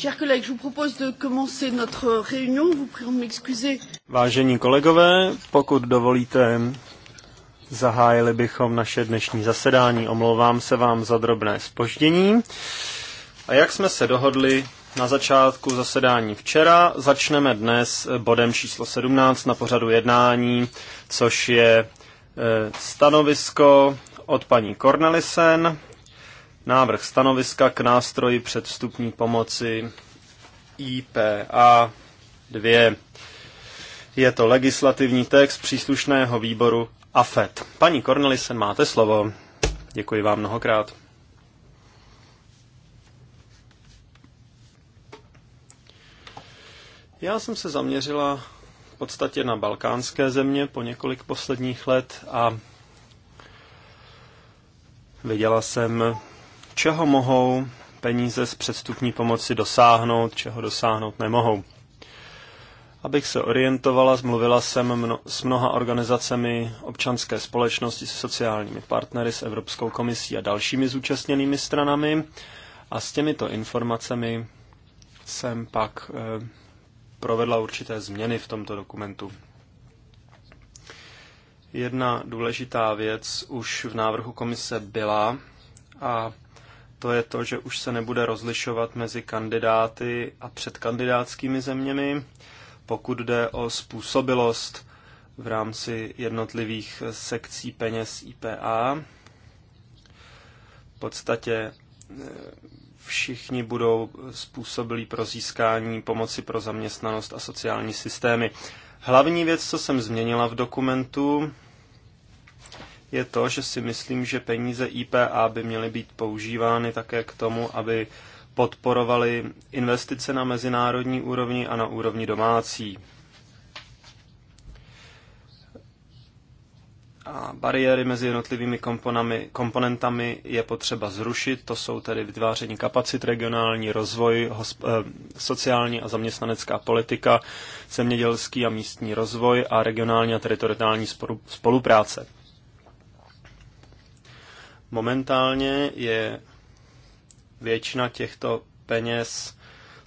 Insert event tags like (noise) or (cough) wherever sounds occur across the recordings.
Chers collègues, je vous propose de commencer notre réunion. Vous m'excuser. Vážení kolegové, pokud dovolíte, zahájili bychom naše dnešní zasedání. Omlouvám se vám za drobné spoždění. A jak jsme se dohodli na začátku zasedání včera, začneme dnes bodem číslo 17 na pořadu jednání, což je eh, stanovisko od paní Cornelisen návrh stanoviska k nástroji předvstupní pomoci IPA 2. Je to legislativní text příslušného výboru AFET. Paní Cornelisen, máte slovo. Děkuji vám mnohokrát. Já jsem se zaměřila v podstatě na balkánské země po několik posledních let a viděla jsem čeho mohou peníze z předstupní pomoci dosáhnout, čeho dosáhnout nemohou. Abych se orientovala, zmluvila jsem mno, s mnoha organizacemi občanské společnosti, s sociálními partnery, s Evropskou komisí a dalšími zúčastněnými stranami a s těmito informacemi jsem pak e, provedla určité změny v tomto dokumentu. Jedna důležitá věc už v návrhu komise byla a to je to, že už se nebude rozlišovat mezi kandidáty a předkandidátskými zeměmi, pokud jde o způsobilost v rámci jednotlivých sekcí peněz IPA. V podstatě eh, všichni budou způsobilí pro získání pomoci pro zaměstnanost a sociální systémy. Hlavní věc, co jsem změnila v dokumentu, je to, že si myslím, že peníze IPA by měly být používány také k tomu, aby podporovali investice na mezinárodní úrovni a na úrovni domácí. A bariéry mezi jednotlivými komponentami je potřeba zrušit. To jsou tedy vytváření kapacit, regionální rozvoj, hosp, eh, sociální a zaměstnanecká politika, zemědělský a místní rozvoj a regionální a teritoriální spolupráce. Momentálně je většina těchto peněz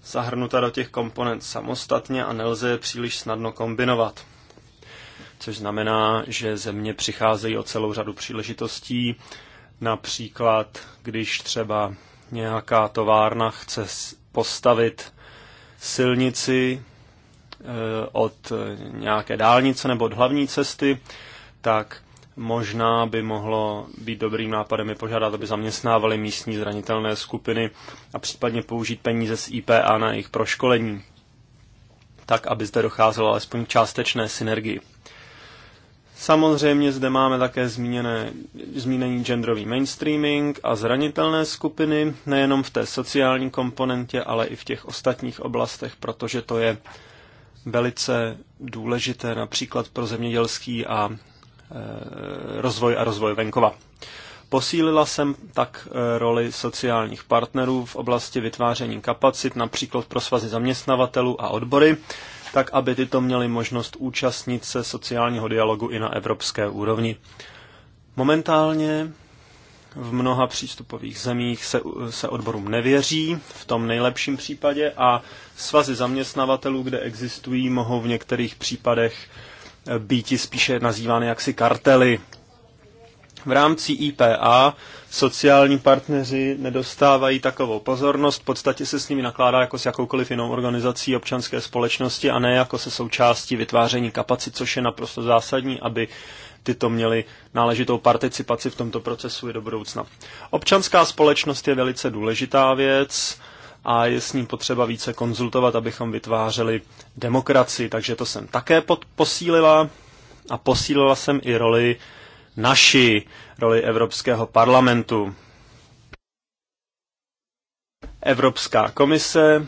zahrnuta do těch komponent samostatně a nelze je příliš snadno kombinovat. Což znamená, že země přicházejí o celou řadu příležitostí, například když třeba nějaká továrna chce postavit silnici eh, od nějaké dálnice nebo od hlavní cesty, tak Možná by mohlo být dobrým nápadem je požádat, aby zaměstnávali místní zranitelné skupiny a případně použít peníze z IPA na jejich proškolení, tak aby zde docházelo alespoň k částečné synergii. Samozřejmě zde máme také zmíněné, zmíněný genderový mainstreaming a zranitelné skupiny, nejenom v té sociální komponentě, ale i v těch ostatních oblastech, protože to je velice důležité například pro zemědělský a Eh, rozvoj a rozvoj venkova. Posílila jsem tak eh, roli sociálních partnerů v oblasti vytváření kapacit, například pro svazy zaměstnavatelů a odbory, tak aby tyto měly možnost účastnit se sociálního dialogu i na evropské úrovni. Momentálně v mnoha přístupových zemích se, se odborům nevěří, v tom nejlepším případě, a svazy zaměstnavatelů, kde existují, mohou v některých případech býti spíše nazývány jaksi kartely. V rámci IPA sociální partneři nedostávají takovou pozornost, v podstatě se s nimi nakládá jako s jakoukoliv jinou organizací občanské společnosti a ne jako se součástí vytváření kapacit, což je naprosto zásadní, aby tyto měly náležitou participaci v tomto procesu i do budoucna. Občanská společnost je velice důležitá věc, a je s ním potřeba více konzultovat, abychom vytvářeli demokracii. Takže to jsem také pod, posílila a posílila jsem i roli naší, roli Evropského parlamentu. Evropská komise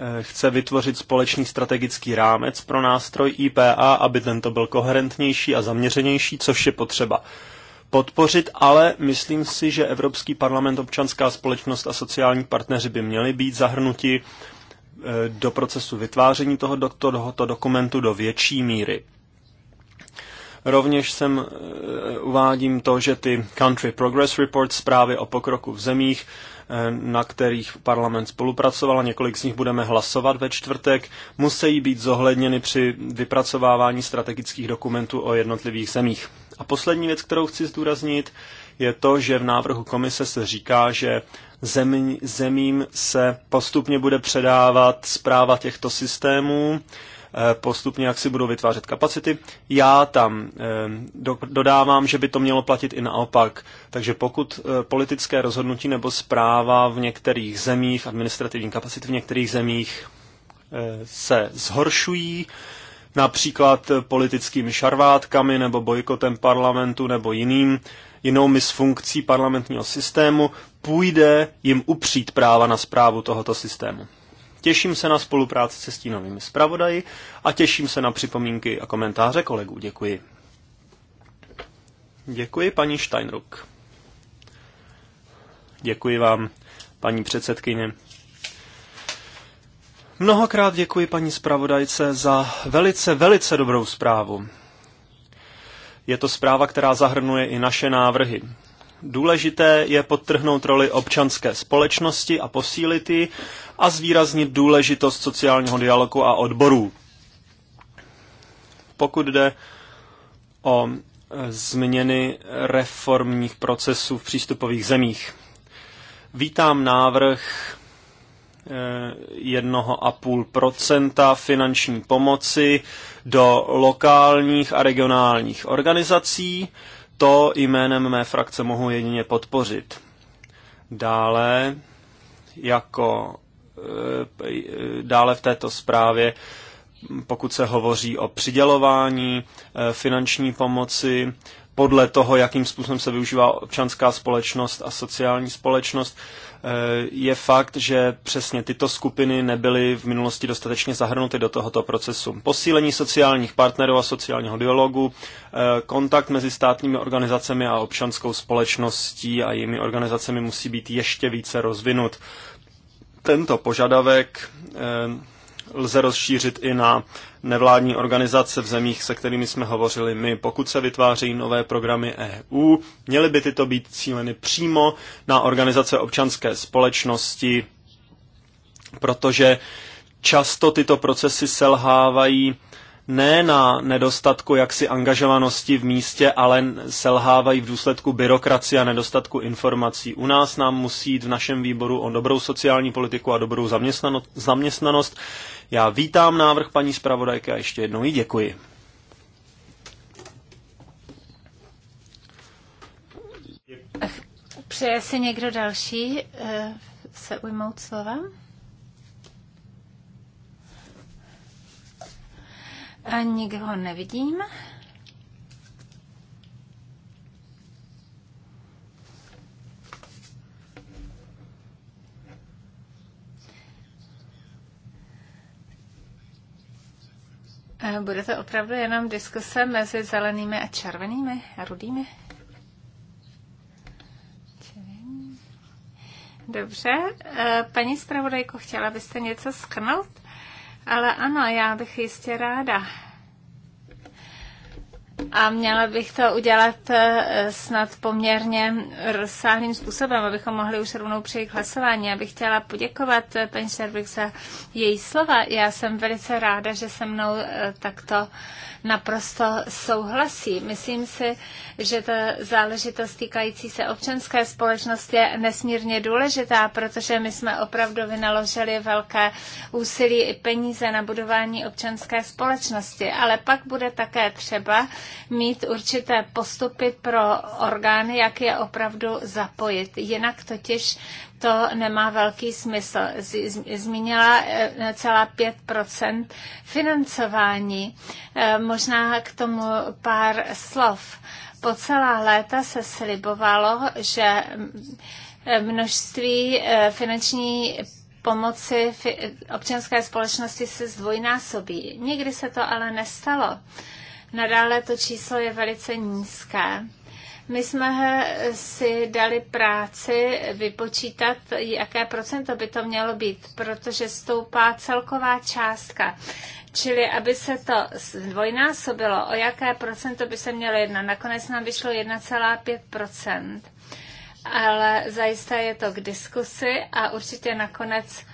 eh, chce vytvořit společný strategický rámec pro nástroj IPA, aby tento byl koherentnější a zaměřenější, což je potřeba podpořit, ale myslím si, že Evropský parlament, občanská společnost a sociální partneři by měli být zahrnuti eh, do procesu vytváření toho, tohoto dokumentu do větší míry. Rovněž sem eh, uvádím to, že ty Country Progress Report, zprávy o pokroku v zemích, eh, na kterých parlament spolupracoval, a několik z nich budeme hlasovat ve čtvrtek, musí být zohledněny při vypracovávání strategických dokumentů o jednotlivých zemích. A poslední věc, kterou chci zdůraznit, je to, že v návrhu komise se říká, že zemí, zemím se postupně bude předávat zpráva těchto systémů, eh, postupně jak si budou vytvářet kapacity. Já tam eh, dodávám, že by to mělo platit i naopak. Takže pokud eh, politické rozhodnutí nebo zpráva v některých zemích, administrativní kapacity v některých zemích se zhoršují, například politickými šarvátkami nebo bojkotem parlamentu nebo jiným, jinou misfunkcí parlamentního systému, půjde jim upřít práva na zprávu tohoto systému. Těším se na spolupráci se stínovými zpravodaji a těším se na připomínky a komentáře kolegů. Děkuji. Děkuji, paní Steinruck. Děkuji vám, paní předsedkyně. Mnohokrát děkuji paní zpravodajce za velice, velice dobrou zprávu. Je to zpráva, která zahrnuje i naše návrhy. Důležité je podtrhnout roli občanské společnosti a posílit ji a zvýraznit důležitost sociálního dialogu a odborů. Pokud jde o e, změny reformních procesů v přístupových zemích. Vítám návrh 1,5 finanční pomoci do lokálních a regionálních organizací. To jménem mé frakce mohu jedině podpořit. Dále, jako e, dále v této zprávě, pokud se hovoří o přidělování e, finanční pomoci, podle toho, jakým způsobem se využívá občanská společnost a sociální společnost, eh, je fakt, že přesně tyto skupiny nebyly v minulosti dostatečně zahrnuty do tohoto procesu. Posílení sociálních partnerů a sociálního dialogu, eh, kontakt mezi státními organizacemi a občanskou společností a jimi organizacemi musí být ještě více rozvinut. Tento požadavek eh, lze rozšířit i na nevládní organizace v zemích, se kterými jsme hovořili my. Pokud se vytvářejí nové programy EU, měly by tyto být cíleny přímo na organizace občanské společnosti, protože často tyto procesy selhávají ne na nedostatku jaksi angažovanosti v místě, ale selhávají v důsledku byrokracie a nedostatku informací. U nás nám musí jít v našem výboru o dobrou sociální politiku a dobrou zaměstnanost. Já vítám návrh paní zpravodajky a ještě jednou jí děkuji. Přeje si někdo další eh, se ujmout slova? A nikdo nevidím. Bude to opravdu jenom diskuse mezi zelenými a červenými a rudými? Dobře. E, paní zpravodajko, chtěla byste něco sknout? Ale ano, já bych jistě ráda a měla bych to udělat eh, snad poměrně rozsáhlým způsobem, abychom mohli už rovnou přejít k hlasování. Já bych chtěla poděkovat eh, paní Šerbik za její slova. Já jsem velice ráda, že se mnou eh, takto naprosto souhlasí. Myslím si, že ta záležitost týkající se občanské společnosti je nesmírně důležitá, protože my jsme opravdu vynaložili velké úsilí i peníze na budování občanské společnosti. Ale pak bude také třeba, mít určité postupy pro orgány, jak je opravdu zapojit. Jinak totiž to nemá velký smysl. Zmínila eh, celá 5 financování. Eh, možná k tomu pár slov. Po celá léta se slibovalo, že množství eh, finanční pomoci občanské společnosti se zdvojnásobí. Nikdy se to ale nestalo. Nadále to číslo je velice nízké. My jsme si dali práci vypočítat, jaké procento by to mělo být, protože stoupá celková částka. Čili aby se to zdvojnásobilo. o jaké procento by se mělo jednat. Nakonec nám vyšlo 1,5 ale zajisté je to k diskusi a určitě nakonec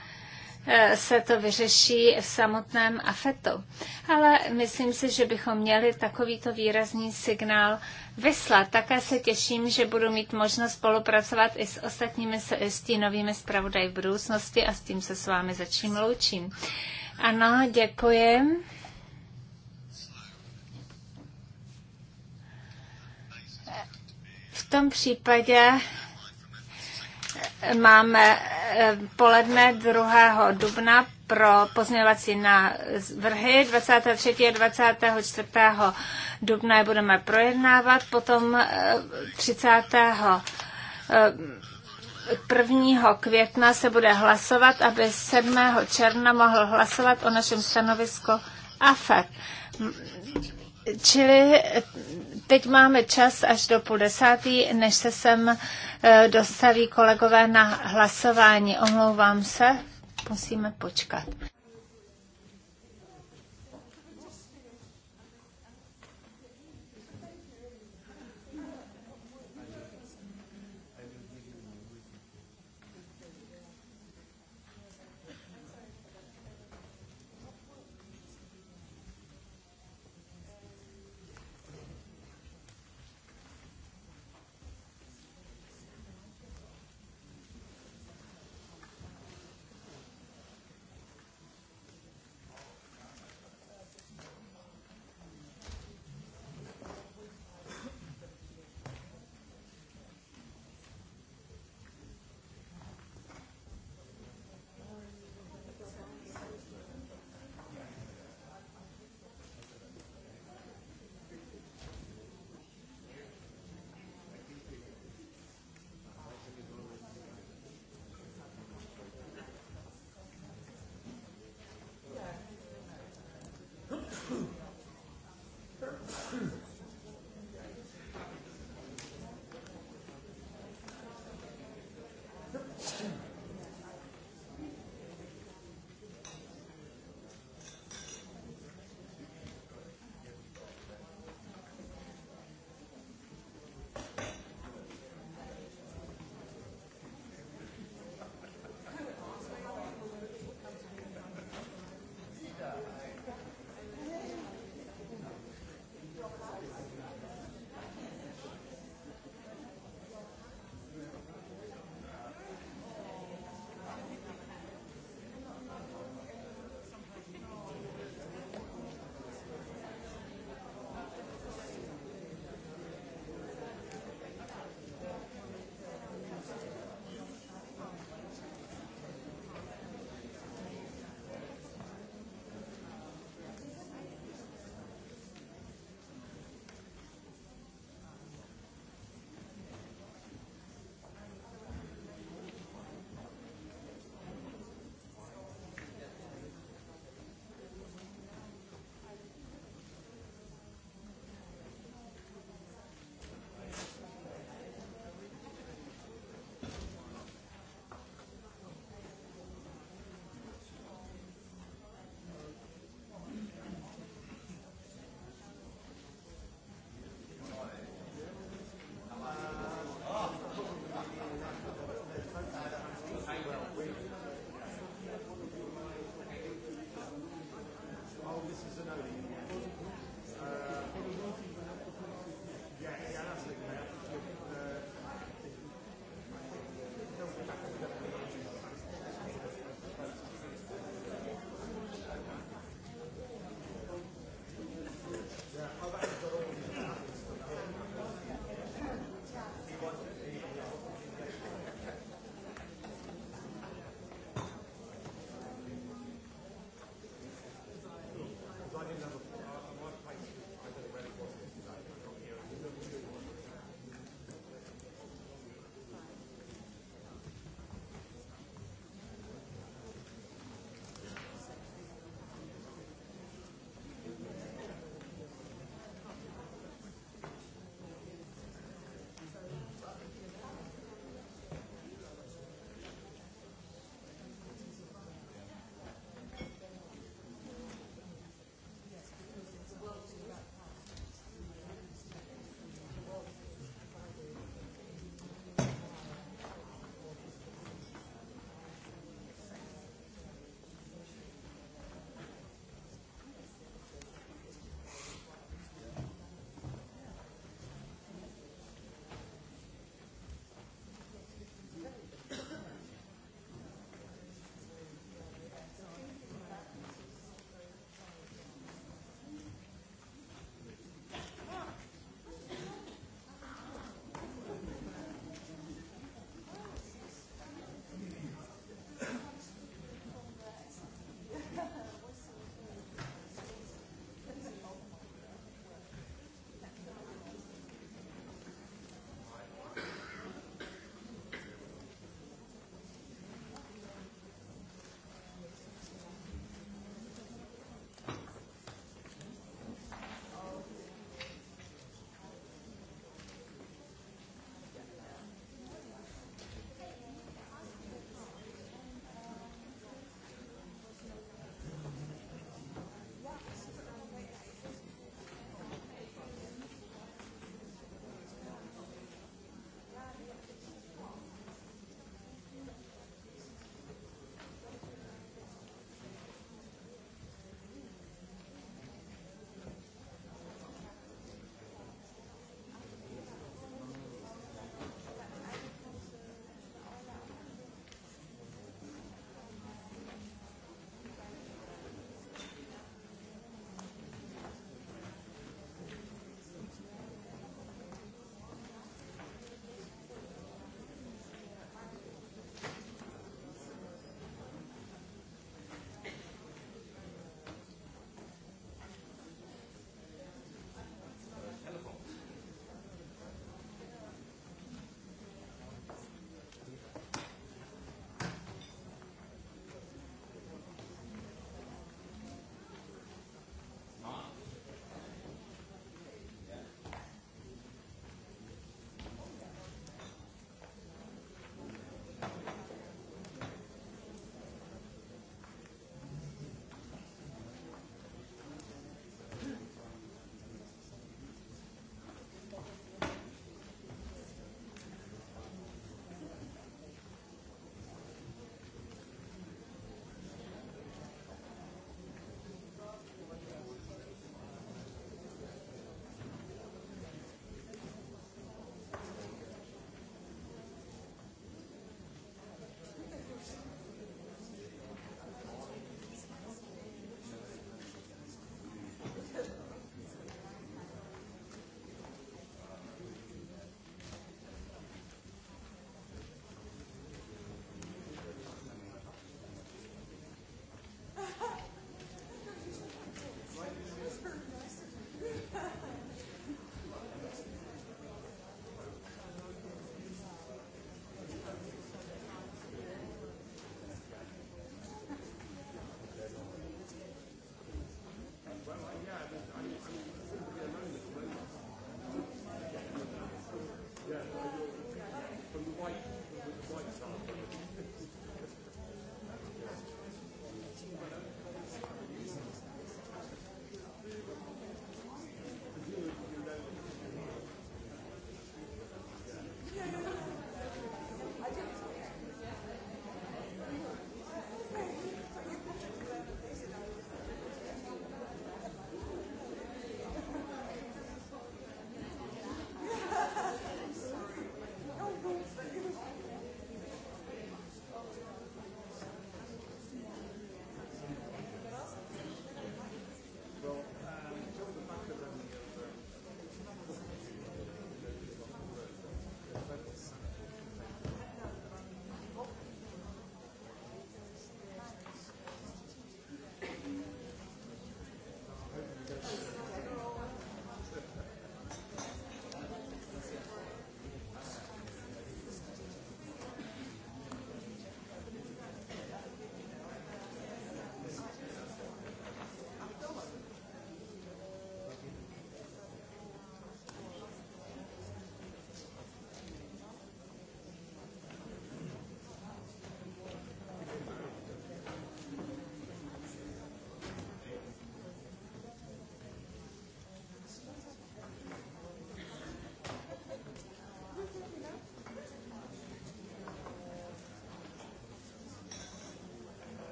Eh, se to vyřeší v samotném afetu. Ale myslím si, že bychom měli takovýto výrazný signál vyslat. Také se těším, že budu mít možnost spolupracovat i s ostatními stínovými zpravodaj v budoucnosti a s tím se s vámi začím loučím. Ano, děkuji. V tom případě máme eh, poledne 2. dubna pro pozměňovací vrhy 23. a 24. dubna je budeme projednávat, potom 30. Eh, 1. Eh, května se bude hlasovat, aby 7. června mohl hlasovat o našem stanovisku AFET. Čili Teď máme čas až do půl desátý, než se sem eh, dostaví kolegové na hlasování. Omlouvám se, musíme počkat.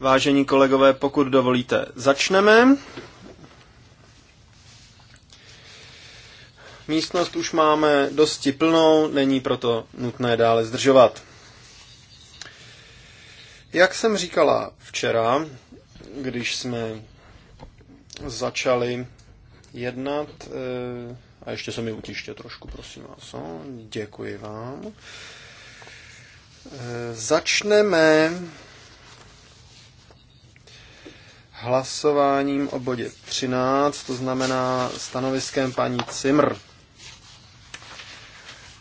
Vážení kolegové, pokud dovolíte, začneme. Místnost už máme dosti plnou, není proto nutné dále zdržovat. Jak jsem říkala včera, když jsme začali jednat, eh, a ještě se mi utiště trošku, prosím vás, oh, děkuji vám. Začneme hlasováním o bodě 13, to znamená stanoviskem paní Cimr.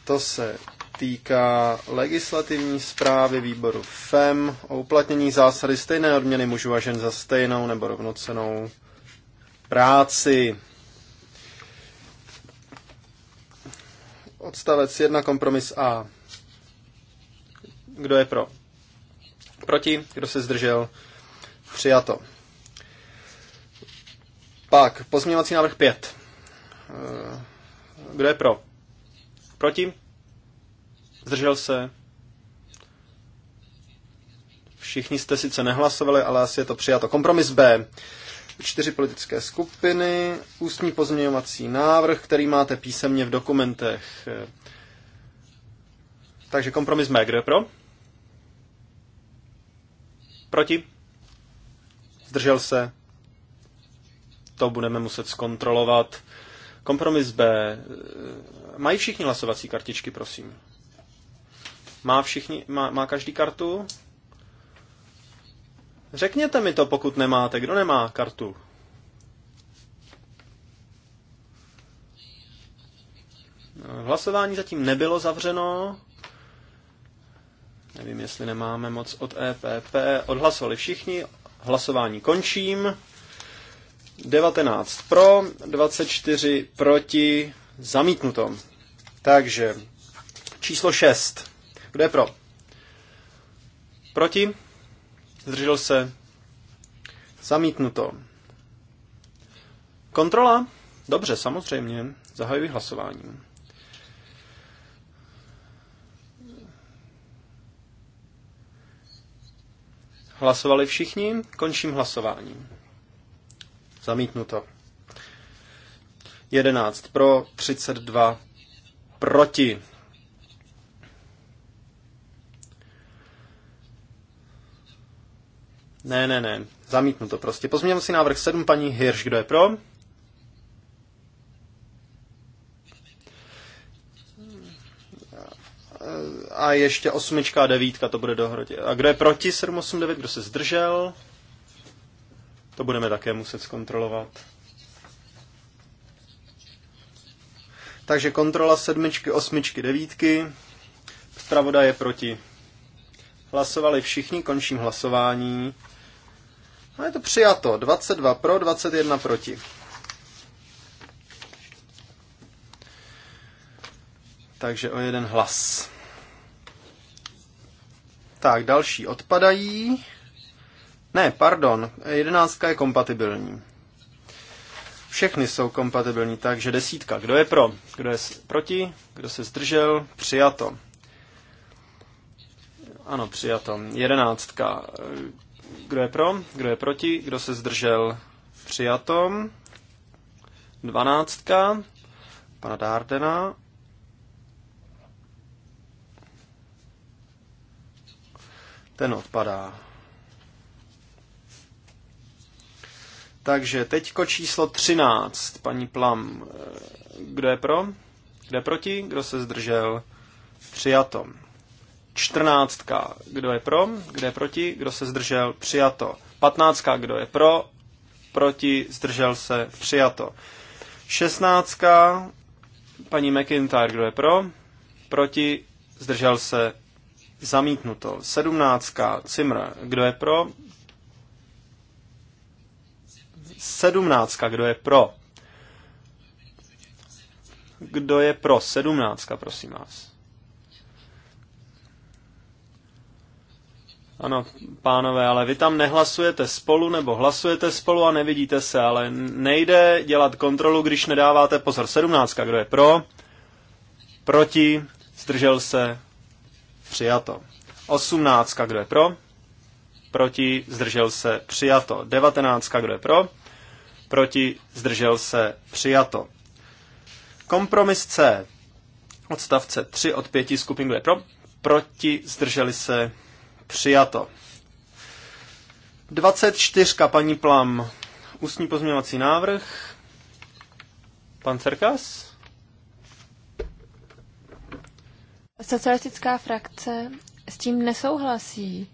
To se týká legislativní zprávy výboru FEM o uplatnění zásady stejné odměny mužů a žen za stejnou nebo rovnocenou práci. Odstavec 1, kompromis A. Kdo je pro? Proti? Kdo se zdržel? Přijato. Pak pozměňovací návrh 5. Eh, kdo je pro? Proti? Zdržel se? Všichni jste sice nehlasovali, ale asi je to přijato. Kompromis B. Čtyři politické skupiny, ústní pozměňovací návrh, který máte písemně v dokumentech. Eh, takže kompromis B. Kdo je pro? Proti? Zdržel se? To budeme muset zkontrolovat. Kompromis B. Mají všichni hlasovací kartičky, prosím? Má, všichni, má, má každý kartu? Řekněte mi to, pokud nemáte. Kdo nemá kartu? Hlasování zatím nebylo zavřeno. Nevím, jestli nemáme moc od EPP. Odhlasovali všichni, hlasování končím. 19 pro, 24 proti, zamítnuto. Takže číslo 6. Kdo je pro? Proti? Zdržel se? Zamítnuto. Kontrola? Dobře, samozřejmě. Zahajuji hlasování. Hlasovali všichni? Končím hlasování. Zamítnuto. 11 pro, 32 proti. Ne, ne, ne. Zamítnuto prostě. Pozměňovací návrh 7, paní Hirš, kdo je pro? a ještě osmička a devítka to bude dohromady. A kdo je proti 7, 8, 9, kdo se zdržel? To budeme také muset zkontrolovat. Takže kontrola sedmičky, osmičky, devítky. Stravoda je proti. Hlasovali všichni, končím hlasování. A no, je to přijato. 22 pro, 21 proti. Takže o jeden hlas. Tak, další odpadají. Ne, pardon, jedenáctka je kompatibilní. Všechny jsou kompatibilní, takže desítka. Kdo je pro? Kdo je proti? Kdo se zdržel? Přijato. Ano, přijato. Jedenáctka. Kdo je pro? Kdo je proti? Kdo se zdržel? Přijato. Dvanáctka. Pana Dardena. ten odpadá. Takže teďko číslo 13, paní Plam. Kdo je pro? Kdo je proti? Kdo se zdržel? Přijato. Čtrnáctka. Kdo je pro? Kdo je proti? Kdo se zdržel? Přijato. Patnáctka. Kdo je pro? Proti? Zdržel se? Přijato. Šestnáctka. Paní McIntyre. Kdo je pro? Proti? Zdržel se? Zamítnuto. Sedmnáctka. Cimr. Kdo je pro? Sedmnáctka. Kdo je pro? Kdo je pro? Sedmnáctka, prosím vás. Ano, pánové, ale vy tam nehlasujete spolu, nebo hlasujete spolu a nevidíte se, ale nejde dělat kontrolu, když nedáváte pozor. Sedmnáctka, kdo je pro? Proti? Zdržel se? Přijato. 18. Kdo je pro? Proti. Zdržel se. Přijato. 19. Kdo je pro? Proti. Zdržel se. Přijato. Kompromis C. Odstavce 3 od 5 skupin, kdo je pro? Proti. Zdrželi se. Přijato. 24. Paní Plam. Ústní pozměňovací návrh. Pan Cerkas? Socialistická frakce s tím nesouhlasí,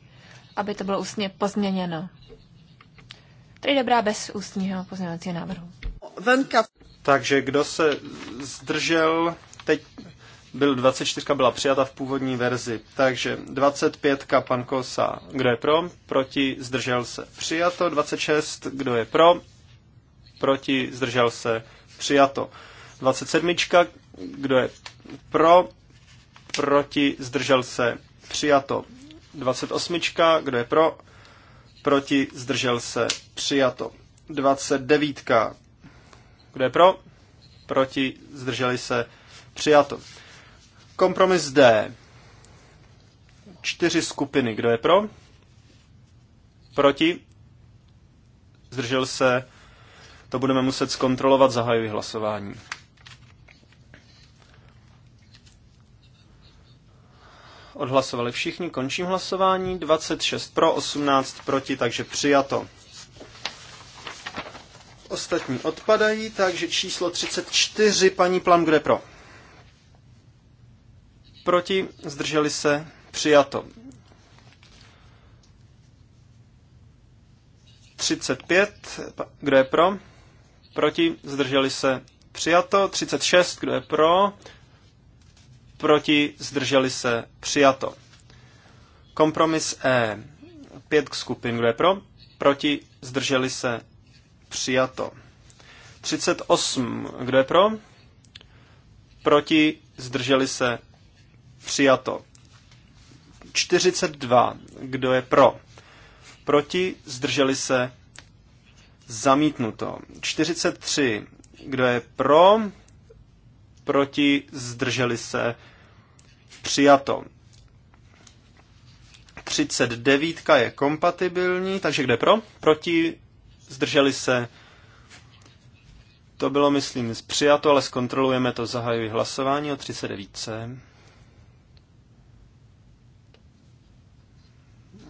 aby to bylo ústně pozměněno. Tedy dobrá bez ústního pozměňovacího návrhu. Venka. Takže kdo se zdržel, teď byl 24, byla přijata v původní verzi. Takže 25, pan Kosa, kdo je pro, proti, zdržel se, přijato. 26, kdo je pro, proti, zdržel se, přijato. 27, kdo je pro, proti, zdržel se, přijato. 28, kdo je pro, proti, zdržel se, přijato. 29, kdo je pro, proti, zdrželi se, přijato. Kompromis D. Čtyři skupiny, kdo je pro, proti, zdržel se, to budeme muset zkontrolovat, zahajuji hlasování. Odhlasovali všichni, končím hlasování. 26 pro, 18 proti, takže přijato. Ostatní odpadají, takže číslo 34, paní Plam, kde pro? Proti, zdrželi se, přijato. 35, kdo je pro? Proti, zdrželi se, přijato. 36, kdo je pro? proti, zdrželi se, přijato. Kompromis E, pět skupin, kdo je pro, proti, zdrželi se, přijato. 38, kdo je pro, proti, zdrželi se, přijato. 42, kdo je pro, proti, zdrželi se, zamítnuto. 43, kdo je pro, proti, zdrželi se, přijato. 39 je kompatibilní, takže kde pro? Proti, zdrželi se, to bylo, myslím, přijato, ale zkontrolujeme to, zahajuji hlasování o 39.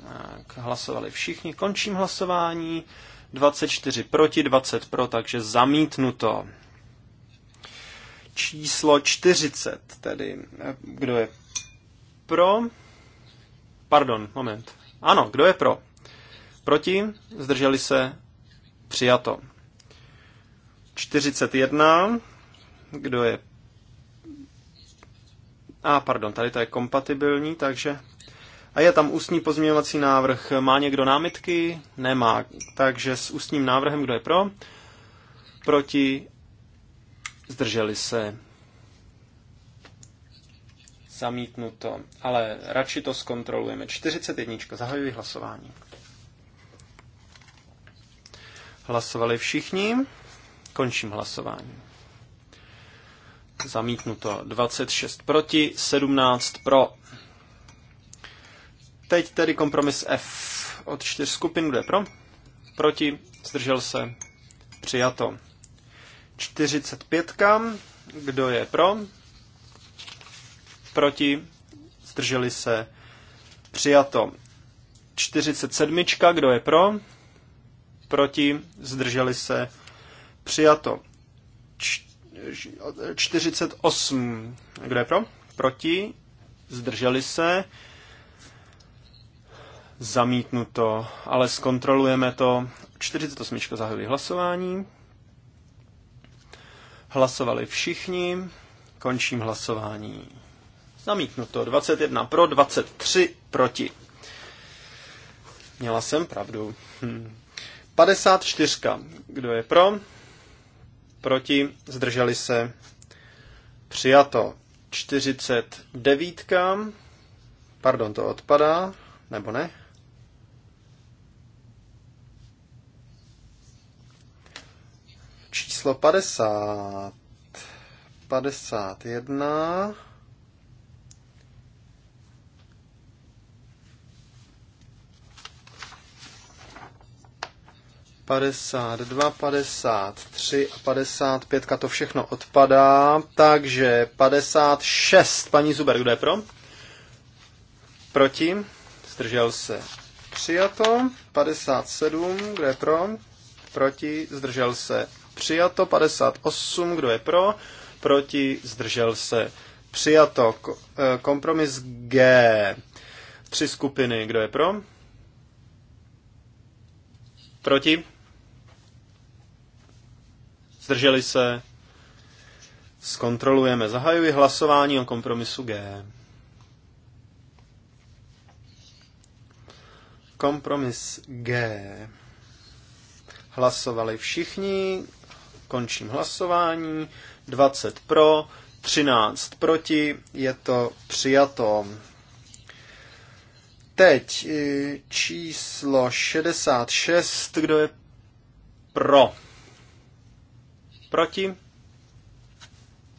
Tak, hlasovali všichni, končím hlasování. 24 proti, 20 pro, takže zamítnuto číslo 40, tedy eh, kdo je pro? Pardon, moment. Ano, kdo je pro? Proti? Zdrželi se? Přijato. 41. Kdo je? A, ah, pardon, tady to je kompatibilní, takže... A je tam ústní pozměňovací návrh. Má někdo námitky? Nemá. Takže s ústním návrhem, kdo je pro? Proti? zdrželi se, zamítnuto, ale radši to zkontrolujeme. 41. Zahajuji hlasování. Hlasovali všichni. Končím hlasování. Zamítnuto 26 proti, 17 pro. Teď tedy kompromis F od čtyř skupin, kde pro? Proti, zdržel se, přijato. 45. Kdo je pro? Proti? Zdrželi se? Přijato. 47. Kdo je pro? Proti? Zdrželi se? Přijato. 48. Kdo je pro? Proti? Zdrželi se? Zamítnuto. Ale zkontrolujeme to. 48. Zahajuji hlasování. Hlasovali všichni. Končím hlasování. Zamítnuto. 21 pro, 23 proti. Měla jsem pravdu. Hm. 54. Kdo je pro? Proti? Zdrželi se? Přijato. 49. Pardon, to odpadá. Nebo ne? číslo 50. 51. Padesát dva, padesát tři a padesát pětka, to všechno odpadá. Takže padesát šest, paní Zuber, kdo je pro? Proti? Zdržel se. Přijato. sedm, kdo je pro? Proti? Zdržel se přijato. 58, kdo je pro, proti, zdržel se, přijato. Eh, kompromis G, tři skupiny, kdo je pro, proti, zdrželi se, zkontrolujeme. Zahajuji hlasování o kompromisu G. kompromis G. Hlasovali všichni, Končím hlasování. 20 pro, 13 proti, je to přijato. Teď eh, číslo 66, kdo je pro? Proti?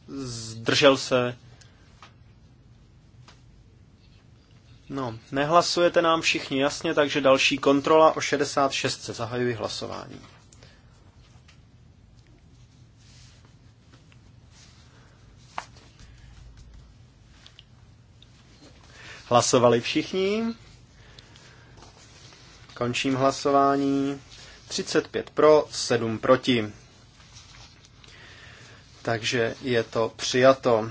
Zdržel se? No, nehlasujete nám všichni jasně, takže další kontrola o 66. Zahajuji hlasování. Hlasovali všichni. Končím hlasování. 35 pro, 7 proti. Takže je to přijato.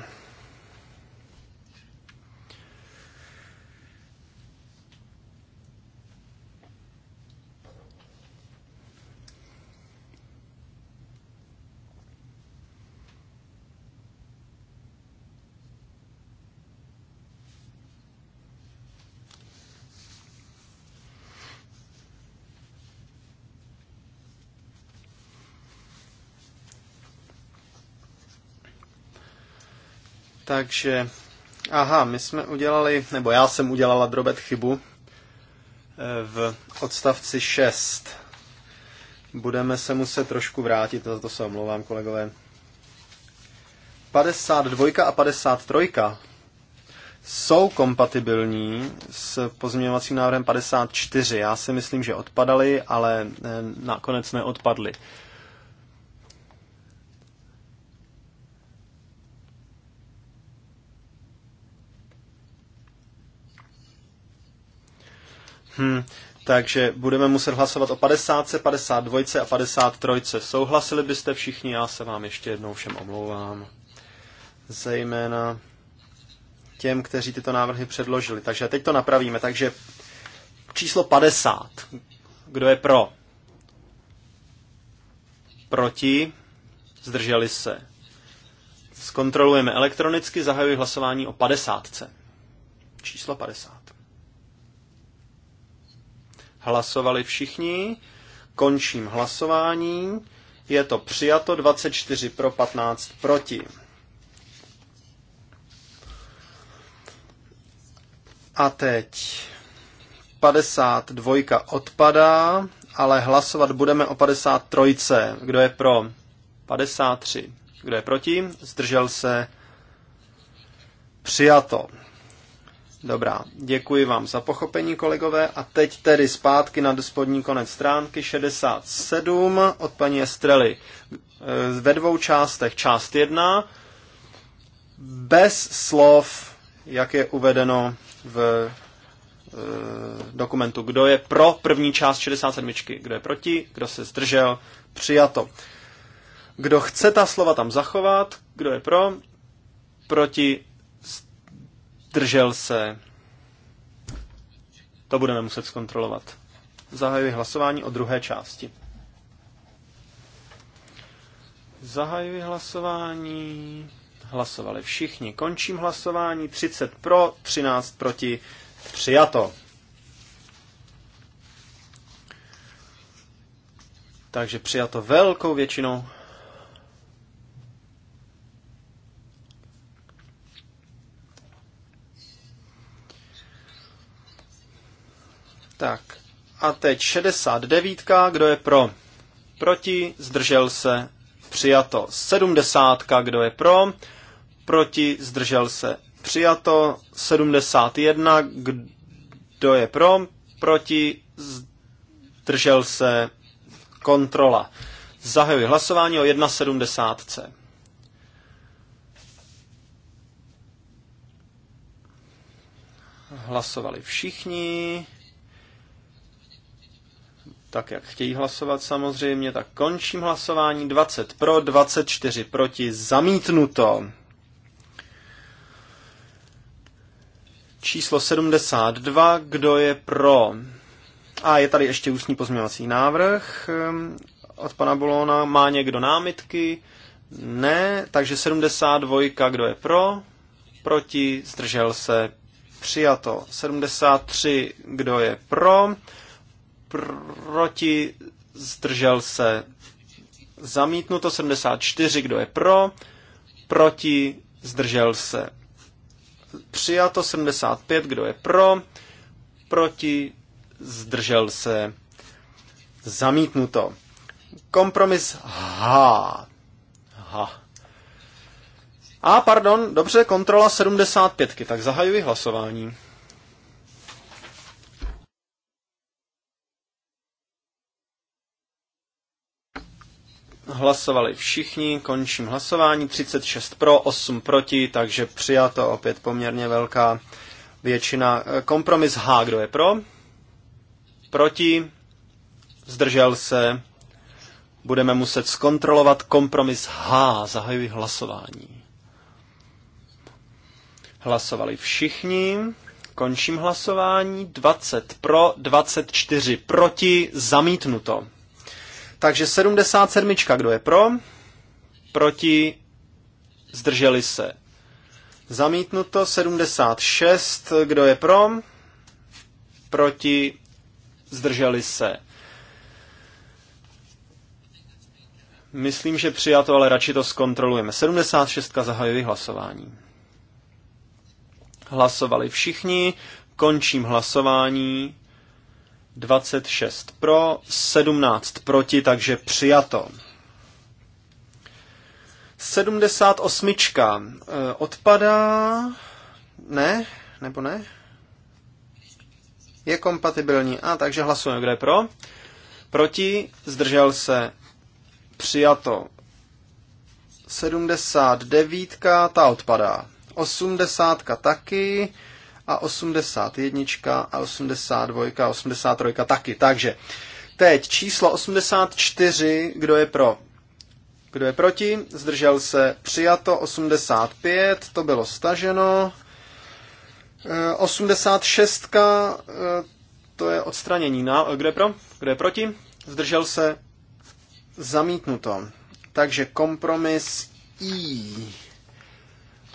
Takže, aha, my jsme udělali, nebo já jsem udělala drobet chybu eh, v odstavci 6. Budeme se muset trošku vrátit, za to se omlouvám, kolegové. 52 a 53 jsou kompatibilní s pozměňovacím návrhem 54. Já si myslím, že odpadaly, ale eh, nakonec neodpadly. Hmm, takže budeme muset hlasovat o 50, 52 a 53. Souhlasili byste všichni, já se vám ještě jednou všem omlouvám. Zejména těm, kteří tyto návrhy předložili. Takže teď to napravíme. Takže číslo 50. Kdo je pro? Proti? Zdrželi se. Zkontrolujeme elektronicky, zahajuji hlasování o 50. Číslo 50. Hlasovali všichni. Končím hlasování. Je to přijato 24 pro 15 proti. A teď 52 odpadá, ale hlasovat budeme o 53. Kdo je pro? 53. Kdo je proti? Zdržel se. Přijato. Dobrá, děkuji vám za pochopení, kolegové. A teď tedy zpátky na spodní konec stránky 67 od paní Estrely. E, ve dvou částech. Část 1 bez slov, jak je uvedeno v e, dokumentu. Kdo je pro první část 67? Kdo je proti? Kdo se zdržel? Přijato. Kdo chce ta slova tam zachovat? Kdo je pro? Proti? zdržel se. To budeme muset zkontrolovat. Zahajuji hlasování o druhé části. Zahajuji hlasování. Hlasovali všichni. Končím hlasování. 30 pro, 13 proti. Přijato. Takže přijato velkou většinou Tak a teď 69. Kdo je pro? Proti? Zdržel se? Přijato. 70. Kdo je pro? Proti? Zdržel se? Přijato. 71. Kdo je pro? Proti? Zdržel se? Kontrola. Zahajuji hlasování o 1.70. Hlasovali všichni tak, jak chtějí hlasovat samozřejmě, tak končím hlasování. 20 pro, 24 proti, zamítnuto. Číslo 72, kdo je pro? A je tady ještě ústní pozměňovací návrh ehm, od pana Bolona. Má někdo námitky? Ne, takže 72, kdo je pro? Proti, zdržel se, přijato. 73, kdo je pro? proti, zdržel se, zamítnuto 74, kdo je pro, proti, zdržel se, přijato 75, kdo je pro, proti, zdržel se, zamítnuto. Kompromis H. H. A pardon, dobře, kontrola 75, tak zahajuji hlasování. Hlasovali všichni, končím hlasování. 36 pro, 8 proti, takže přijato opět poměrně velká většina. Kompromis H, kdo je pro? Proti? Zdržel se? Budeme muset zkontrolovat kompromis H. Zahajuji hlasování. Hlasovali všichni. Končím hlasování. 20 pro, 24 proti, zamítnuto. Takže 77. Kdo je pro? Proti? Zdrželi se. Zamítnuto 76. Kdo je pro? Proti? Zdrželi se. Myslím, že přijato, ale radši to zkontrolujeme. 76. Zahajuji hlasování. Hlasovali všichni. Končím hlasování. 26 pro, 17 proti, takže přijato. 78. E, odpadá... Ne? Nebo ne? Je kompatibilní. A, takže hlasujeme, kdo je pro. Proti, zdržel se, přijato. 79. Ta odpadá. 80. taky a 81 a 82 a 83 taky. Takže teď číslo 84, kdo je pro? Kdo je proti? Zdržel se přijato 85, to bylo staženo. 86, eh, eh, to je odstranění. Na, eh, kdo je pro? Kdo je proti? Zdržel se zamítnuto. Takže kompromis I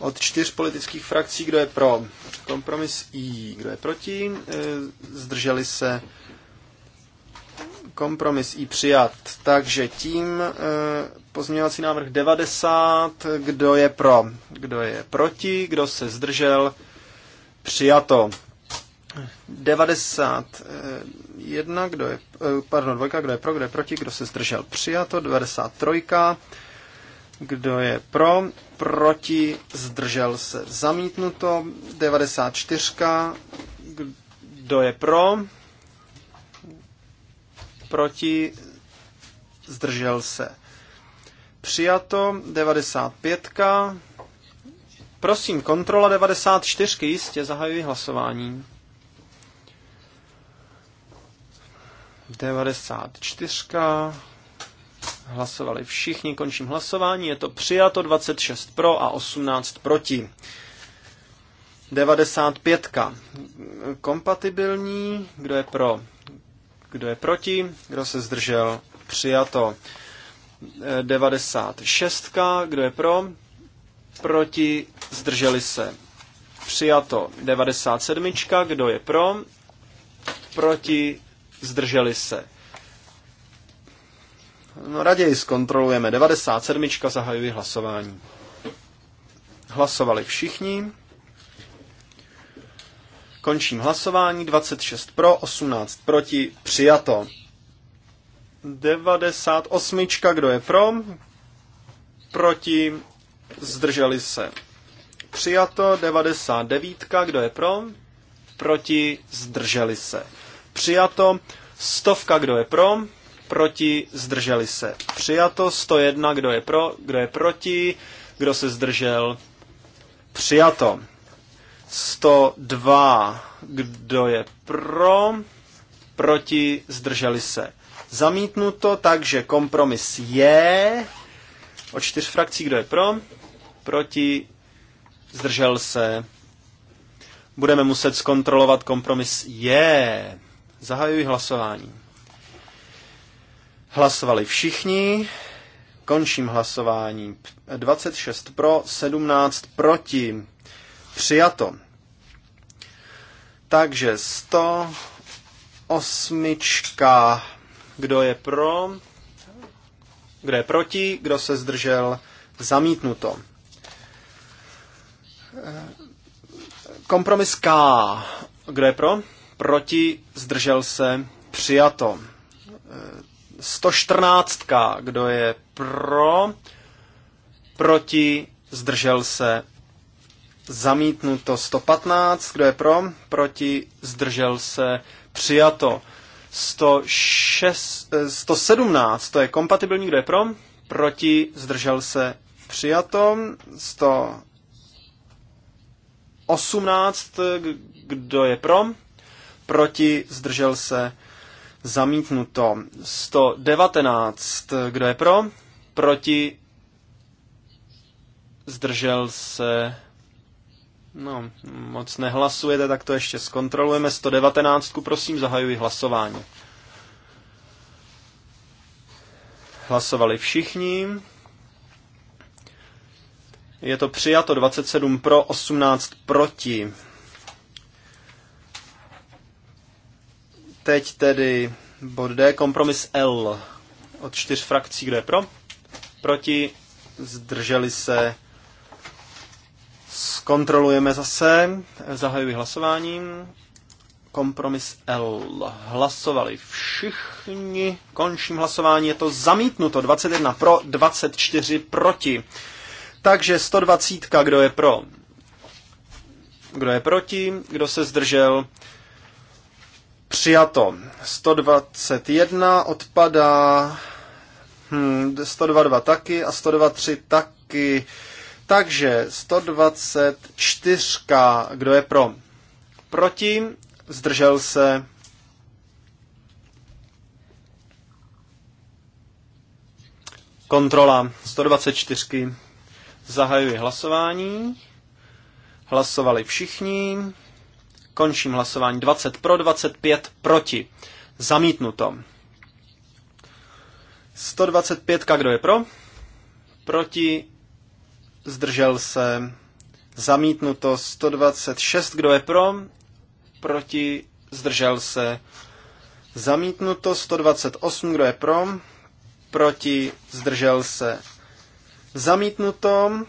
od čtyř politických frakcí, kdo je pro. Kompromis I, kdo je proti, e, zdrželi se. Kompromis I přijat. Takže tím e, pozměňovací návrh 90, kdo je pro, kdo je proti, kdo se zdržel, přijato. 91, e, kdo je, pardon, dvojka, kdo je pro, kdo je proti, kdo se zdržel, přijato. 93, kdo je pro, proti, zdržel se. Zamítnuto 94. Kdo je pro? Proti, zdržel se. Přijato 95. Prosím, kontrola 94, jistě zahajuji hlasování. 94. Hlasovali všichni, končím hlasování, je to přijato 26 pro a 18 proti. 95. Kompatibilní, kdo je pro, kdo je proti, kdo se zdržel, přijato. 96. Kdo je pro? Proti? Zdrželi se. Přijato. 97. Kdo je pro? Proti? Zdrželi se. No raději zkontrolujeme. 97. zahajuji hlasování. Hlasovali všichni. Končím hlasování. 26 pro, 18 proti, přijato. 98. Kdo je pro? Proti, zdrželi se. Přijato. 99. Kdo je pro? Proti, zdrželi se. Přijato. Stovka, kdo je pro? proti, zdrželi se. Přijato 101, kdo je pro, kdo je proti, kdo se zdržel. Přijato 102, kdo je pro, proti, zdrželi se. Zamítnuto, takže kompromis je o čtyř frakcí, kdo je pro, proti, zdržel se. Budeme muset zkontrolovat kompromis je. Zahajuji hlasování. Hlasovali všichni. Končím hlasování. 26 pro, 17 proti. Přijato. Takže 108. Kdo je pro? Kdo je proti? Kdo se zdržel? Zamítnuto. Kompromis K. Kdo je pro? Proti? Zdržel se? Přijato. 114. Kdo je pro? Proti? Zdržel se? Zamítnuto 115. Kdo je pro? Proti? Zdržel se? Přijato. 106, 117. Eh, to je kompatibilní. Kdo je pro? Proti? Zdržel se? Přijato. 118. Kdo je pro? Proti? Zdržel se? Zamítnuto. 119. Kdo je pro? Proti? Zdržel se? No, moc nehlasujete, tak to ještě zkontrolujeme. 119. Prosím, zahajuji hlasování. Hlasovali všichni. Je to přijato 27 pro, 18 proti. Teď tedy bod D, kompromis L od čtyř frakcí, kdo je pro? Proti, zdrželi se, zkontrolujeme zase, zahajuji hlasováním, kompromis L. Hlasovali všichni, končím hlasování, je to zamítnuto, 21 pro, 24 proti. Takže 120, kdo je pro? Kdo je proti? Kdo se zdržel? Přijato. 121 odpadá, hmm, 122 taky a 123 taky. Takže 124, kdo je pro? Proti, zdržel se. Kontrola 124. Zahajuji hlasování. Hlasovali všichni. Končím hlasování. 20 pro, 25 proti. Zamítnuto. 125, kdo je pro? Proti. Zdržel se. Zamítnuto. 126, kdo je pro? Proti. Zdržel se. Zamítnuto. 128, kdo je pro? Proti. Zdržel se. Zamítnuto.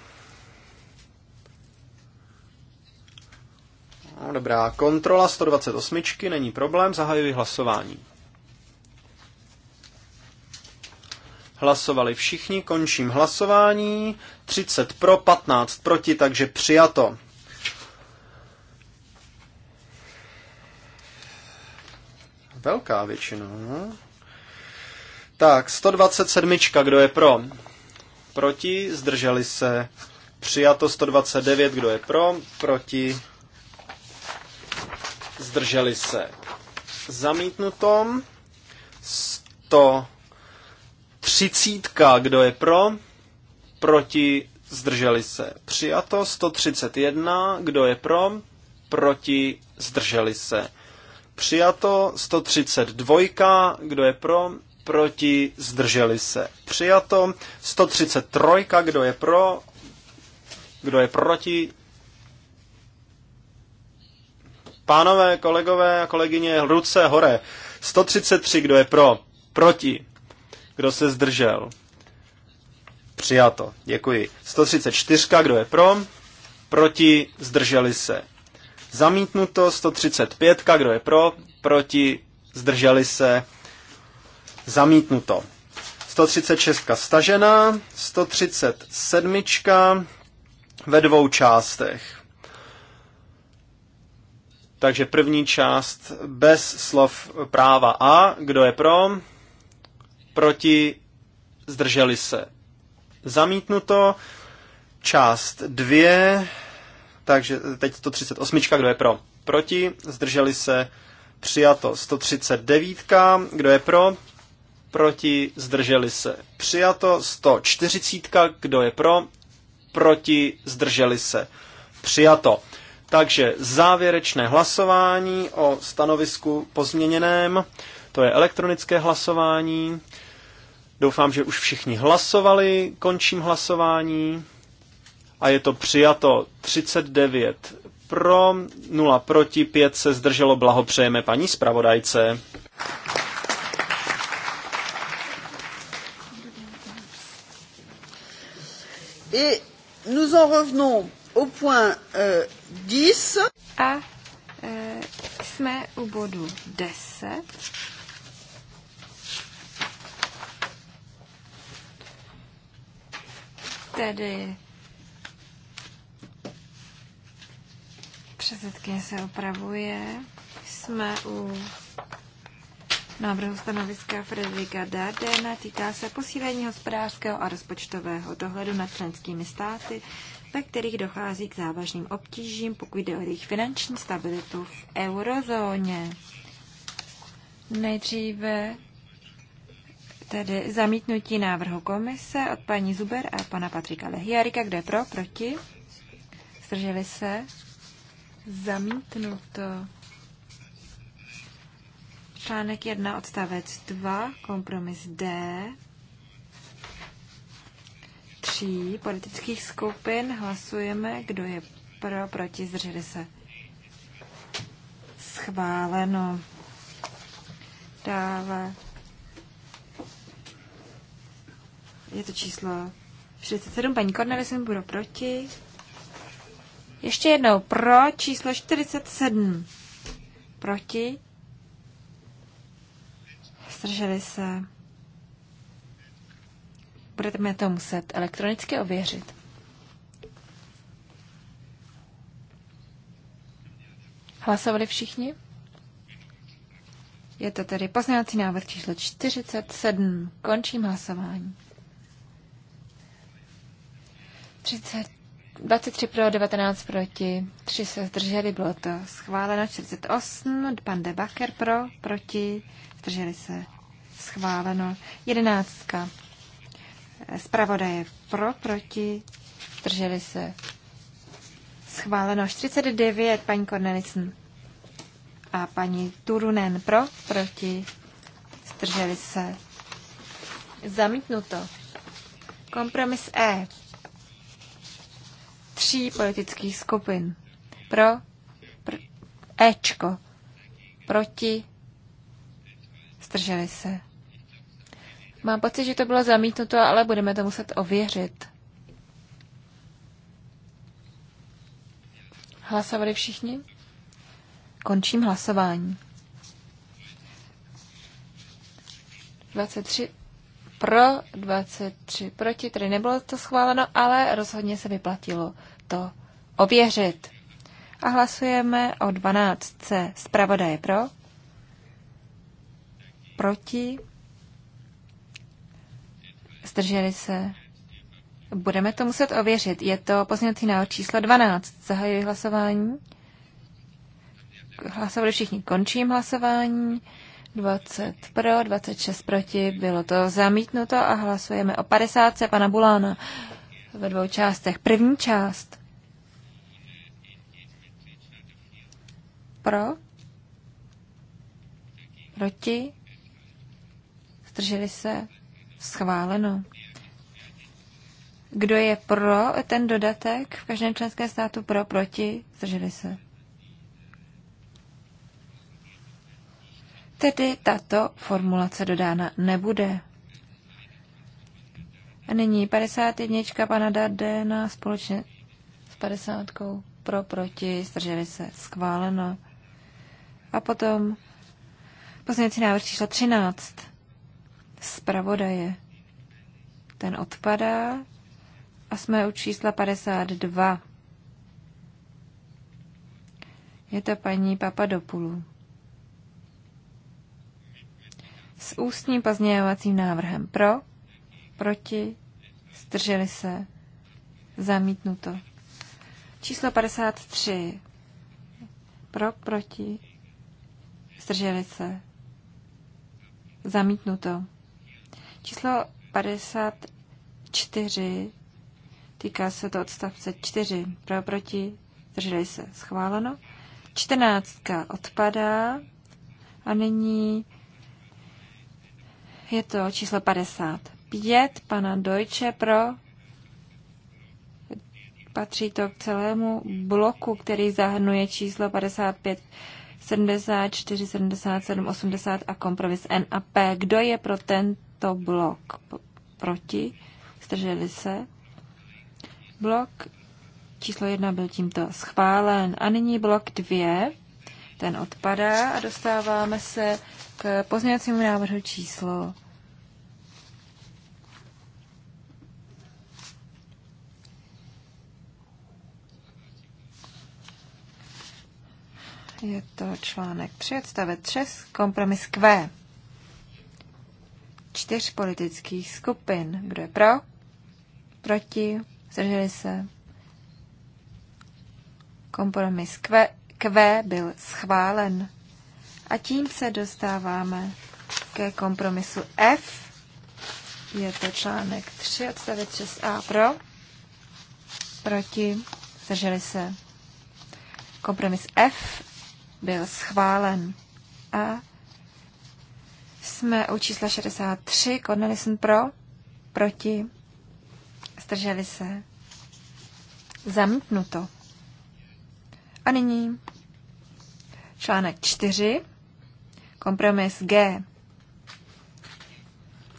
No, dobrá, kontrola 128, není problém, zahajuji hlasování. Hlasovali všichni, končím hlasování. 30 pro, 15 proti, takže přijato. Velká většina. No. Tak, 127, kdo je pro? Proti, zdrželi se. Přijato 129, kdo je pro? Proti, zdrželi se. Zamítnuto. 130, kdo je pro, proti, zdrželi se. Přijato. 131, kdo je pro, proti, zdrželi se. Přijato. 132, kdo je pro, proti, zdrželi se. Přijato. 133, kdo je pro, kdo je proti, Pánové, kolegové a kolegyně, ruce hore. 133, kdo je pro? Proti. Kdo se zdržel? Přijato. Děkuji. 134, kdo je pro? Proti. Zdrželi se. Zamítnuto. 135, kdo je pro? Proti. Zdrželi se. Zamítnuto. 136 stažená, 137 ve dvou částech. Takže první část bez slov práva A. Kdo je pro? Proti? Zdrželi se. Zamítnuto. Část 2. Takže teď 138. Kdo je pro? Proti? Zdrželi se. Přijato. 139. Kdo je pro? Proti? Zdrželi se. Přijato. 140. Kdo je pro? Proti? Zdrželi se. Přijato. Takže závěrečné hlasování o stanovisku pozměněném, to je elektronické hlasování. Doufám, že už všichni hlasovali, končím hlasování a je to přijato 39 pro, 0 proti, 5 se zdrželo, blahopřejeme paní zpravodajce. Et nous en revenons u point euh, 10. A e, jsme u bodu 10. Tedy předsedkyně se opravuje. Jsme u návrhu stanoviska Frederika Dardena týká se posílení hospodářského a rozpočtového dohledu nad členskými státy ve kterých dochází k závažným obtížím, pokud jde o jejich finanční stabilitu v eurozóně. Nejdříve tedy zamítnutí návrhu komise od paní Zuber a pana Patrika Lehiarika. Kde pro? Proti? Zdrželi se? Zamítnuto. Článek 1, odstavec 2, kompromis D tří politických skupin. Hlasujeme, kdo je pro, proti, zdrželi se. Schváleno. Dále. Je to číslo 47. Paní jsem budu proti. Ještě jednou pro číslo 47. Proti. Zdrželi se. Budeme to muset elektronicky ověřit. Hlasovali všichni? Je to tedy poznávací návrh číslo 47. Končím hlasování. 30, 23 pro, 19 proti, 3 se zdrželi, bylo to schváleno, 48, pan De Bacher pro, proti, zdrželi se, schváleno, 11 zpravodaje pro, proti, Drželi se. Schváleno 49, paní Cornelicen a paní Turunen pro, proti, zdrželi se. Zamítnuto. Kompromis E. Tří politických skupin. Pro, pr, Ečko, proti, zdrželi se. Mám pocit, že to bylo zamítnuto, ale budeme to muset ověřit. Hlasovali všichni? Končím hlasování. 23 pro, 23 proti, tedy nebylo to schváleno, ale rozhodně se vyplatilo to ověřit. A hlasujeme o 12. Zpravodaje pro, proti, Zdrželi se? Budeme to muset ověřit. Je to pozměnací návrh číslo 12. Zahajuji hlasování. Hlasovali všichni. Končím hlasování. 20 pro, 26 proti. Bylo to zamítnuto a hlasujeme o 50. pana Bulána ve dvou částech. První část. Pro. Proti. Zdrželi se. Schváleno. Kdo je pro ten dodatek? V každém členském státu pro, proti? Zdrželi se. Tedy tato formulace dodána nebude. A nyní 51. pana Dardena společně s 50. pro, proti, zdrželi se, schváleno. A potom pozměňovací návrh číslo 13 zpravodaje. Ten odpadá a jsme u čísla 52. Je to paní Papadopoulou. S ústním pozměňovacím návrhem pro, proti, zdrželi se, zamítnuto. Číslo 53. Pro, proti, zdrželi se, zamítnuto. Číslo 54 týká se to odstavce 4. Pro proti drželi se schváleno. 14 odpadá a nyní je to číslo 55 pana Dojče pro patří to k celému bloku, který zahrnuje číslo 55, 74, 77, 80 a kompromis N a P. Kdo je pro ten to blok proti, zdrželi se. Blok číslo jedna byl tímto schválen. A nyní blok dvě, ten odpadá a dostáváme se k pozměňovacímu návrhu číslo Je to článek 3, odstavec 6, kompromis Q čtyř politických skupin. Kdo je pro? Proti? Zdrželi se? Kompromis Q, Q byl schválen. A tím se dostáváme ke kompromisu F. Je to článek 3, odstavec 6a pro. Proti? Zdrželi se? Kompromis F byl schválen. A jsme u čísla 63. jsem pro, proti, strželi se. zamknuto. A nyní článek 4, kompromis G.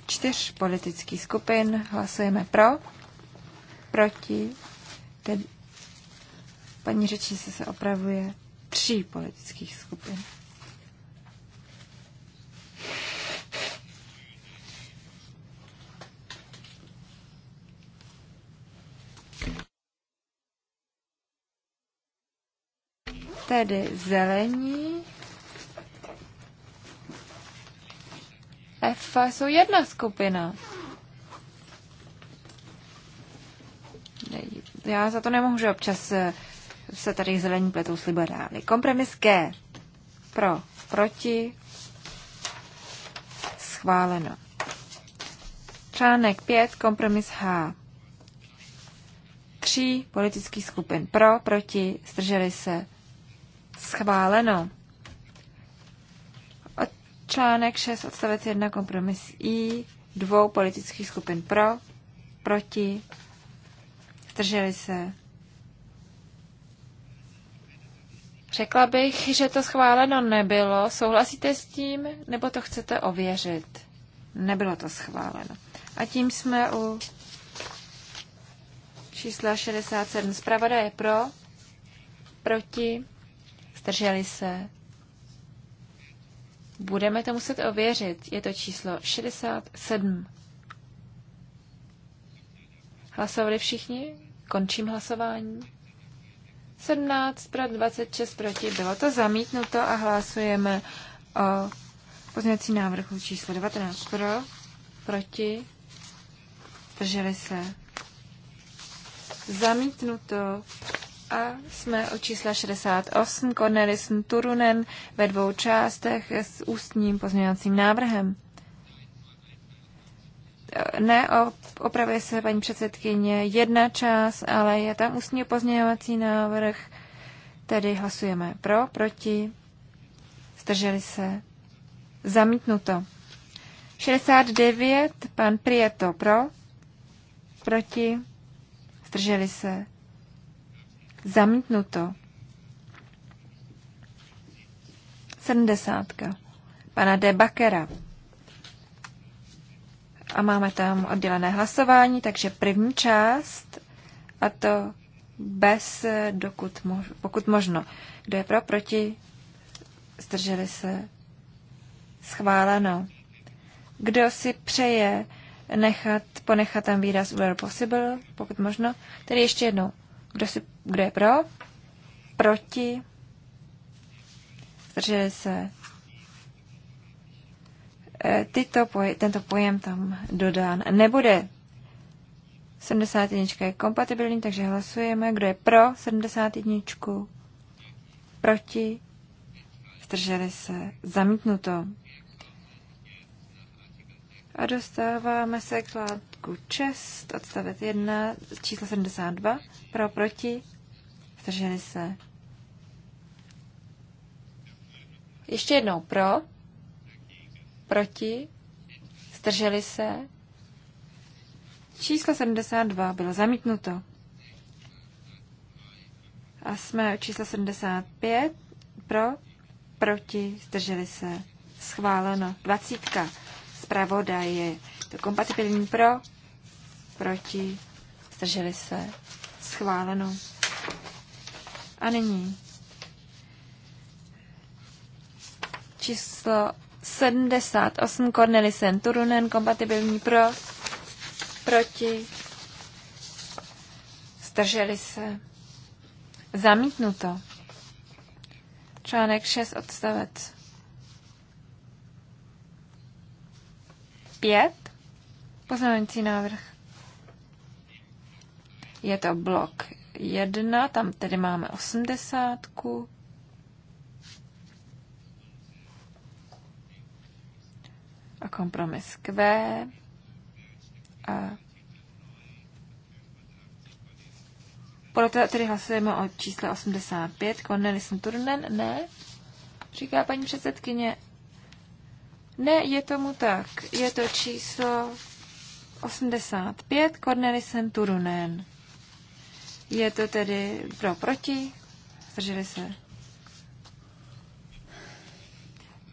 Čtyř politických skupin hlasujeme pro, proti, tedy paní se, se opravuje tří politických skupin. tedy zelení F jsou jedna skupina. Já za to nemohu, že občas eh, se tady zelení pletou s liberály. Kompromis G. Pro, proti, schváleno. Článek 5, kompromis H. Tří politických skupin pro, proti, strželi se, schváleno. Od článek 6 odstavec 1 kompromis I dvou politických skupin pro, proti, zdrželi se. Řekla bych, že to schváleno nebylo. Souhlasíte s tím, nebo to chcete ověřit? Nebylo to schváleno. A tím jsme u čísla 67. Zpravodaj je pro, proti, zdrželi se. Budeme to muset ověřit. Je to číslo 67. Hlasovali všichni? Končím hlasování. 17 pro 26 proti. Bylo to zamítnuto a hlasujeme o pozměnací návrhu číslo 19 pro, proti, drželi se. Zamítnuto a jsme o čísla 68 Cornelison Turunen ve dvou částech s ústním pozměňovacím návrhem. Ne, opravuje se paní předsedkyně jedna část, ale je tam ústní pozměňovací návrh, tedy hlasujeme pro, proti, zdrželi se, zamítnuto. 69, pan Prieto pro, proti, zdrželi se, Zamítnuto. 70. Pana Bakera. A máme tam oddělené hlasování, takže první část, a to bez, dokud mož, pokud možno. Kdo je pro, proti, zdrželi se, schváleno. Kdo si přeje nechat, ponechat tam výraz where possible, pokud možno, tedy ještě jednou. Kdo, si, kdo je pro? Proti? Zdrželi se? E, tyto poj- tento pojem tam dodán nebude. 71 je kompatibilní, takže hlasujeme. Kdo je pro 71? Proti? Zdrželi se? Zamítnuto. A dostáváme se k článku 6, odstavec 1, číslo 72, pro, proti, zdrželi se. Ještě jednou pro, proti, zdrželi se. Číslo 72 bylo zamítnuto. A jsme číslo 75 pro, proti, zdrželi se. Schváleno. Dvacítka. Zpravodaj je to kompatibilní pro, proti, zdrželi se, schváleno. A nyní číslo 78 Cornelisen Turunen, kompatibilní pro, proti, zdrželi se, zamítnuto. Článek 6 odstavec 5. Poznávající návrh. Je to blok 1, tam tedy máme osmdesátku. A kompromis Q. A Podle toho tedy hlasujeme o čísle 85. jsem Turnen? Ne. Říká paní předsedkyně. Ne, je tomu tak. Je to číslo 85 Cornelisen Turunen. Je to tedy pro proti? Zdrželi se.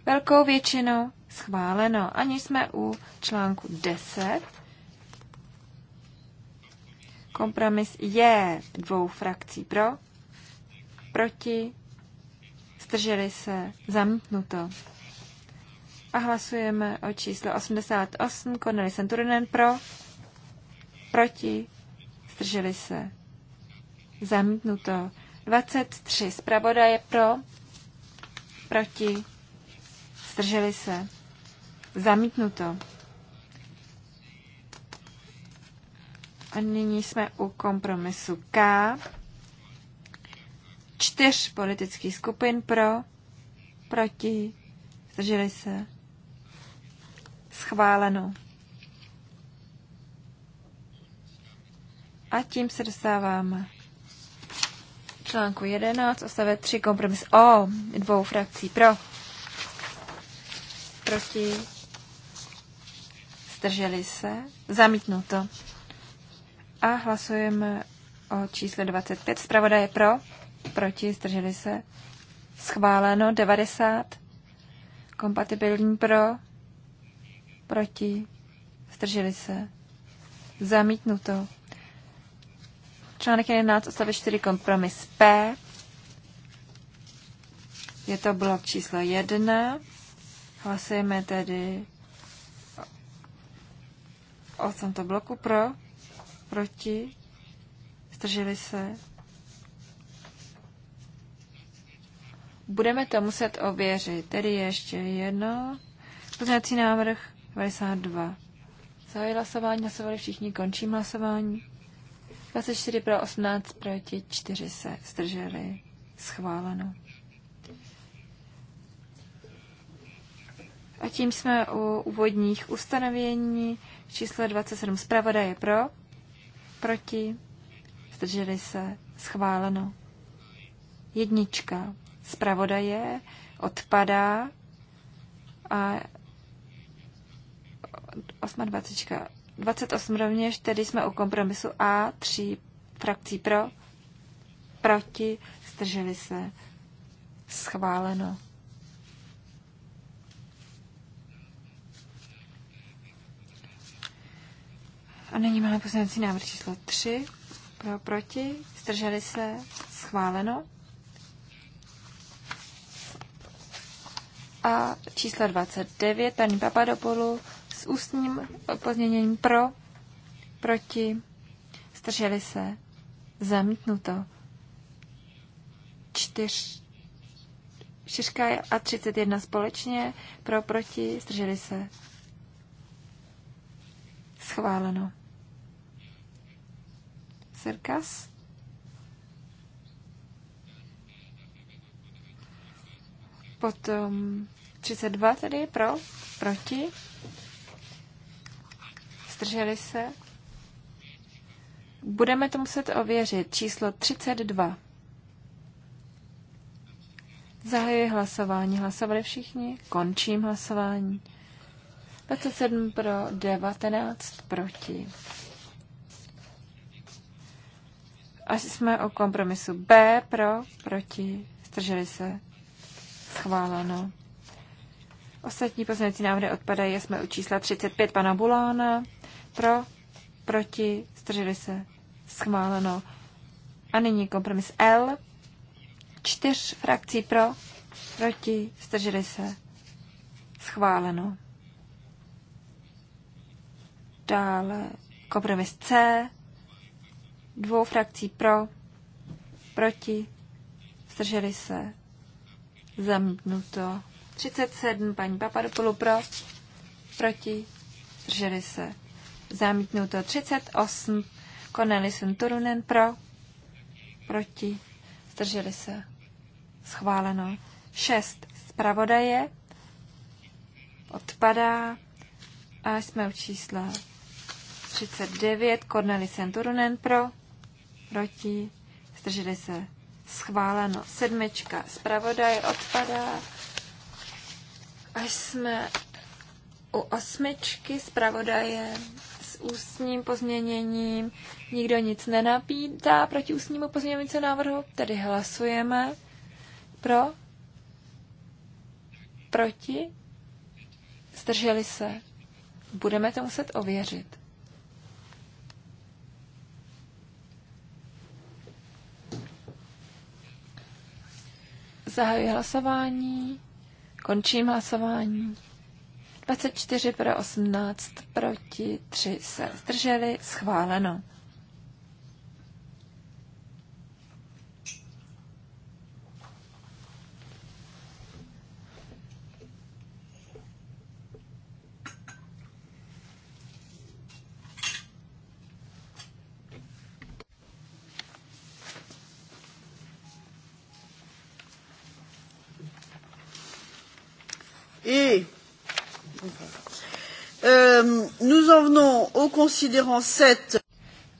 Velkou většinou schváleno. Ani jsme u článku 10. Kompromis je dvou frakcí pro, proti, zdrželi se, zamítnuto. A hlasujeme o číslo 88. Konali Centurinen pro. Proti. Zdrželi se. Zamítnuto. 23. je pro. Proti. Zdrželi se. Zamítnuto. A nyní jsme u kompromisu K. Čtyř politických skupin pro, proti, zdrželi se, Schváleno. A tím se dostáváme článku 11, ostave 3, kompromis O, dvou frakcí pro. Proti. strželi se. Zamítnuto. A hlasujeme o čísle 25. zpravoda je pro. Proti. strželi se. Schváleno. 90. Kompatibilní pro proti, zdrželi se, zamítnuto. Článek 11, odstavec 4, kompromis P. Je to blok číslo 1. Hlasujeme tedy o tomto bloku pro, proti, zdrželi se. Budeme to muset ověřit. Tedy ještě jedno. Pozměňovací návrh 92. Zahajuji hlasování, hlasovali všichni, končím hlasování. 24 pro 18 proti 4 se zdrželi. Schváleno. A tím jsme u úvodních ustanovení číslo 27. Zpravoda je pro, proti, zdrželi se, schváleno. Jednička. Zpravodaje odpadá a 28. 28 rovněž, tedy jsme u kompromisu A, 3 frakcí pro, proti, zdrželi se, schváleno. A nyní máme poslanecí návrh číslo 3, pro, proti, zdrželi se, schváleno. A číslo 29, paní Papadopoulou, s ústním pozměněním pro, proti, strželi se, zamítnuto. Čtyř, čtyřka a 31 společně, pro, proti, strželi se. Schváleno. Cirkas? Potom 32 tedy pro, proti, zdrželi se. Budeme to muset ověřit. Číslo 32. Zahajuji hlasování. Hlasovali všichni? Končím hlasování. 27 pro, 19 proti. Až jsme o kompromisu B pro, proti, zdrželi se, schváleno. Ostatní pozměňovací návrhy odpadají, jsme u čísla 35 pana Bulána. Pro, proti, zdrželi se, schváleno. A nyní kompromis L. Čtyř frakcí pro, proti, zdrželi se, schváleno. Dále kompromis C. Dvou frakcí pro, proti, zdrželi se, zamknuto. 37 paní Papadopoulou pro, proti, zdrželi se, Zamítnuto 38. jsem Turunen pro. Proti. Zdrželi se. Schváleno. 6. Zpravodaje. Odpadá. A jsme u čísla 39. jsem Turunen pro. Proti. Zdrželi se. Schváleno. Sedmička. Zpravodaj odpadá. Až jsme u osmičky zpravodaje ústním pozměněním. Nikdo nic nenapítá proti ústnímu pozměněnice návrhu, tedy hlasujeme pro, proti, zdrželi se. Budeme to muset ověřit. Zahajuji hlasování, končím hlasování. 24 pro 18, proti 3 se zdrželi, schváleno. Et Euh, nous en venons au considérant 7.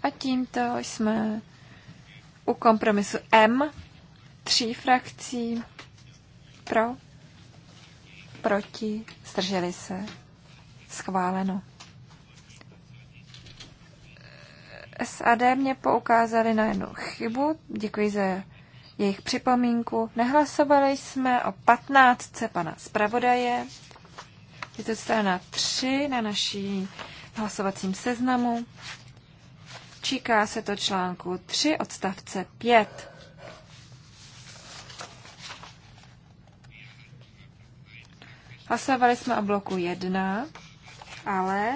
A tímto jsme u kompromisu M tří frakcí pro, proti, zdrželi se, schváleno. SAD mě poukázali na jednu chybu, děkuji za jejich připomínku. Nehlasovali jsme o patnáctce pana zpravodaje. Je to strana 3 na naší hlasovacím seznamu. Číká se to článku 3 odstavce 5. Hlasovali jsme o bloku 1, ale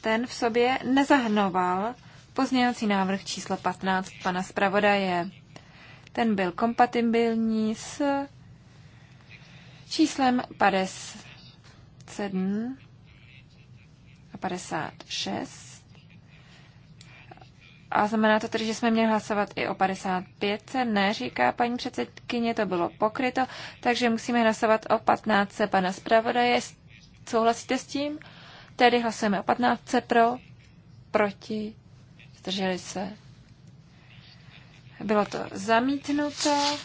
ten v sobě nezahrnoval pozměňovací návrh číslo 15 pana zpravodaje. Ten byl kompatibilní s číslem 50. 57 a 56. A znamená to tedy, že jsme měli hlasovat i o 55. Ne, říká paní předsedkyně, to bylo pokryto, takže musíme hlasovat o 15. pana zpravodaje. Souhlasíte s tím? Tedy hlasujeme o 15. pro, proti, zdrželi se. Bylo to zamítnuto.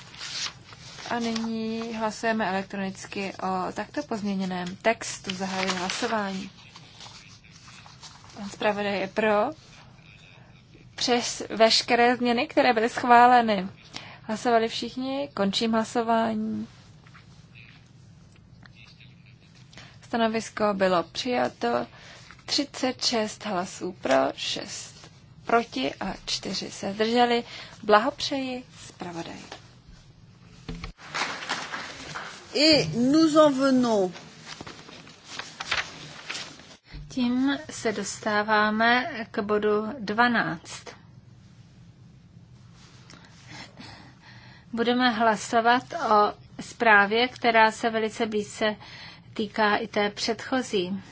A nyní hlasujeme elektronicky o takto pozměněném textu. Zahajuji hlasování. Pan zpravodaj je pro přes veškeré změny, které byly schváleny. Hlasovali všichni, končím hlasování. Stanovisko bylo přijato 36 hlasů pro, 6 proti a 4 se zdrželi. Blahopřeji zpravodaji. Et nous en venons. Tím se dostáváme k bodu 12. Budeme hlasovat o zprávě, která se velice blízce týká i té předchozí.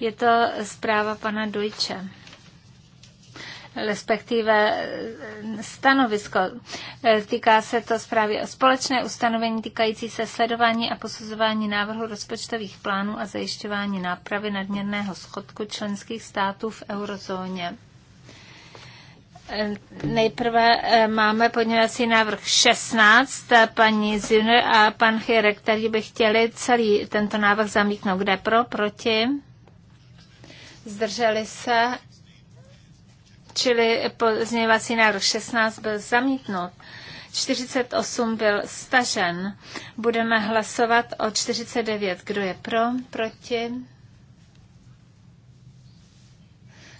Je to zpráva pana Dojče respektive eh, stanovisko. Eh, týká se to zprávy o společné ustanovení týkající se sledování a posuzování návrhu rozpočtových plánů a zajišťování nápravy nadměrného schodku členských států v eurozóně. Eh, nejprve máme podněvací návrh 16, paní Züner a pan Chirek, který by chtěli celý tento návrh zamítnout. Kde pro, proti? Zdrželi se čili pozměňovací návrh 16 byl zamítnut. 48 byl stažen. Budeme hlasovat o 49. Kdo je pro? Proti?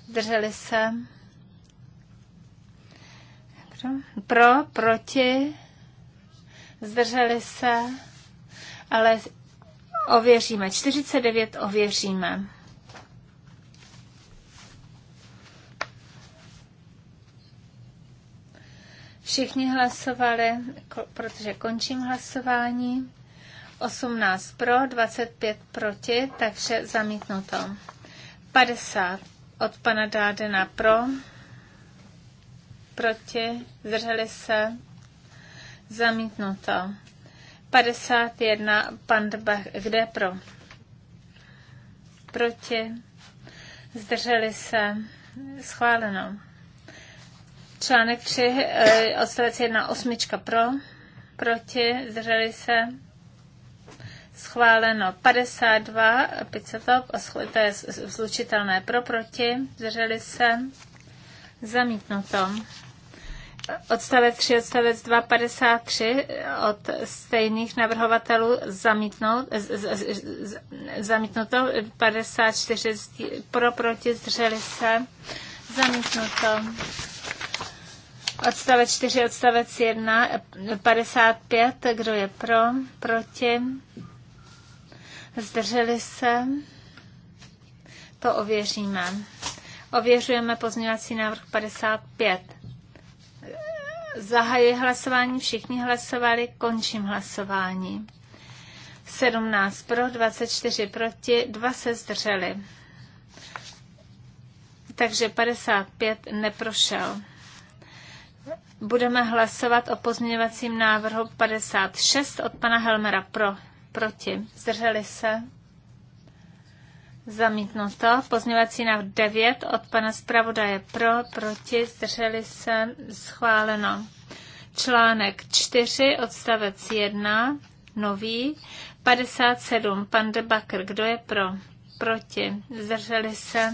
Drželi se? Pro? Pro? Proti? Zdrželi se? Ale ověříme. 49 ověříme. Všichni hlasovali, protože končím hlasování. 18 pro, 25 proti, takže zamítnuto. 50 od pana Dádena pro, proti, zdrželi se, zamítnuto. 51 pan Dbach, kde pro? Proti, zdrželi se, schváleno. Článek 3, eh, odstavec 1, osmička pro, proti, zdrželi se, schváleno 52, Picetok, to je zlučitelné pro, proti, zdrželi se, zamítnuto. Odstavec 3, odstavec 2, 53 od stejných navrhovatelů zamítnout, z, z, z, zamítnuto, 54 pro, proti, zdrželi se, zamítnuto. Odstavec 4, odstavec 1, 55, kdo je pro, proti, zdrželi se, to ověříme. Ověřujeme pozměňovací návrh 55. Zahajuji hlasování, všichni hlasovali, končím hlasování. 17 pro, 24 proti, 2 se zdrželi. Takže 55 neprošel. Budeme hlasovat o pozměňovacím návrhu 56 od pana Helmera pro, proti. Zdrželi se? Zamítnuto. Pozměňovací návrh 9 od pana zpravodaje pro, proti, zdrželi se, schváleno. Článek 4, odstavec 1, nový, 57, pan Debakr, kdo je pro, proti, zdrželi se,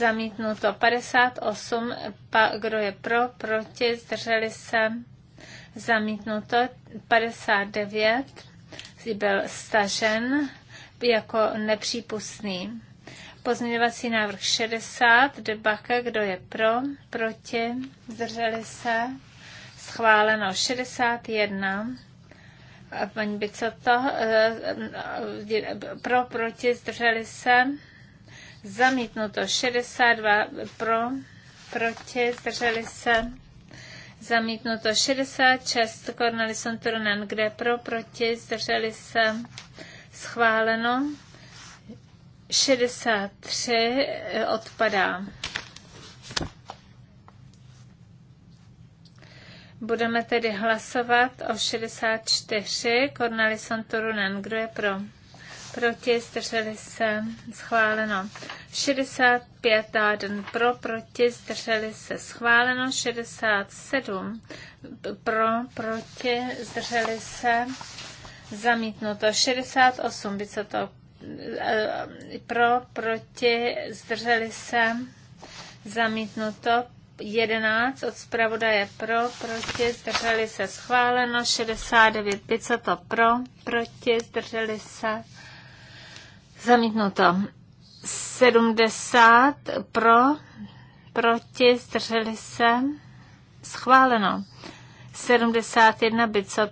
zamítnuto 58, pa, kdo je pro, proti, zdrželi se, zamítnuto 59, byl stažen jako nepřípustný. Pozměňovací návrh 60, debake, kdo je pro, proti, zdrželi se, schváleno 61. A paní Bicoto, eh, eh, pro, proti, zdrželi se, Zamítnuto 62 pro, proti, zdrželi se. Zamítnuto 66, Cornelison Santurnen, kde pro, proti, zdrželi se. Schváleno. 63 eh, odpadá. Budeme tedy hlasovat o 64 Cornelison Santurnen, Kdo je pro? proti, zdrželi se, schváleno. 65 den. pro, proti, zdrželi se, schváleno. 67 pro, proti, zdrželi se, zamítnuto. 68 by se to eh, pro, proti, zdrželi se, zamítnuto. 11 od zpravodaje pro, proti, zdrželi se schváleno, 69 by se to pro, proti, zdrželi se Zamítnuto. 70 pro, proti, zdrželi se. Schváleno. 71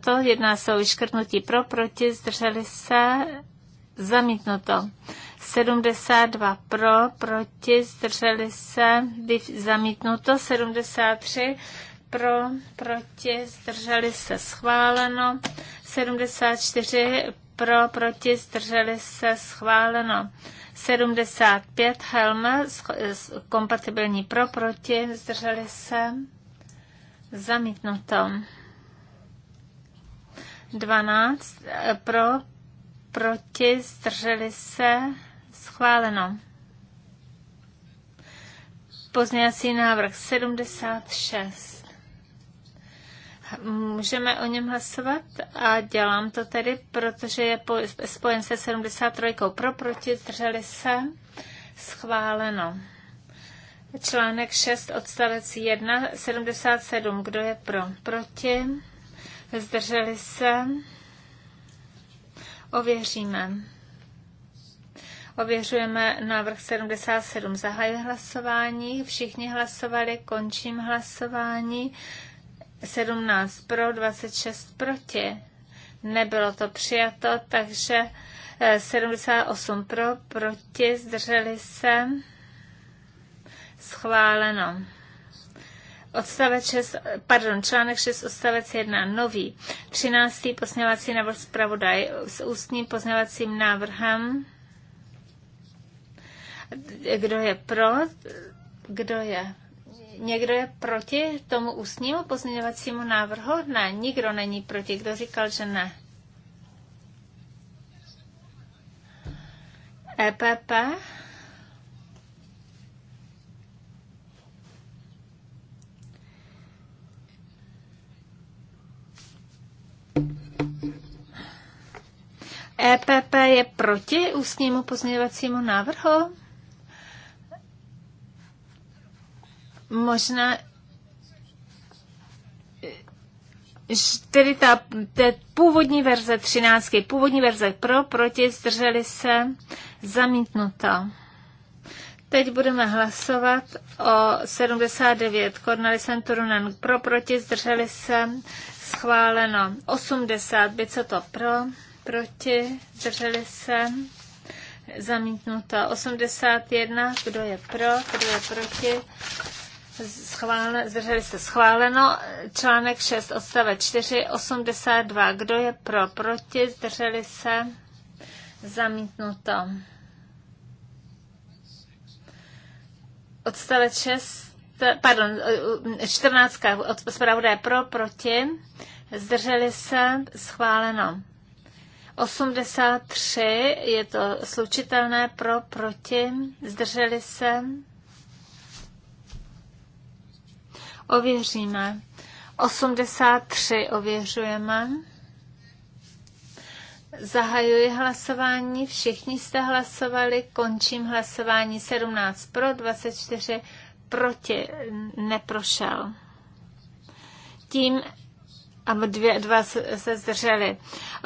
to, jedná se o vyškrtnutí pro, proti, zdrželi se. Zamítnuto. 72 pro, proti, zdrželi se, zamítnuto, 73 pro, proti, zdrželi se, schváleno, 74 pro, proti, zdrželi se, schváleno. 75 Helme, kompatibilní pro, proti, zdrželi se, zamítnuto. 12 eh, pro, proti, zdrželi se, schváleno. Pozměňovací návrh 76. Můžeme o něm hlasovat a dělám to tedy, protože je spojen se 73. Pro, proti, drželi se, schváleno. Článek 6, odstavec 1, 77. Kdo je pro? Proti? Zdrželi se? Ověříme. Ověřujeme návrh 77. Zahajuji hlasování. Všichni hlasovali, končím hlasování. 17 pro, 26 proti. Nebylo to přijato, takže 78 eh, pro, proti, zdrželi se. Schváleno. Odstavec 6, pardon, článek 6, odstavec 1, nový. 13. pozměňovací návrh zpravodaj s ústním pozměňovacím návrhem. Kdo je pro? Kdo je Někdo je proti tomu ústnímu pozměňovacímu návrhu? Ne, nikdo není proti. Kdo říkal, že ne? EPP? EPP je proti ústnímu pozměňovacímu návrhu? možná tedy ta, ta původní verze 13, původní verze pro, proti, zdrželi se, zamítnuta. Teď budeme hlasovat o 79. Kornali Santurunen pro, proti, zdrželi se, schváleno. 80. co to pro, proti, zdrželi se, zamítnuto. 81. Kdo je pro, kdo je proti, Schválen, zdrželi se schváleno. Článek 6, odstavec 4, 82. Kdo je pro, proti, zdrželi se zamítnuto. Odstavec 6, pardon, 14. Zpravodaj pro, proti, zdrželi se schváleno. 83 je to slučitelné pro, proti, zdrželi se Ověříme. 83 ověřujeme. Zahajuji hlasování, všichni jste hlasovali, končím hlasování 17 pro, 24 proti, neprošel. Tím a dvě, dva se, se zdrželi.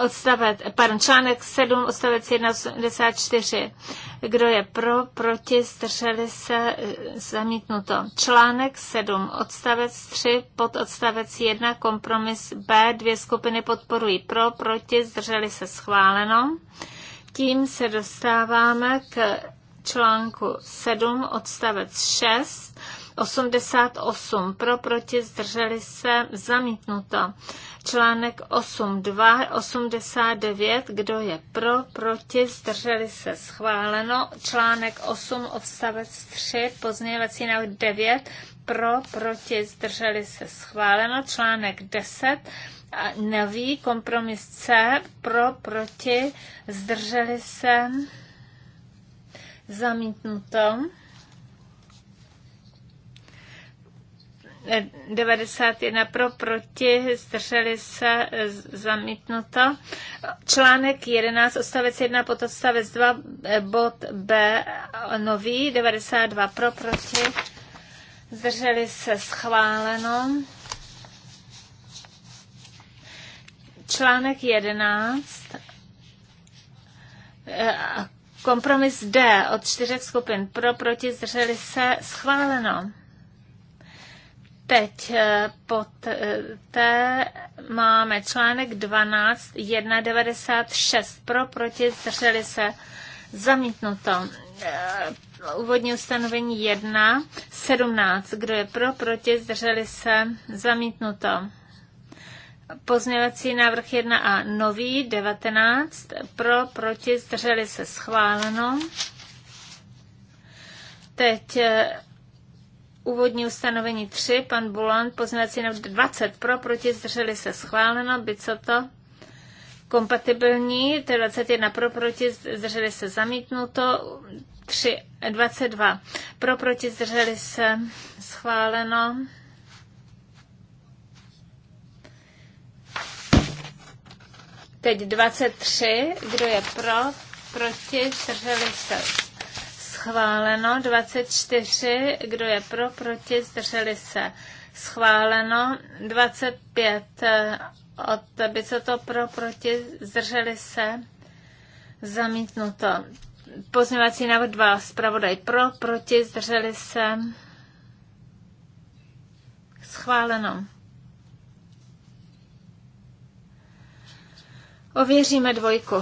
Odstavec, pardon, článek 7, odstavec 184. Kdo je pro, proti, zdrželi se, zamítnuto. Článek 7, odstavec 3, pod odstavec 1, kompromis B, dvě skupiny podporují pro, proti, zdrželi se, schváleno. Tím se dostáváme k článku 7, odstavec 6, 88 pro, proti, zdrželi se, zamítnuto. Článek 8.2, 89, kdo je pro, proti, zdrželi se, schváleno. Článek 8, odstavec 3, pozměňovací návrh 9, pro, proti, zdrželi se, schváleno. Článek 10, nový kompromis C, pro, proti, zdrželi se, zamítnuto. 91 pro, proti, zdrželi se, zamítnuto. Článek 11, odstavec 1, odstavec 2, bod B, nový, 92 pro, proti, zdrželi se, schváleno. Článek 11, eh, kompromis D od čtyřech skupin pro, proti, zdrželi se, schváleno. Teď eh, pod eh, té máme článek 12, 196 pro, proti, zdrželi se, zamítnuto. Eh, úvodní ustanovení 1, 17, kdo je pro, proti, zdrželi se, zamítnuto. Pozměvací návrh 1a nový 19, pro, proti, zdrželi se schváleno. Teď Úvodní ustanovení 3, pan Bulan, poznací na 20 pro, proti zdrželi se schváleno, by co to? Kompatibilní, to je 21 pro, proti zdrželi se zamítnuto, 3, 22 pro, proti zdrželi se schváleno. Teď 23, kdo je pro, proti, zdrželi se schváleno, 24, kdo je pro, proti, zdrželi se, schváleno, 25, od by se to pro, proti, zdrželi se, zamítnuto. Pozměvací návrh 2, zpravodaj pro, proti, zdrželi se, schváleno. Ověříme dvojku.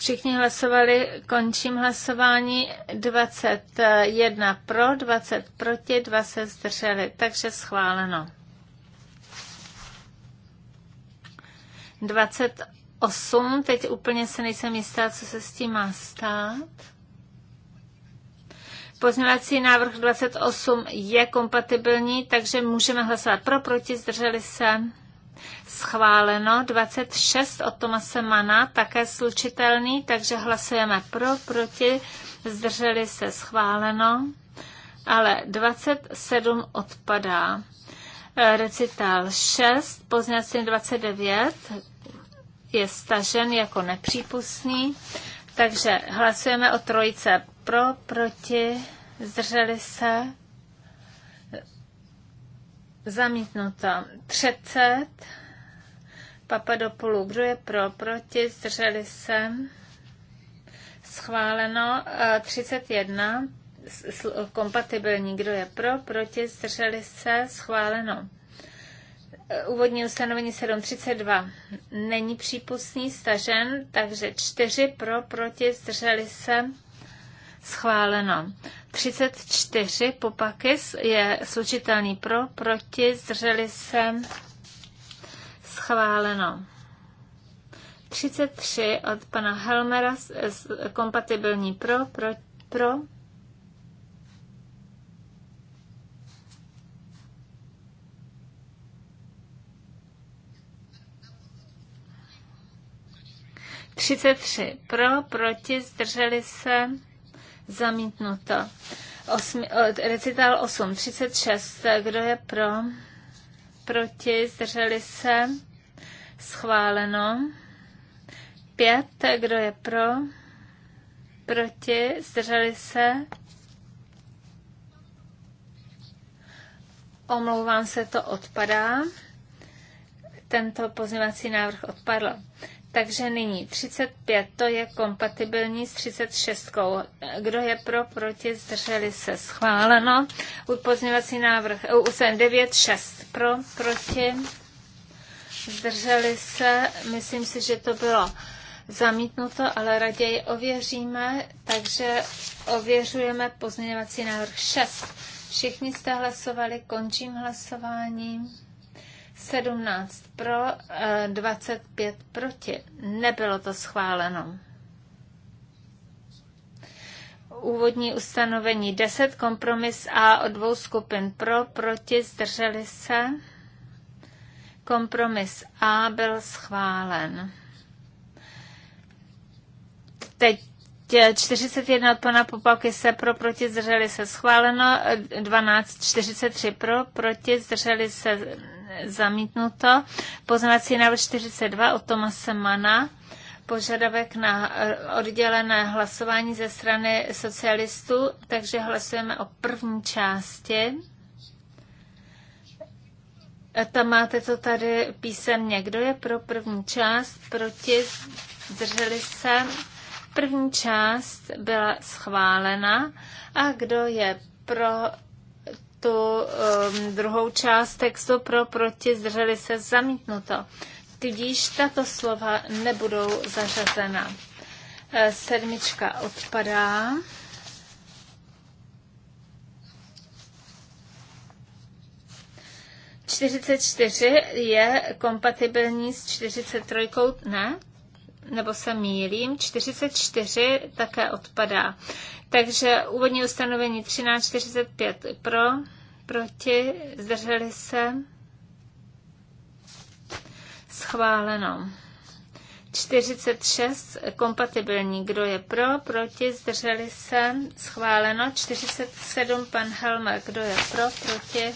Všichni hlasovali, končím hlasování. 21 pro, 20 proti, 2 se zdrželi, takže schváleno. 28, teď úplně se nejsem jistá, co se s tím má stát. Pozměňovací návrh 28 je kompatibilní, takže můžeme hlasovat pro, proti, zdrželi se. Schváleno 26 od Tomase Mana, také slučitelný, takže hlasujeme pro, proti, zdrželi se schváleno, ale 27 odpadá. E, recital 6, pozněcí 29 je stažen jako nepřípustný, takže hlasujeme o trojce pro, proti, zdrželi se, Zamítnuto 30. Papadopoulou, kdo je pro, proti, zdrželi se. Schváleno 31. E, kompatibilní, kdo je pro, proti, zdrželi se. Schváleno. E, úvodní ustanovení 732 není přípustný, stažen, takže 4 pro, proti, zdrželi se. Schváleno. 34 popakis je slučitelný pro, proti, zdrželi se, schváleno. 33 od pana Helmera, kompatibilní pro, pro, pro. Třicet tři pro, proti, zdrželi se, Zamítnuto. Osmi, recital 8, 36. Kdo je pro? Proti? Zdrželi se? Schváleno. 5. Kdo je pro? Proti? Zdrželi se? Omlouvám se, to odpadá. Tento pozměvací návrh odpadl. Takže nyní 35, to je kompatibilní s 36. Kdo je pro, proti, zdrželi se, schváleno. Pozměňovací návrh u 9, 6 pro, proti, zdrželi se. Myslím si, že to bylo zamítnuto, ale raději ověříme, takže ověřujeme pozměňovací návrh 6. Všichni jste hlasovali, končím hlasování. 17 pro, 25 eh, proti. Nebylo to schváleno. Úvodní ustanovení 10, kompromis A o dvou skupin pro, proti, zdrželi se. Kompromis A byl schválen. Teď 41 eh, od pana Popalky se pro, proti, zdrželi se schváleno, 12, eh, 43 pro, proti, zdrželi se zamítnuto. Poznací návrh 42 od Tomase Mana požadavek na oddělené hlasování ze strany socialistů, takže hlasujeme o první části. Tam máte to tady písemně. Kdo je pro první část? Proti? Zdrželi se? První část byla schválena. A kdo je pro tu um, druhou část textu pro proti zdrželi se zamítnuto. Tudíž tato slova nebudou zařazena. E, sedmička odpadá. Čtyřicet čtyři je kompatibilní s čtyřicet trojkou, ne? Nebo se mýlím? Čtyřicet čtyři také odpadá. Takže úvodní ustanovení 1345 pro, proti, zdrželi se, schváleno. 46 kompatibilní, kdo je pro, proti, zdrželi se, schváleno. 47 pan Helmer, kdo je pro, proti,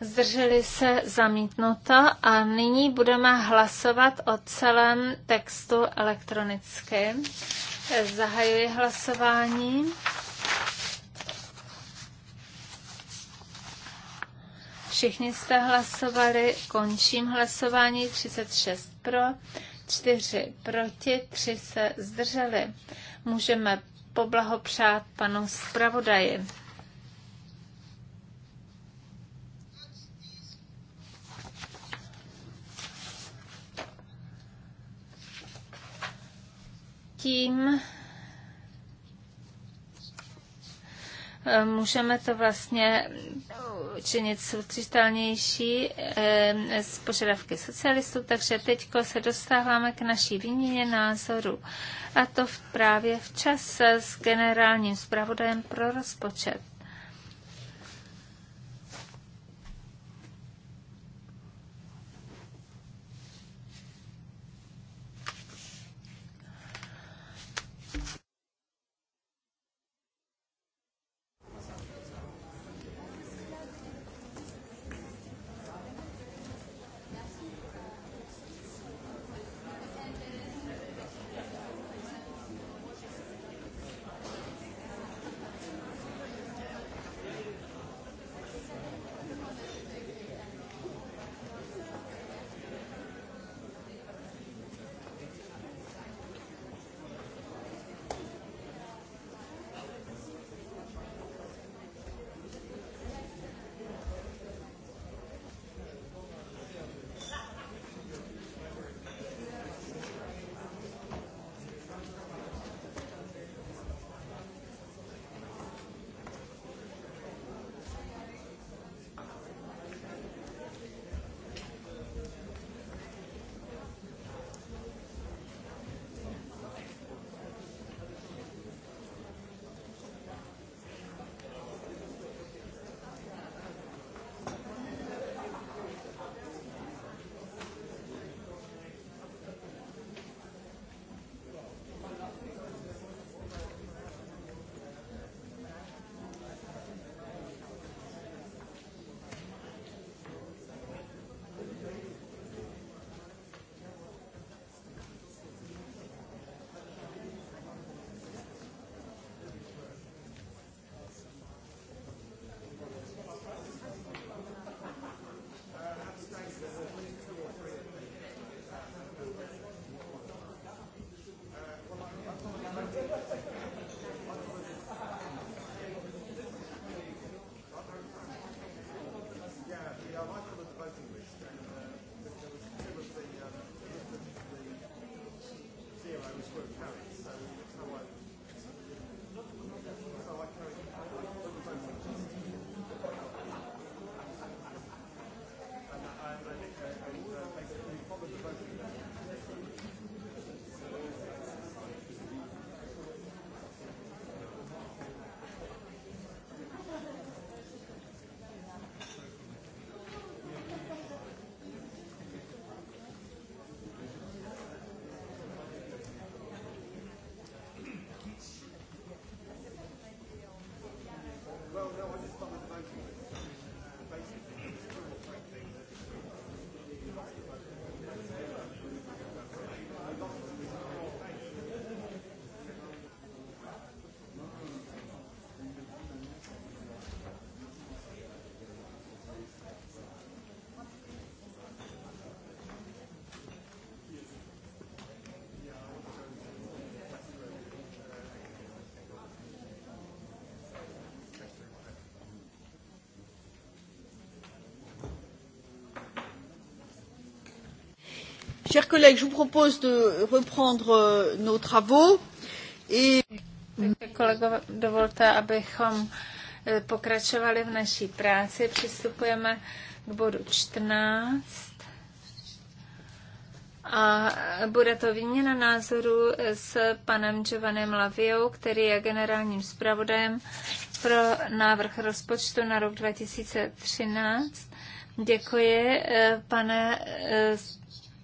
zdrželi se, zamítnuto. A nyní budeme hlasovat o celém textu elektronicky. Zahajuji hlasování. Všichni jste hlasovali, končím hlasování, 36 pro, 4 proti, 3 se zdrželi. Můžeme poblahopřát panu zpravodaji. tím eh, můžeme to vlastně činit soustředitelnější z eh, požadavky socialistů, takže teď se dostáváme k naší výměně názoru. A to právě včas s generálním zpravodajem pro rozpočet. Chers collègues, je vous propose de reprendre euh, nos travaux et... Kolegové, dovolte, abychom eh, pokračovali v naší práci. Přistupujeme k bodu 14. A bude to výměna názoru eh, s panem Giovanem Laviou, který je generálním zpravodajem pro návrh rozpočtu na rok 2013. Děkuji, eh, pane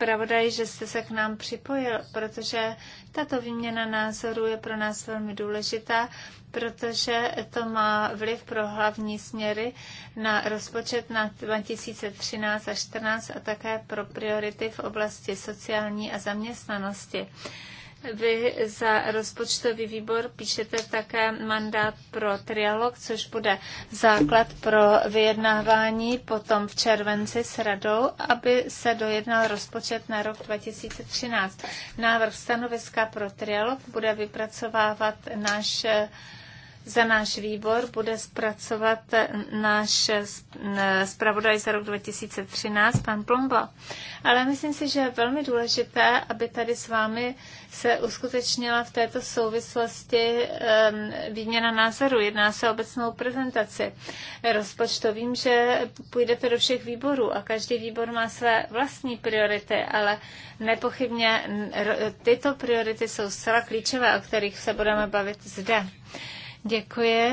zpravodaj, že jste se k nám připojil, protože tato výměna názorů je pro nás velmi důležitá, protože to má vliv pro hlavní směry na rozpočet na 2013 a 2014 a také pro priority v oblasti sociální a zaměstnanosti. Vy za rozpočtový výbor píšete také mandát pro trialog, což bude základ pro vyjednávání potom v červenci s radou, aby se dojednal rozpočet na rok 2013. Návrh stanoviska pro trialog bude vypracovávat náš za náš výbor bude zpracovat náš zpravodaj za rok 2013, pan Plomba. Ale myslím si, že je velmi důležité, aby tady s vámi se uskutečnila v této souvislosti výměna názoru. Jedná se o obecnou prezentaci rozpočtovým, že půjdete do všech výborů a každý výbor má své vlastní priority, ale nepochybně tyto priority jsou zcela klíčové, o kterých se budeme bavit zde. Děkuji.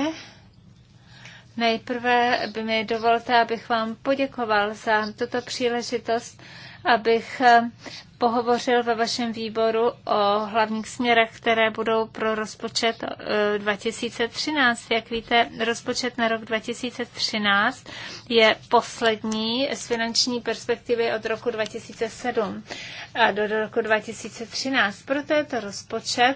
Nejprve by mi dovolte, abych vám poděkoval za tuto příležitost, abych eh, pohovořil ve vašem výboru o hlavních směrech, které budou pro rozpočet 2013. Eh, Jak víte, rozpočet na rok 2013 je poslední z finanční perspektivy od roku 2007 a do roku 2013. Proto je to rozpočet,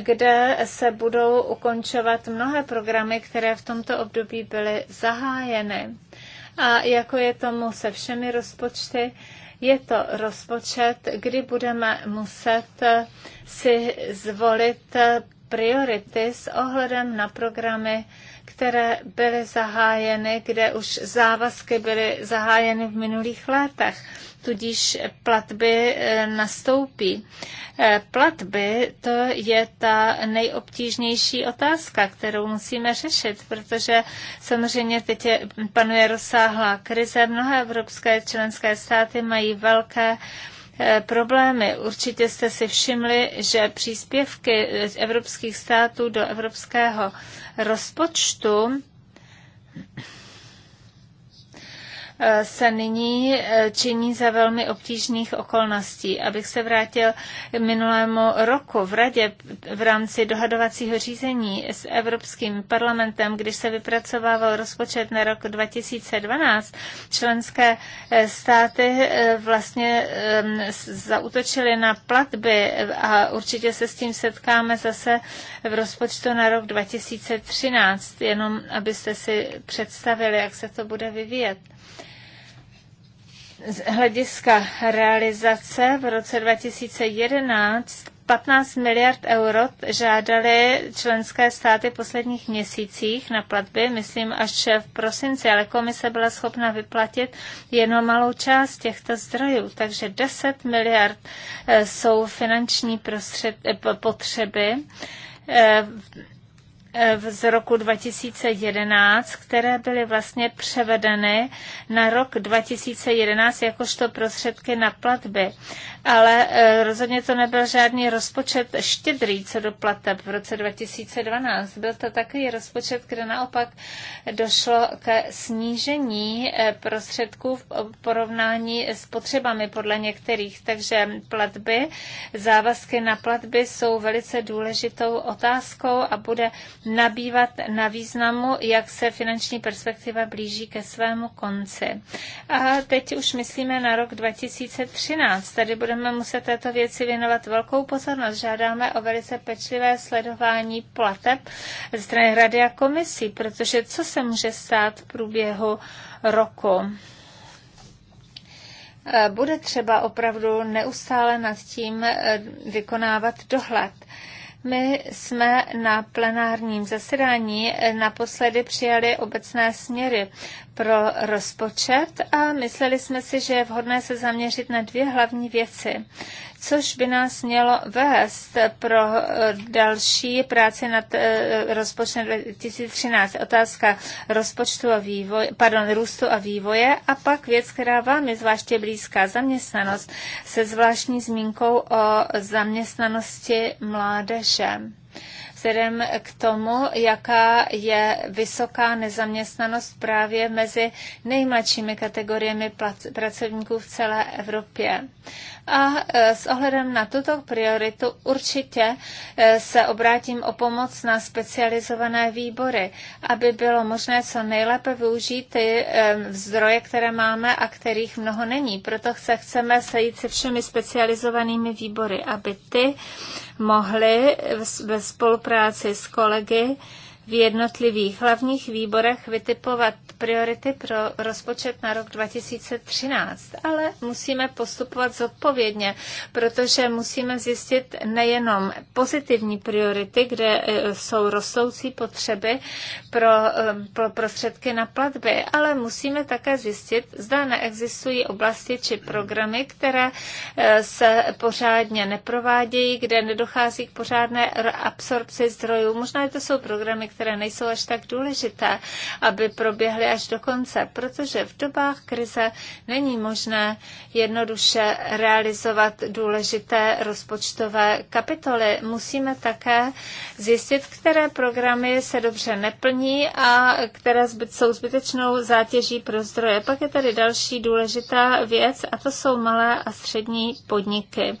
kde se budou ukončovat mnohé programy, které v tomto období byly zahájeny. A jako je tomu se všemi rozpočty, je to rozpočet, kdy budeme muset si zvolit priority s ohledem na programy, které byly zahájeny, kde už závazky byly zahájeny v minulých letech, tudíž platby eh, nastoupí. Eh, platby to je ta nejobtížnější otázka, kterou musíme řešit, protože samozřejmě teď je, panuje rozsáhlá krize. Mnohé evropské členské státy mají velké Eh, problémy. Určitě jste si všimli, že příspěvky evropských států do evropského rozpočtu se nyní eh, činí za velmi obtížných okolností. Abych se vrátil minulému roku v radě v rámci dohadovacího řízení s Evropským parlamentem, když se vypracovával rozpočet na rok 2012, členské eh, státy eh, vlastně zautočily na platby a určitě se s tím setkáme zase v rozpočtu na rok 2013, jenom abyste si představili, jak se to bude vyvíjet z hlediska realizace v roce 2011 15 miliard euro žádali členské státy v posledních měsících na platby, myslím až v prosinci, ale komise byla schopna vyplatit jenom malou část těchto zdrojů, takže 10 miliard eh, jsou finanční eh, potřeby eh, z roku 2011, které byly vlastně převedeny na rok 2011 jakožto prostředky na platby. Ale e, rozhodně to nebyl žádný rozpočet štědrý co do plateb v roce 2012. Byl to takový rozpočet, kde naopak došlo ke snížení e, prostředků v porovnání s potřebami podle některých. Takže platby, závazky na platby jsou velice důležitou otázkou a bude nabývat na významu, jak se finanční perspektiva blíží ke svému konci. A teď už myslíme na rok 2013. Tady budeme muset této věci věnovat velkou pozornost. Žádáme o velice pečlivé sledování plateb ze strany Rady a komisí, protože co se může stát v průběhu roku? bude třeba opravdu neustále nad tím eh, vykonávat dohled. My jsme na plenárním zasedání naposledy přijali obecné směry pro rozpočet a mysleli jsme si, že je vhodné se zaměřit na dvě hlavní věci, což by nás mělo vést pro eh, další práci nad eh, rozpočtem 2013. Otázka rozpočtu a vývoj, pardon, růstu a vývoje a pak věc, která vám je zvláště blízká, zaměstnanost se zvláštní zmínkou o zaměstnanosti mládeže vzhledem k tomu, jaká je vysoká nezaměstnanost právě mezi nejmladšími kategoriemi pracovníků v celé Evropě. A e, s ohledem na tuto prioritu určitě e, se obrátím o pomoc na specializované výbory, aby bylo možné co nejlépe využít ty e, zdroje, které máme a kterých mnoho není. Proto se chceme sejít se všemi specializovanými výbory, aby ty mohly ve spolupráci s kolegy v jednotlivých hlavních výborech vytipovat priority pro rozpočet na rok 2013, ale musíme postupovat zodpovědně, protože musíme zjistit nejenom pozitivní priority, kde e, jsou rostoucí potřeby pro, e, pro prostředky na platby, ale musíme také zjistit, zda neexistují oblasti či programy, které e, se pořádně neprovádějí, kde nedochází k pořádné absorpci zdrojů. Možná to jsou programy, které nejsou až tak důležité, aby proběhly až do konce, protože v dobách krize není možné jednoduše realizovat důležité rozpočtové kapitoly. Musíme také zjistit, které programy se dobře neplní a které jsou zbytečnou zátěží pro zdroje. Pak je tady další důležitá věc a to jsou malé a střední podniky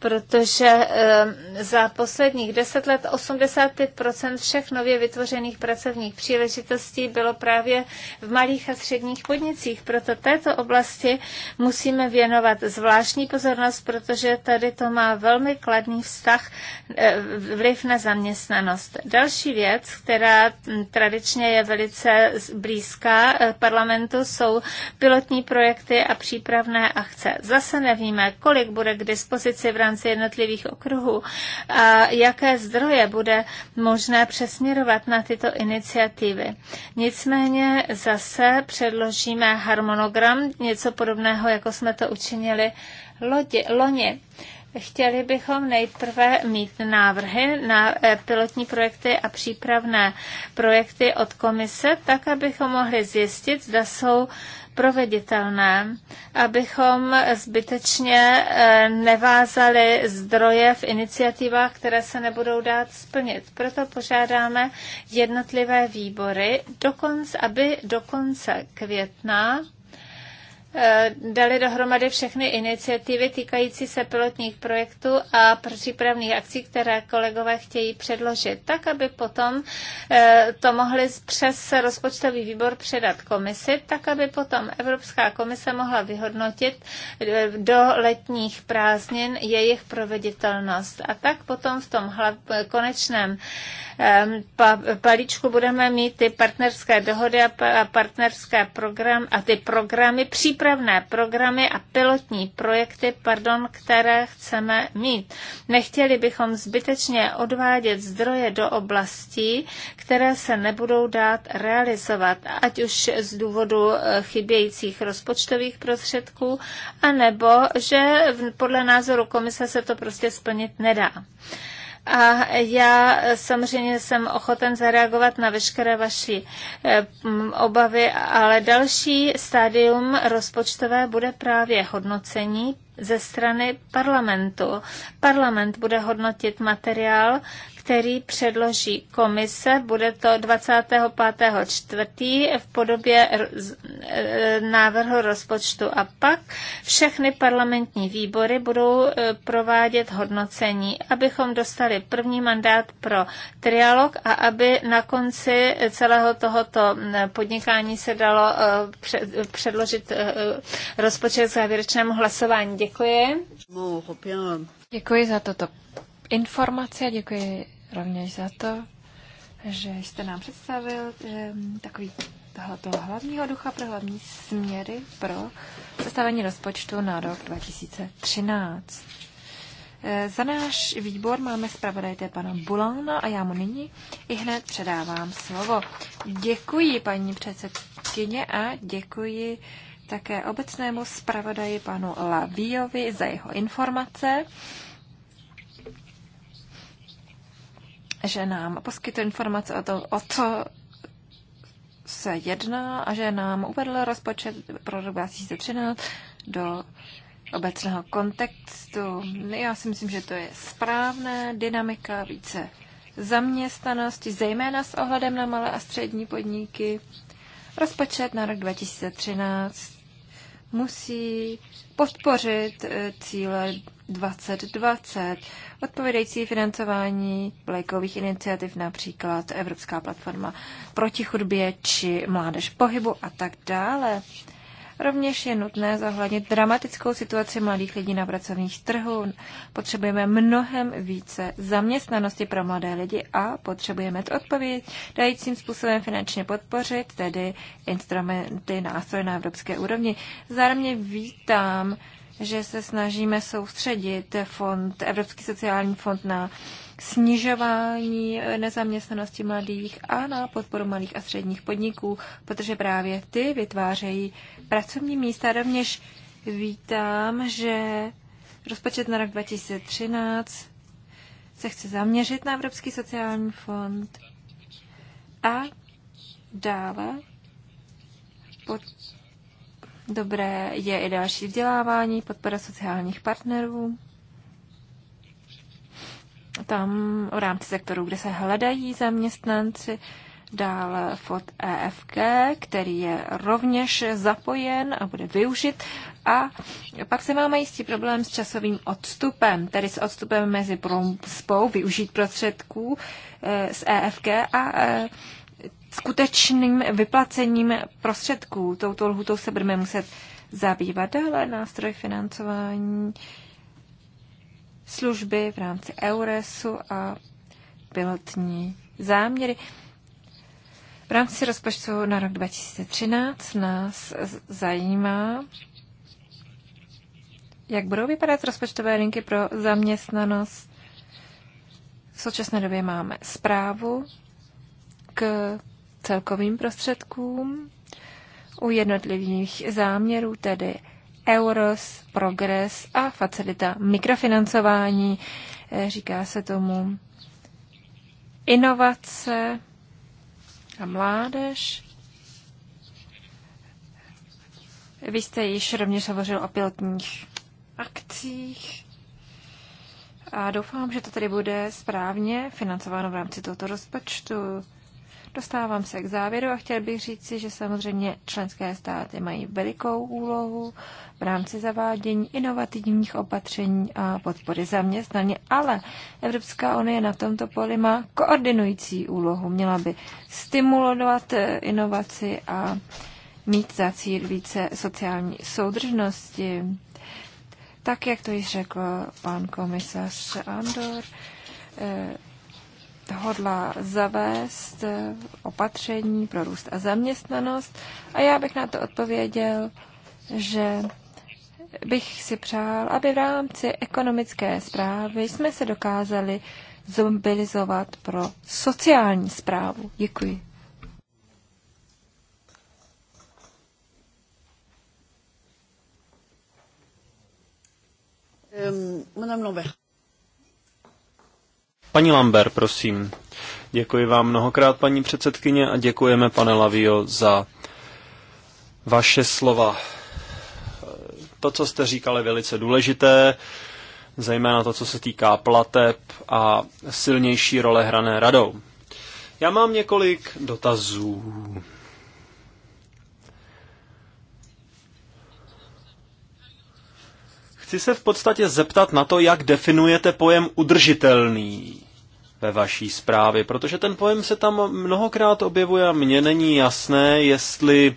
protože eh, za posledních deset let 85% všech nově vytvořených pracovních příležitostí bylo právě v malých a středních podnicích. Proto této oblasti musíme věnovat zvláštní pozornost, protože tady to má velmi kladný vztah, eh, vliv na zaměstnanost. Další věc, která hm, tradičně je velice blízká eh, parlamentu, jsou pilotní projekty a přípravné akce. Zase nevíme, kolik bude k dispozici v rámci rámci jednotlivých okruhů a jaké zdroje bude možné přesměrovat na tyto iniciativy. Nicméně zase předložíme harmonogram, něco podobného, jako jsme to učinili lodi, loni. Chtěli bychom nejprve mít návrhy na eh, pilotní projekty a přípravné projekty od komise, tak abychom mohli zjistit, zda jsou proveditelné, abychom zbytečně eh, nevázali zdroje v iniciativách, které se nebudou dát splnit. Proto požádáme jednotlivé výbory, dokonce, aby do konce května Eh, dali dohromady všechny iniciativy týkající se pilotních projektů a přípravných akcí, které kolegové chtějí předložit, tak, aby potom eh, to mohli přes rozpočtový výbor předat komisi, tak, aby potom Evropská komise mohla vyhodnotit eh, do letních prázdnin jejich proveditelnost. A tak potom v tom konečném palíčku budeme mít ty partnerské dohody a partnerské program a ty programy přípravy přípravné programy a pilotní projekty, pardon, které chceme mít. Nechtěli bychom zbytečně odvádět zdroje do oblastí, které se nebudou dát realizovat, ať už z důvodu eh, chybějících rozpočtových prostředků, anebo že podle názoru komise se to prostě splnit nedá. A já samozřejmě jsem ochoten zareagovat na veškeré vaši eh, obavy, ale další stádium rozpočtové bude právě hodnocení ze strany parlamentu. Parlament bude hodnotit materiál, který předloží komise. Bude to 25. v podobě e, návrhu rozpočtu a pak všechny parlamentní výbory budou e, provádět hodnocení, abychom dostali první mandát pro trialog a aby na konci celého tohoto podnikání se dalo e, předložit rozpočet k závěrečnému hlasování. Děkuji. Děkuji za toto informace. a děkuji rovněž za to, že jste nám představil takový tohoto hlavního ducha pro hlavní směry pro sestavení rozpočtu na rok 2013. E, za náš výbor máme zpravodajte pana Bulána a já mu nyní i hned předávám slovo. Děkuji paní předsedkyně a děkuji také obecnému zpravodaji panu Lavíjovi za jeho informace. že nám poskytl informace o to, o co se jedná a že nám uvedl rozpočet pro rok 2013 do obecného kontextu. Já si myslím, že to je správné, dynamika více zaměstnanosti, zejména s ohledem na malé a střední podniky. Rozpočet na rok 2013 musí podpořit eh, cíle 2020, odpovědající financování vlajkových iniciativ, například Evropská platforma proti chudbě či Mládež pohybu a tak dále. Rovněž je nutné zohlednit dramatickou situaci mladých lidí na pracovních trhu. Potřebujeme mnohem více zaměstnanosti pro mladé lidi a potřebujeme to dajícím způsobem finančně podpořit, tedy instrumenty, nástroje na evropské úrovni. Zároveň vítám že se snažíme soustředit fond, Evropský sociální fond na snižování nezaměstnanosti mladých a na podporu malých a středních podniků, protože právě ty vytvářejí pracovní místa. Rovněž vítám, že rozpočet na rok 2013 se chce zaměřit na Evropský sociální fond a dále pod Dobré je i další vzdělávání, podpora sociálních partnerů. Tam v rámci sektoru, kde se hledají zaměstnanci, dále fot EFG, který je rovněž zapojen a bude využit. A pak se máme jistý problém s časovým odstupem, tedy s odstupem mezi spou využít prostředků eh, z EFG a eh, skutečným vyplacením prostředků. Touto lhutou se budeme muset zabývat dále nástroj financování služby v rámci EURESu a pilotní záměry. V rámci rozpočtu na rok 2013 nás zajímá, jak budou vypadat rozpočtové linky pro zaměstnanost. V současné době máme zprávu k celkovým prostředkům. U jednotlivých záměrů tedy EUROS, PROGRESS a facilita mikrofinancování, eh, říká se tomu inovace a mládež. Vy jste již rovněž hovořil o pilotních akcích a doufám, že to tedy bude správně financováno v rámci tohoto rozpočtu. Dostávám se k závěru a chtěl bych říci, že samozřejmě členské státy mají velikou úlohu v rámci zavádění inovativních opatření a podpory zaměstnaně, ale Evropská unie na tomto poli má koordinující úlohu. Měla by stimulovat eh, inovaci a mít za cíl více sociální soudržnosti. Tak, jak to již řekl pan komisař Andor, eh, hodla zavést eh, opatření pro růst a zaměstnanost. A já bych na to odpověděl, že bych si přál, aby v rámci ekonomické zprávy jsme se dokázali zmobilizovat pro sociální zprávu. Děkuji. Um, Madame Lambert. Paní Lamber, prosím. Děkuji vám mnohokrát, paní předsedkyně, a děkujeme, pane Lavio, za vaše slova. To, co jste říkal, je velice důležité, zejména to, co se týká plateb a silnější role hrané radou. Já mám několik dotazů. Chci se v podstatě zeptat na to, jak definujete pojem udržitelný ve vaší zprávě, protože ten pojem se tam mnohokrát objevuje a mně není jasné, jestli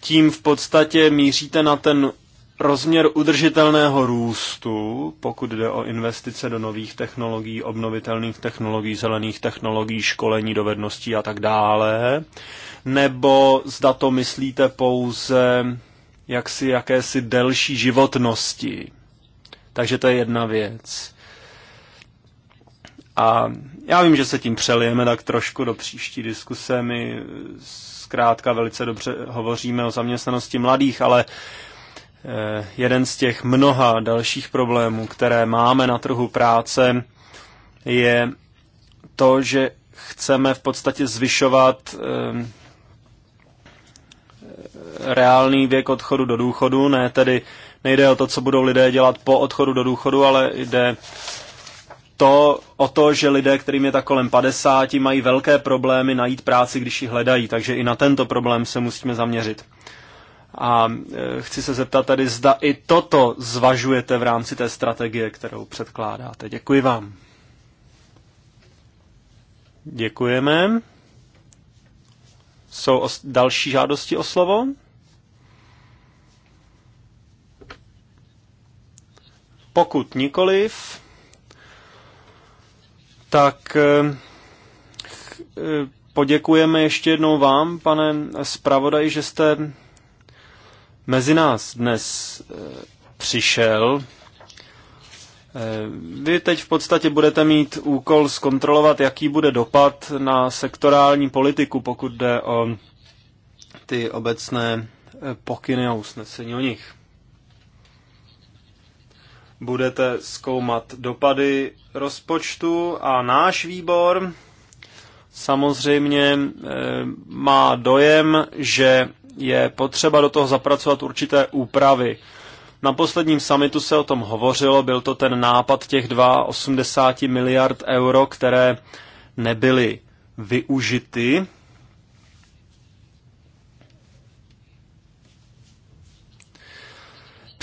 tím v podstatě míříte na ten rozměr udržitelného růstu, pokud jde o investice do nových technologií, obnovitelných technologií, zelených technologií, školení, dovedností a tak dále, nebo zda to myslíte pouze jaksi jakési delší životnosti. Takže to je jedna věc. A já vím, že se tím přelijeme tak trošku do příští diskuse. My zkrátka velice dobře hovoříme o zaměstnanosti mladých, ale eh, jeden z těch mnoha dalších problémů, které máme na trhu práce, je to, že chceme v podstatě zvyšovat eh, reálný věk odchodu do důchodu, ne tedy nejde o to, co budou lidé dělat po odchodu do důchodu, ale jde to, o to, že lidé, kterým je tak kolem 50, mají velké problémy najít práci, když ji hledají, takže i na tento problém se musíme zaměřit. A e, chci se zeptat tady, zda i toto zvažujete v rámci té strategie, kterou předkládáte. Děkuji vám. Děkujeme. Jsou další žádosti o slovo? Pokud nikoliv, tak eh, eh, poděkujeme ještě jednou vám, pane zpravodaj, že jste mezi nás dnes eh, přišel. Vy teď v podstatě budete mít úkol zkontrolovat, jaký bude dopad na sektorální politiku, pokud jde o ty obecné pokyny a usnesení o nich budete zkoumat dopady rozpočtu a náš výbor samozřejmě eh, má dojem, že je potřeba do toho zapracovat určité úpravy. Na posledním samitu se o tom hovořilo, byl to ten nápad těch 82 miliard euro, které nebyly využity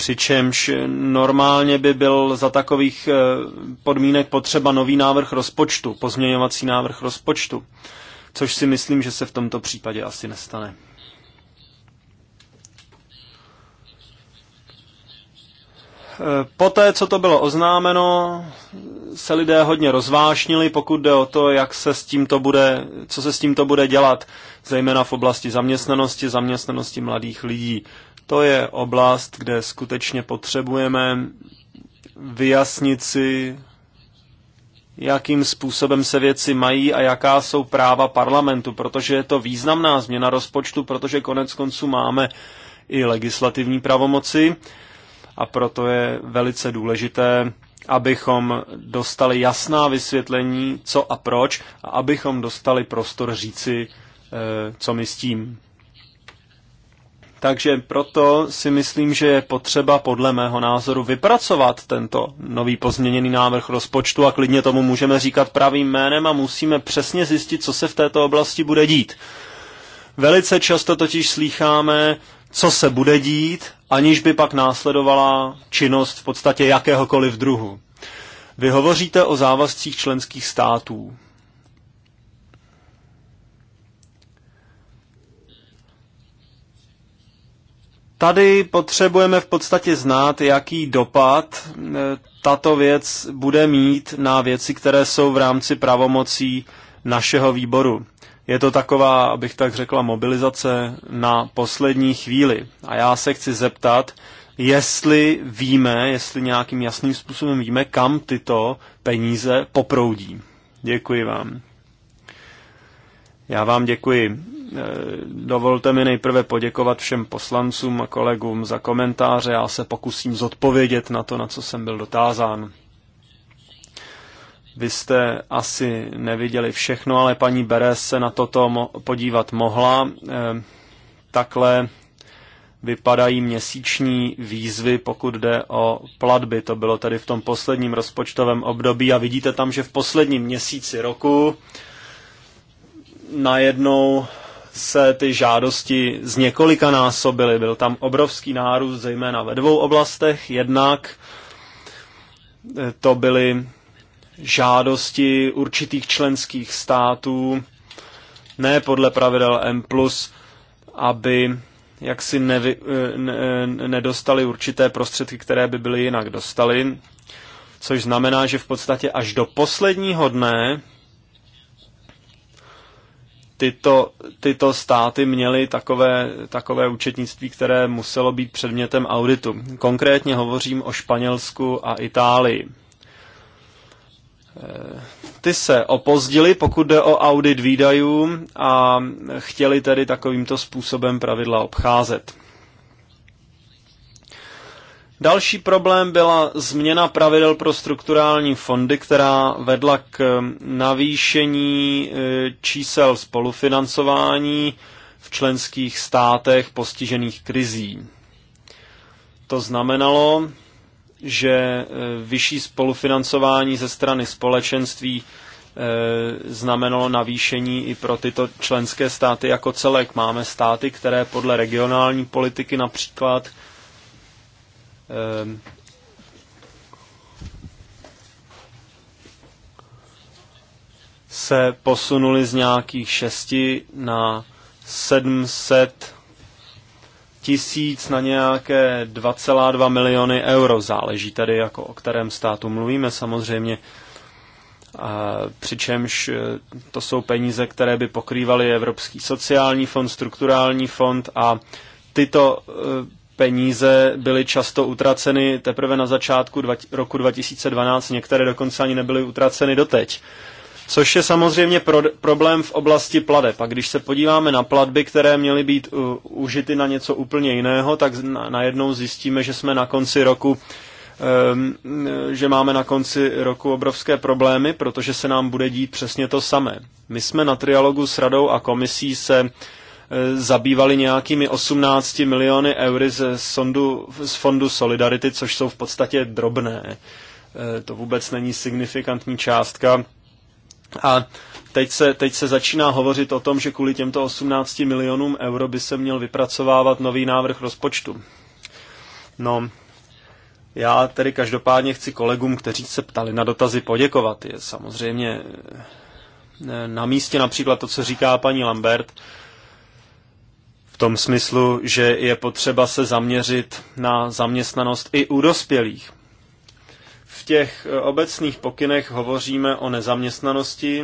přičemž normálně by byl za takových eh, podmínek potřeba nový návrh rozpočtu, pozměňovací návrh rozpočtu, což si myslím, že se v tomto případě asi nestane. Eh, poté, co to bylo oznámeno, se lidé hodně rozvášnili, pokud jde o to, jak se s tímto bude, co se s tímto bude dělat, zejména v oblasti zaměstnanosti, zaměstnanosti mladých lidí. To je oblast, kde skutečně potřebujeme vyjasnit si, jakým způsobem se věci mají a jaká jsou práva parlamentu, protože je to významná změna rozpočtu, protože konec konců máme i legislativní pravomoci a proto je velice důležité, abychom dostali jasná vysvětlení, co a proč, a abychom dostali prostor říci, eh, co my s tím. Takže proto si myslím, že je potřeba podle mého názoru vypracovat tento nový pozměněný návrh rozpočtu a klidně tomu můžeme říkat pravým jménem a musíme přesně zjistit, co se v této oblasti bude dít. Velice často totiž slýcháme, co se bude dít, aniž by pak následovala činnost v podstatě jakéhokoliv druhu. Vy hovoříte o závazcích členských států. Tady potřebujeme v podstatě znát, jaký dopad e, tato věc bude mít na věci, které jsou v rámci pravomocí našeho výboru. Je to taková, abych tak řekla, mobilizace na poslední chvíli. A já se chci zeptat, jestli víme, jestli nějakým jasným způsobem víme, kam tyto peníze poproudí. Děkuji vám. Já vám děkuji. Eh, dovolte mi nejprve poděkovat všem poslancům a kolegům za komentáře. Já se pokusím zodpovědět na to, na co jsem byl dotázán. Vy jste asi neviděli všechno, ale paní Beres se na toto podívat mohla. Eh, takhle vypadají měsíční výzvy, pokud jde o platby. To bylo tady v tom posledním rozpočtovém období a vidíte tam, že v posledním měsíci roku najednou se ty žádosti z několika násobily. Byl tam obrovský nárůst, zejména ve dvou oblastech. Jednak eh, to byly žádosti určitých členských států, ne podle pravidel M+, aby jak si nevy, eh, ne, eh, nedostali určité prostředky, které by byly jinak dostali, což znamená, že v podstatě až do posledního dne tyto, tyto státy měly takové, takové účetnictví, které muselo být předmětem auditu. Konkrétně hovořím o Španělsku a Itálii. Eh, ty se opozdili, pokud jde o audit výdajů a chtěli tedy takovýmto způsobem pravidla obcházet. Další problém byla změna pravidel pro strukturální fondy, která vedla k hm, navýšení eh, čísel spolufinancování v členských státech postižených krizí. To znamenalo, že eh, vyšší spolufinancování ze strany společenství eh, znamenalo navýšení i pro tyto členské státy jako celek. Máme státy, které podle regionální politiky například Ehm, se posunuli z nějakých šesti na 700 tisíc na nějaké 2,2 miliony euro. Záleží tady, jako o kterém státu mluvíme samozřejmě. A přičemž eh, to jsou peníze, které by pokrývaly Evropský sociální fond, strukturální fond a tyto eh, peníze byly často utraceny teprve na začátku dva, roku 2012, některé dokonce ani nebyly utraceny doteď. Což je samozřejmě pro, problém v oblasti pladeb. A když se podíváme na platby, které měly být u, užity na něco úplně jiného, tak na, zjistíme, že jsme na konci roku ehm, že máme na konci roku obrovské problémy, protože se nám bude dít přesně to samé. My jsme na trialogu s radou a komisí se uh, Eh, zabývali nějakými 18 miliony eury z, sondu, z fondu Solidarity, což jsou v podstatě drobné. Eh, to vůbec není signifikantní částka. A teď se, teď se začíná hovořit o tom, že kvůli těmto 18 milionům euro by se měl vypracovávat nový návrh rozpočtu. No, já tedy každopádně chci kolegům, kteří se ptali na dotazy, poděkovat. Je samozřejmě eh, na místě například to, co říká paní Lambert, v tom smyslu, že je potřeba se zaměřit na zaměstnanost i u dospělých. V těch e, obecných pokynech hovoříme o nezaměstnanosti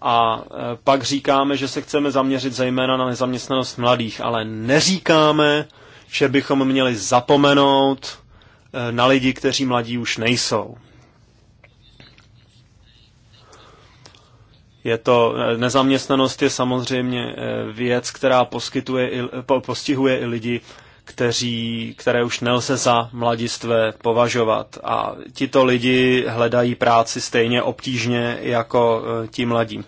a e, pak říkáme, že se chceme zaměřit zejména na nezaměstnanost mladých, ale neříkáme, že bychom měli zapomenout e, na lidi, kteří mladí už nejsou. Je to, eh, nezaměstnanost je samozřejmě eh, věc, která poskytuje i, postihuje i lidi, kteří, které už nelze za mladistvé považovat. A tito lidi hledají práci stejně obtížně jako eh, ti mladí.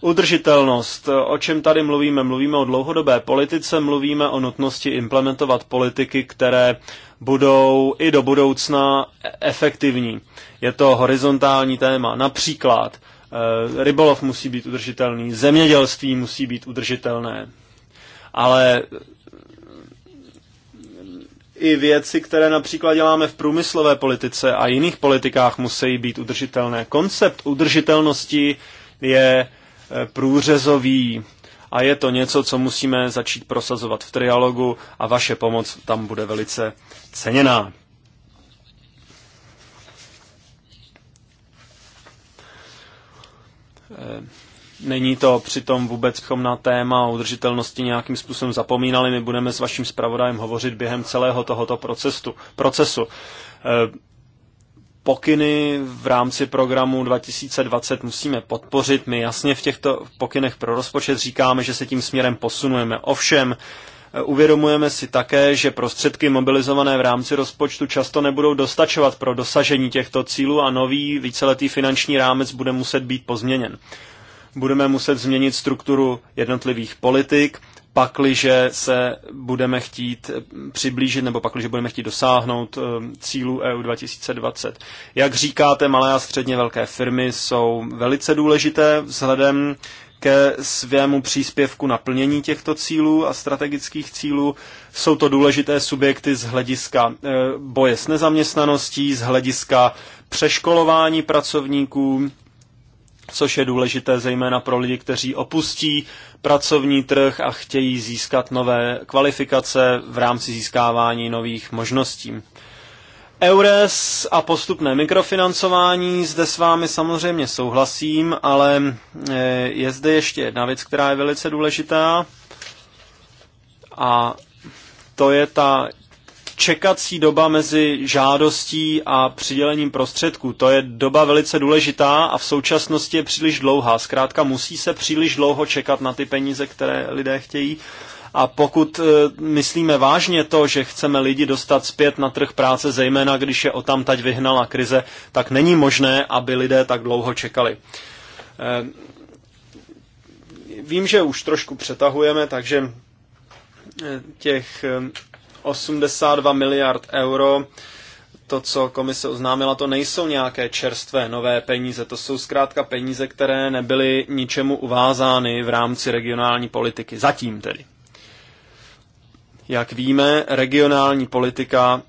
Udržitelnost. O čem tady mluvíme? Mluvíme o dlouhodobé politice, mluvíme o nutnosti implementovat politiky, které budou i do budoucna efektivní. Je to horizontální téma. Například Eh, rybolov musí být udržitelný, zemědělství musí být udržitelné. Ale eh, i věci, které například děláme v průmyslové politice a jiných politikách, musí být udržitelné. Koncept udržitelnosti je eh, průřezový a je to něco, co musíme začít prosazovat v trialogu a vaše pomoc tam bude velice ceněná. Eh, není to přitom vůbec, bychom na téma udržitelnosti nějakým způsobem zapomínali. My budeme s vaším zpravodajem hovořit během celého tohoto procesu. procesu. Eh, pokyny v rámci programu 2020 musíme podpořit. My jasně v těchto pokynech pro rozpočet říkáme, že se tím směrem posunujeme. Ovšem, Uvědomujeme si také, že prostředky mobilizované v rámci rozpočtu často nebudou dostačovat pro dosažení těchto cílů a nový víceletý finanční rámec bude muset být pozměněn. Budeme muset změnit strukturu jednotlivých politik, pakliže se budeme chtít přiblížit nebo pakliže budeme chtít dosáhnout ehm, cílů EU 2020. Jak říkáte, malé a středně velké firmy jsou velice důležité vzhledem ke svému příspěvku na plnění těchto cílů a strategických cílů. Jsou to důležité subjekty z hlediska eh, boje s nezaměstnaností, z hlediska přeškolování pracovníků, což je důležité zejména pro lidi, kteří opustí pracovní trh a chtějí získat nové kvalifikace v rámci získávání nových možností. EURES a postupné mikrofinancování, zde s vámi samozřejmě souhlasím, ale e, je zde ještě jedna věc, která je velice důležitá a to je ta čekací doba mezi žádostí a přidělením prostředků. To je doba velice důležitá a v současnosti je příliš dlouhá. Zkrátka musí se příliš dlouho čekat na ty peníze, které lidé chtějí a pokud e, myslíme vážně to, že chceme lidi dostat zpět na trh práce, zejména když je o tamtať vyhnala krize, tak není možné, aby lidé tak dlouho čekali. E, vím, že už trošku přetahujeme, takže e, těch 82 miliard euro, to, co komise oznámila, to nejsou nějaké čerstvé nové peníze, to jsou zkrátka peníze, které nebyly ničemu uvázány v rámci regionální politiky. Zatím tedy. Jak víme, regionální politika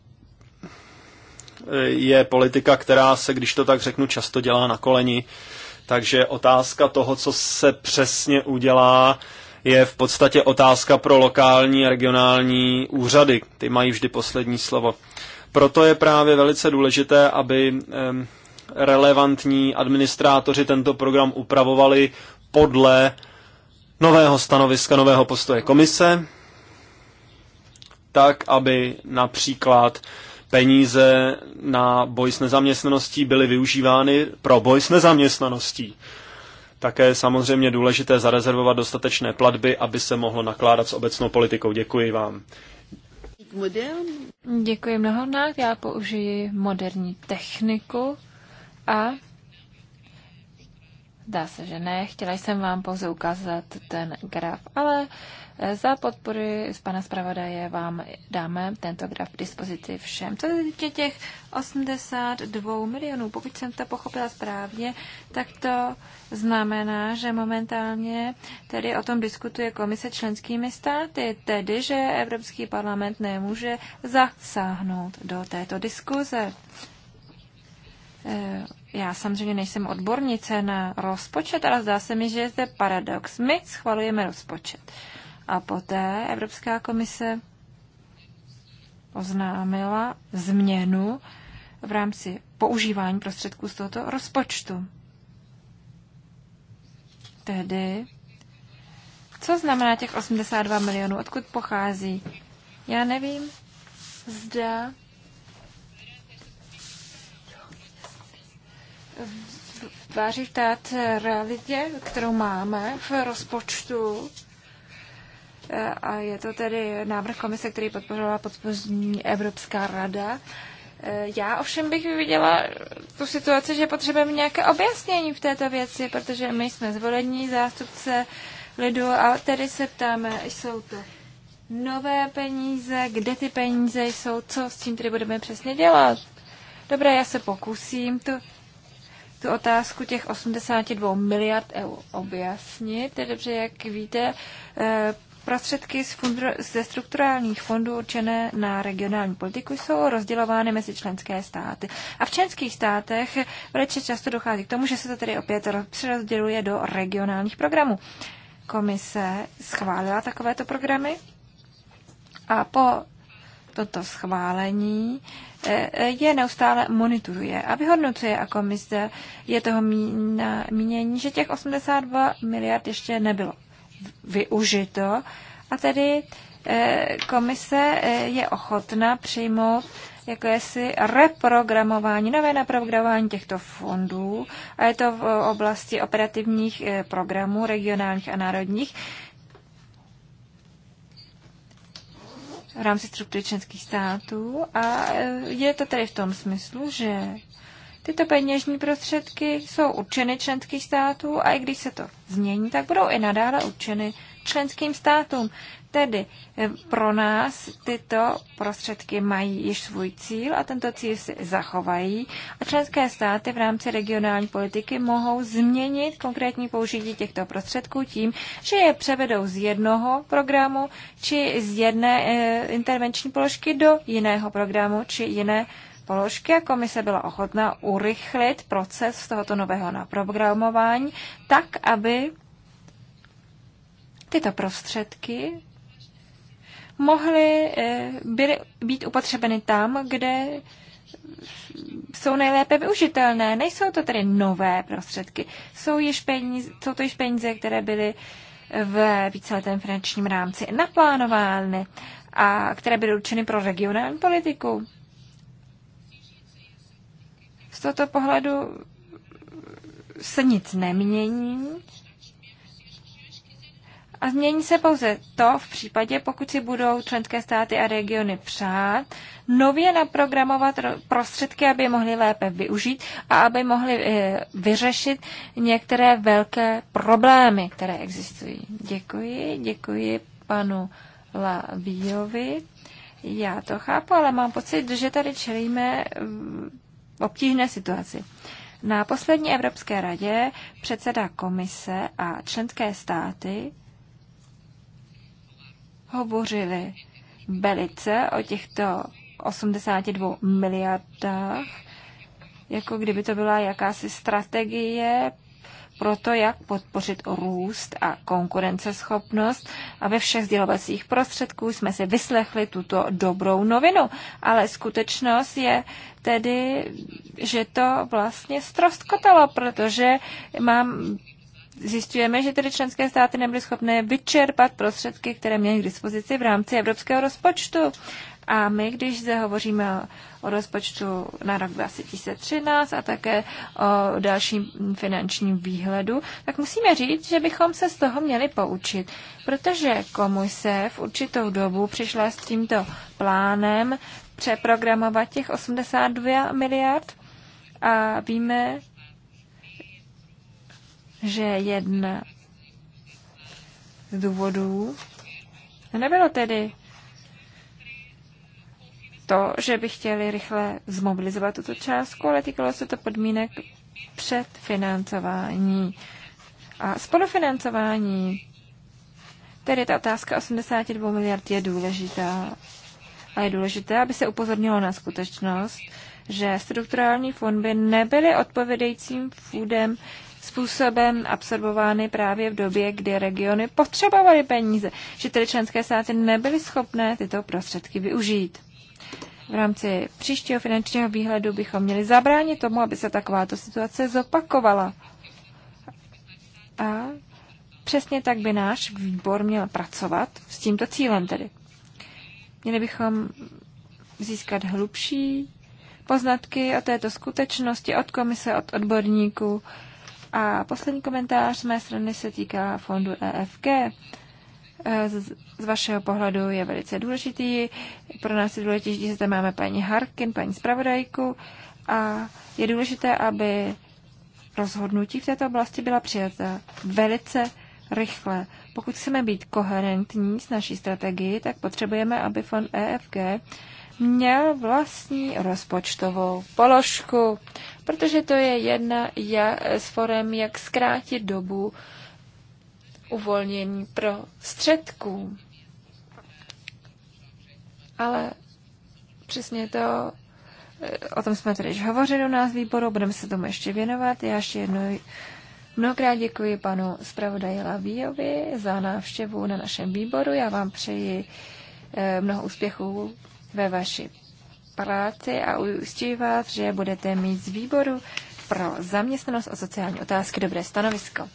eh, je politika, která se, když to tak řeknu, často dělá na koleni. Takže otázka toho, co se přesně udělá, je v podstatě otázka pro lokální a regionální úřady. Ty mají vždy poslední slovo. Proto je právě velice důležité, aby relevantní administrátoři tento program upravovali podle nového stanoviska, nového postoje komise, tak, aby například peníze na boj s nezaměstnaností byly využívány pro boj s nezaměstnaností. Také je samozřejmě důležité zarezervovat dostatečné platby, aby se mohlo nakládat s obecnou politikou. Děkuji vám. Děkuji mnohokrát. Já použiji moderní techniku a Dá se, že ne. Chtěla jsem vám pouze ukázat ten graf, ale za podpory z pana zpravodaje vám dáme tento graf k dispozici všem. Co se týče těch 82 milionů, pokud jsem to pochopila správně, tak to znamená, že momentálně tedy o tom diskutuje komise členskými státy, tedy že Evropský parlament nemůže zasáhnout do této diskuze. Eh, já samozřejmě nejsem odbornice na rozpočet, ale zdá se mi, že je zde paradox. My schvalujeme rozpočet. A poté Evropská komise oznámila změnu v rámci používání prostředků z tohoto rozpočtu. Tedy, co znamená těch 82 milionů, odkud pochází? Já nevím, zda v té realitě, kterou máme v rozpočtu, E, a je to tedy návrh komise, který podpořila podpořní Evropská rada. E, já ovšem bych viděla tu situaci, že potřebujeme nějaké objasnění v této věci, protože my jsme zvolení zástupce lidu a tedy se ptáme, jsou to nové peníze, kde ty peníze jsou, co s tím tedy budeme přesně dělat. Dobré, já se pokusím tu, tu otázku těch 82 miliard eur objasnit. Tedy, dobře, jak víte, Prostředky z ze strukturálních fondů určené na regionální politiku jsou rozdělovány mezi členské státy. A v členských státech velice často dochází k tomu, že se to tedy opět přerozděluje do regionálních programů. Komise schválila takovéto programy a po toto schválení eh, eh, je neustále monitoruje a vyhodnocuje a komise je toho mínění, že těch 82 miliard ještě nebylo využito. A tedy eh, komise eh, je ochotna přijmout jestli reprogramování, nové naprogramování těchto fondů a je to v oblasti operativních eh, programů regionálních a národních v rámci struktury členských států a je to tedy v tom smyslu, že Tyto peněžní prostředky jsou určeny členských států a i když se to změní, tak budou i nadále určeny členským státům. Tedy eh, pro nás tyto prostředky mají již svůj cíl a tento cíl si zachovají a členské státy v rámci regionální politiky mohou změnit konkrétní použití těchto prostředků tím, že je převedou z jednoho programu či z jedné e, intervenční položky do jiného programu či jiné položky a komise byla ochotná urychlit proces tohoto nového naprogramování tak, aby tyto prostředky mohly eh, byly, být upotřebeny tam, kde jsou nejlépe využitelné. Nejsou to tedy nové prostředky, jsou, již peníze, jsou to již peníze, které byly v víceletém finančním rámci naplánovány a které byly určeny pro regionální politiku tohoto pohledu se nic nemění a změní se pouze to v případě, pokud si budou členské státy a regiony přát, nově naprogramovat prostředky, aby je mohly lépe využít a aby mohly eh, vyřešit některé velké problémy, které existují. Děkuji, děkuji panu Lavíjovi. Já to chápu, ale mám pocit, že tady čelíme mm, obtížné situaci. Na poslední Evropské radě předseda komise a členské státy hovořili velice o těchto 82 miliardách, jako kdyby to byla jakási strategie pro to, jak podpořit růst a konkurenceschopnost. A ve všech sdělovacích prostředků jsme si vyslechli tuto dobrou novinu. Ale skutečnost je tedy, že to vlastně ztroskotalo, protože mám Zjistujeme, že tedy členské státy nebyly schopné vyčerpat prostředky, které měly k dispozici v rámci evropského rozpočtu. A my, když hovoříme o rozpočtu na rok 2013 a také o dalším finančním výhledu, tak musíme říct, že bychom se z toho měli poučit, protože komise v určitou dobu přišla s tímto plánem přeprogramovat těch 82 miliard a víme, že jedna z důvodů nebylo tedy to, že by chtěli rychle zmobilizovat tuto částku, ale týkalo se to podmínek předfinancování a spolufinancování. Tedy ta otázka 82 miliard je důležitá a je důležité, aby se upozornilo na skutečnost, že strukturální fondy nebyly odpovědejícím fůdem způsobem absorbovány právě v době, kdy regiony potřebovaly peníze, že tedy členské státy nebyly schopné tyto prostředky využít. V rámci příštího finančního výhledu bychom měli zabránit tomu, aby se takováto situace zopakovala. A přesně tak by náš výbor měl pracovat s tímto cílem tedy. Měli bychom získat hlubší poznatky o této skutečnosti od komise, od odborníků. A poslední komentář z mé strany se týká fondu EFG. E, z vašeho pohledu je velice důležitý. Pro nás je důležitý, že zde máme paní Harkin, paní zpravodajku. A je důležité, aby rozhodnutí v této oblasti byla přijata velice rychle. Pokud chceme být koherentní s naší strategií, tak potřebujeme, aby fond EFG měl vlastní rozpočtovou položku, protože to je jedna z forem, jak zkrátit dobu uvolnění prostředků. Ale přesně to, eh, o tom jsme tady již hovořili u nás výboru, budeme se tomu ještě věnovat. Já ještě jednou Mnohokrát děkuji panu zpravodaji Lavíjovi za návštěvu na našem výboru. Já vám přeji eh, mnoho úspěchů ve vaší práci a ujistím vás, že budete mít z výboru pro zaměstnanost a sociální otázky dobré stanovisko.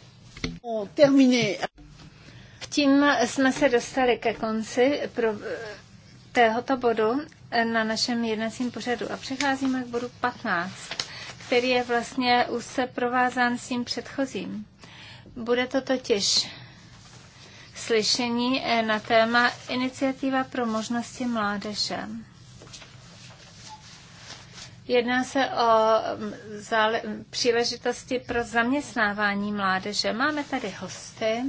Tím jsme se dostali ke konci pro eh, tohoto bodu na našem jednacím pořadu a přecházíme k bodu 15 který je vlastně už se provázán s tím předchozím. Bude to totiž slyšení eh, na téma Iniciativa pro možnosti mládeže. Jedná se o mm, příležitosti pro zaměstnávání mládeže. Máme tady hosty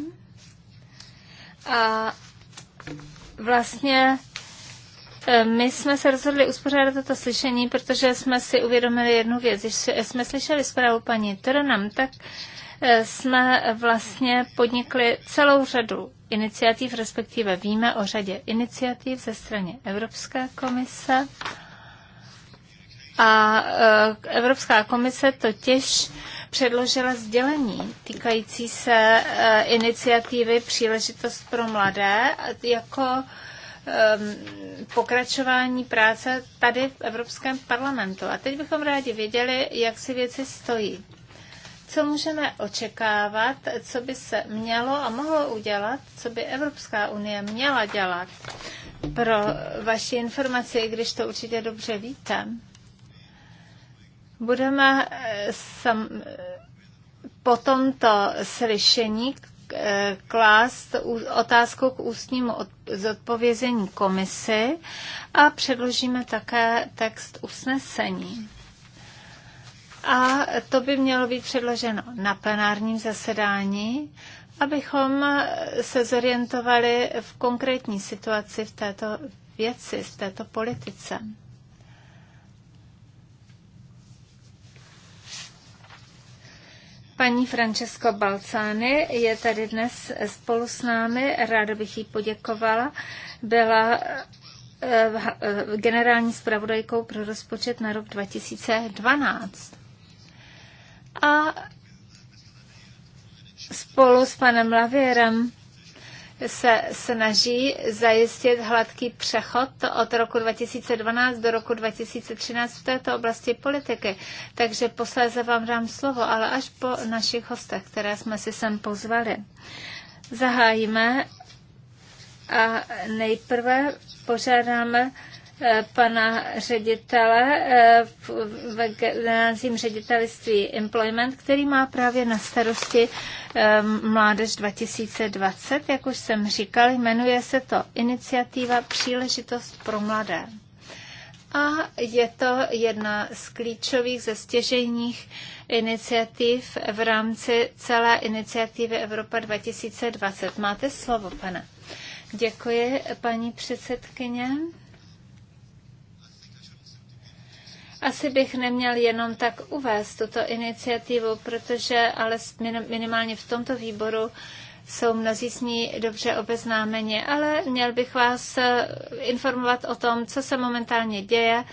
a vlastně my jsme se rozhodli uspořádat toto slyšení, protože jsme si uvědomili jednu věc. Když jsme slyšeli zprávu paní Toronam, tak eh, jsme vlastně podnikli celou řadu iniciativ, respektive víme o řadě iniciativ ze strany Evropské komise. A eh, Evropská komise totiž předložila sdělení týkající se eh, iniciativy Příležitost pro mladé jako Um, pokračování práce tady v Evropském parlamentu. A teď bychom rádi věděli, jak si věci stojí. Co můžeme očekávat, co by se mělo a mohlo udělat, co by Evropská unie měla dělat? Pro vaši informaci, když to určitě dobře víte, budeme eh, sam, eh, po tomto slyšení, klást otázku k ústnímu zodpovězení komisi a předložíme také text usnesení. A to by mělo být předloženo na plenárním zasedání, abychom se zorientovali v konkrétní situaci v této věci, v této politice. Paní Francesco Balcány je tady dnes spolu s námi, ráda bych jí poděkovala. Byla eh, eh, generální zpravodajkou pro rozpočet na rok 2012. A spolu s panem Lavierem se snaží zajistit hladký přechod od roku 2012 do roku 2013 v této oblasti politiky. Takže posléze vám dám slovo, ale až po našich hostech, které jsme si sem pozvali. Zahájíme a nejprve požádáme Eh, pana ředitele eh, v generálním ředitelství Employment, který má právě na starosti eh, Mládež 2020. Jak už jsem říkal, jmenuje se to Iniciativa Příležitost pro mladé. A je to jedna z klíčových ze stěžejních iniciativ v rámci celé iniciativy Evropa 2020. Máte slovo, pane. Děkuji, paní předsedkyně. Asi bych neměl jenom tak uvést tuto iniciativu, protože ale minimálně v tomto výboru jsou mnozí s ní dobře obeznámeni, ale měl bych vás eh, informovat o tom, co se momentálně děje,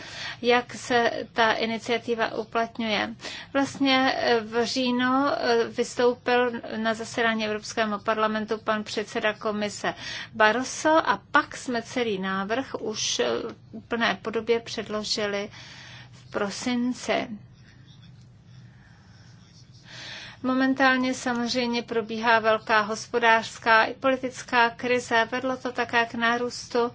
jak se ta iniciativa uplatňuje. Vlastně eh, v říjnu eh, vystoupil na zasedání Evropského parlamentu pan předseda komise Barroso a pak jsme celý návrh už v plné podobě předložili prosince. Momentálně samozřejmě probíhá velká hospodářská i politická krize. Vedlo to také k nárůstu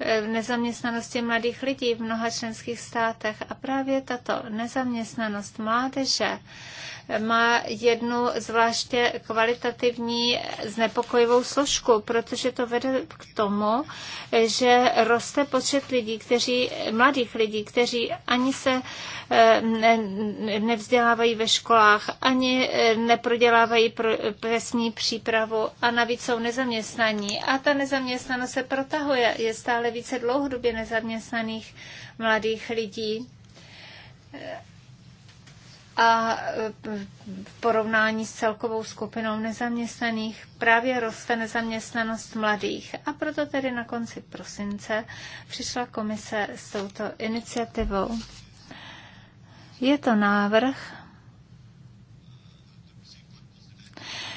eh, nezaměstnanosti mladých lidí v mnoha členských státech. A právě tato nezaměstnanost mládeže má jednu zvláště kvalitativní znepokojivou složku, protože to vede k tomu, že roste počet lidí, kteří, mladých lidí, kteří ani se eh, ne, nevzdělávají ve školách, ani eh, neprodělávají presní přípravu a navíc jsou nezaměstnaní. A ta nezaměstnanost se protahuje, je stále více dlouhodobě nezaměstnaných mladých lidí a e, v porovnání s celkovou skupinou nezaměstnaných právě roste nezaměstnanost mladých. A proto tedy na konci prosince přišla komise s touto iniciativou. Je to návrh,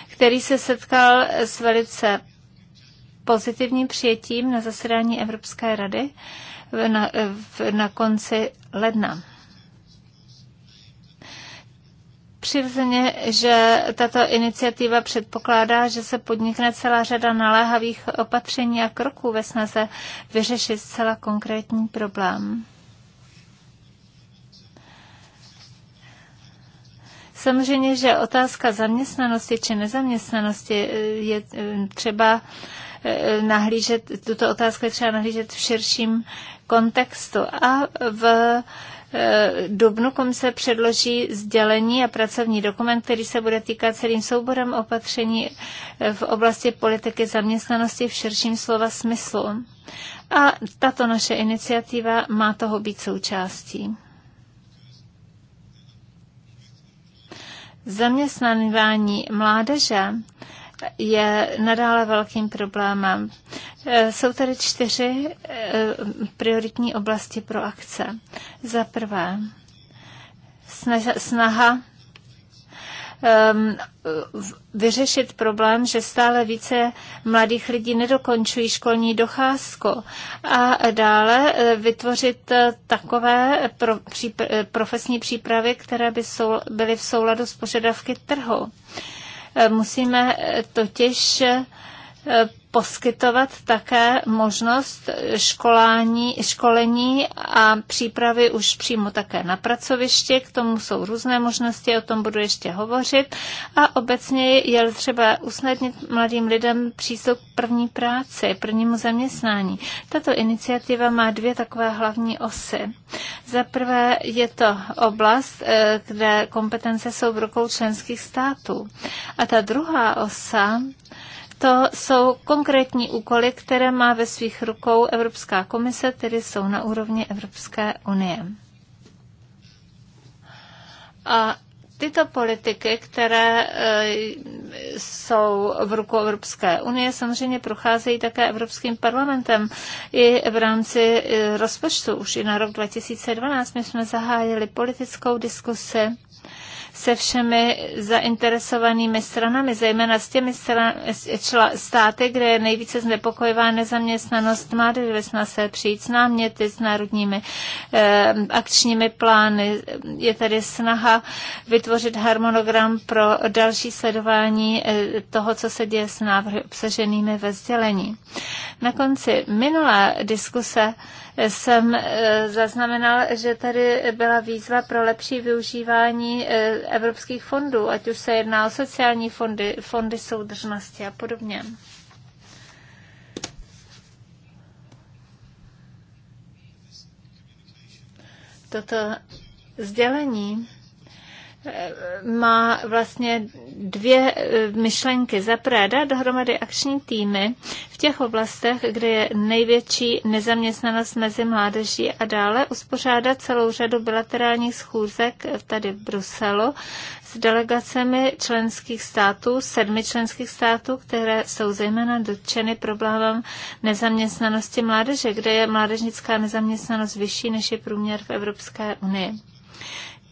který se setkal s velice pozitivním přijetím na zasedání Evropské rady na, na konci ledna. Přirozeně, že tato iniciativa předpokládá, že se podnikne celá řada naléhavých opatření a kroků ve snaze vyřešit zcela konkrétní problém. Samozřejmě, že otázka zaměstnanosti či nezaměstnanosti eh, je eh, třeba eh, nahlížet, tuto otázku je třeba nahlížet v širším kontextu a v Eh, dubnu komise předloží sdělení a pracovní dokument, který se bude týkat celým souborem opatření eh, v oblasti politiky zaměstnanosti v širším slova smyslu. A tato naše iniciativa má toho být součástí. Zaměstnávání mládeže je nadále velkým problémem. Eh, jsou tady čtyři eh, prioritní oblasti pro akce. Za prvé, snaha ehm, vyřešit problém, že stále více mladých lidí nedokončují školní docházku a dále eh, vytvořit takové pro, pří, profesní přípravy, které by sou, byly v souladu s požadavky trhu. Musíme totiž poskytovat také možnost školání, školení a přípravy už přímo také na pracovišti. K tomu jsou různé možnosti, o tom budu ještě hovořit. A obecně je třeba usnadnit mladým lidem přístup k první práci, prvnímu zaměstnání. Tato iniciativa má dvě takové hlavní osy. Za prvé je to oblast, eh, kde kompetence jsou v rukou členských států. A ta druhá osa to jsou konkrétní úkoly, které má ve svých rukou Evropská komise, tedy jsou na úrovni Evropské unie. A tyto politiky, které eh, jsou v rukou Evropské unie, samozřejmě procházejí také Evropským parlamentem i v rámci eh, rozpočtu. Už i na rok 2012 my jsme zahájili politickou diskusi se všemi zainteresovanými stranami, zejména s těmi stran, státy, kde je nejvíce znepokojivá nezaměstnanost kde jsme se přijít s náměty, s národními eh, akčními plány. Je tady snaha vytvořit harmonogram pro další sledování eh, toho, co se děje s návrhy obsaženými ve sdělení. Na konci minulé diskuse eh, jsem eh, zaznamenal, že tady byla výzva pro lepší využívání eh, evropských fondů, ať už se jedná o sociální fondy, fondy soudržnosti a podobně. Toto sdělení má vlastně dvě eh, myšlenky. Za prvé dát dohromady akční týmy v těch oblastech, kde je největší nezaměstnanost mezi mládeží a dále uspořádat celou řadu bilaterálních schůzek tady v Bruselu s delegacemi členských států, sedmi členských států, které jsou zejména dotčeny problémem nezaměstnanosti mládeže, kde je mládežnická nezaměstnanost vyšší než je průměr v Evropské unii.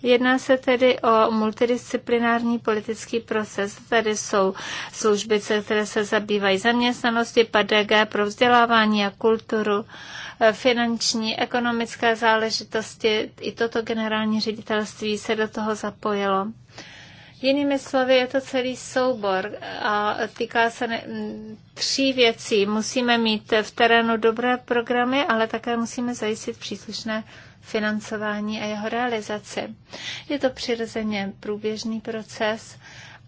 Jedná se tedy o multidisciplinární politický proces. Tady jsou služby, které se zabývají zaměstnanosti, PDG pro vzdělávání a kulturu, eh, finanční, ekonomické záležitosti. I toto generální ředitelství se do toho zapojilo. Jinými slovy, je to celý soubor a týká se ne, tří věcí. Musíme mít v terénu dobré programy, ale také musíme zajistit příslušné financování a jeho realizaci. Je to přirozeně průběžný proces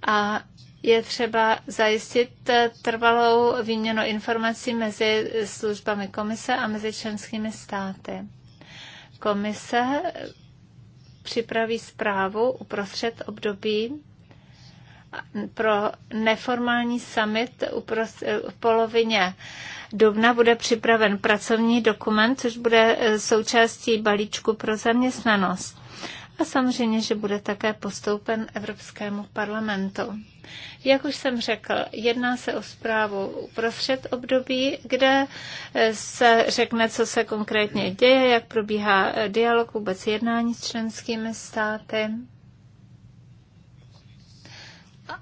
a je třeba zajistit trvalou výměnu informací mezi službami komise a mezi členskými státy. Komise připraví zprávu uprostřed období pro neformální summit v polovině dubna bude připraven pracovní dokument, což bude eh, součástí balíčku pro zaměstnanost. A samozřejmě, že bude také postoupen Evropskému parlamentu. Jak už jsem řekl, jedná se o zprávu uprostřed období, kde eh, se řekne, co se konkrétně děje, jak probíhá eh, dialog, vůbec jednání s členskými státy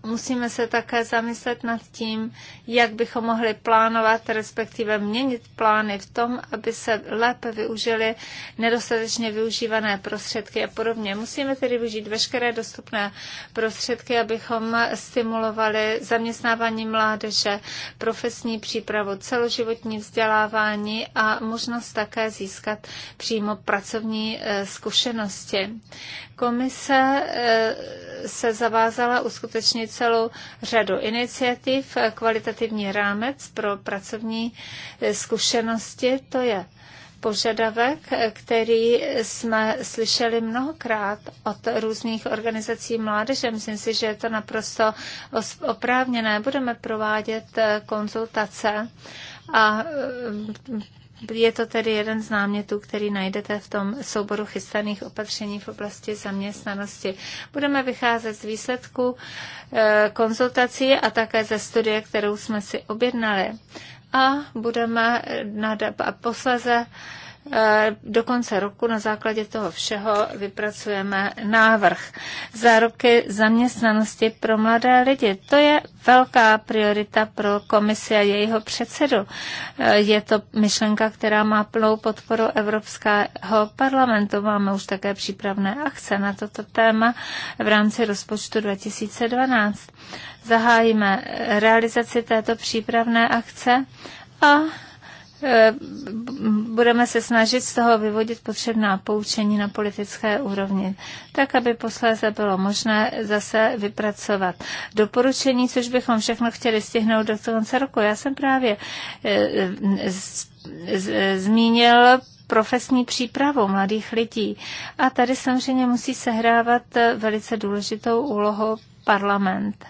musíme se také zamyslet nad tím, jak bychom mohli plánovat, respektive měnit plány v tom, aby se lépe využily nedostatečně využívané prostředky a podobně. Musíme tedy využít veškeré dostupné prostředky, abychom stimulovali zaměstnávání mládeže, profesní přípravu, celoživotní vzdělávání a možnost také získat přímo pracovní eh, zkušenosti. Komise eh, se zavázala uskutečnit skutečně celou řadu iniciativ, kvalitativní rámec pro pracovní eh, zkušenosti, to je požadavek, který jsme slyšeli mnohokrát od různých organizací mládeže. Myslím si, že je to naprosto oprávněné. Budeme provádět eh, konzultace a eh, je to tedy jeden z námětů, který najdete v tom souboru chystaných opatření v oblasti zaměstnanosti. Budeme vycházet z výsledku eh, konzultací a také ze studie, kterou jsme si objednali. A budeme na posleze E, do konce roku na základě toho všeho vypracujeme návrh za roky zaměstnanosti pro mladé lidi. To je velká priorita pro komisi a jejího předsedu. E, je to myšlenka, která má plnou podporu Evropského parlamentu. Máme už také přípravné akce na toto téma v rámci rozpočtu 2012. Zahájíme realizaci této přípravné akce a Eh, budeme se snažit z toho vyvodit potřebná poučení na politické úrovni, tak aby posléze bylo možné zase vypracovat doporučení, což bychom všechno chtěli stihnout do konce roku. Já jsem právě eh, zmínil profesní přípravu mladých lidí. A tady samozřejmě musí sehrávat velice důležitou úlohu parlament.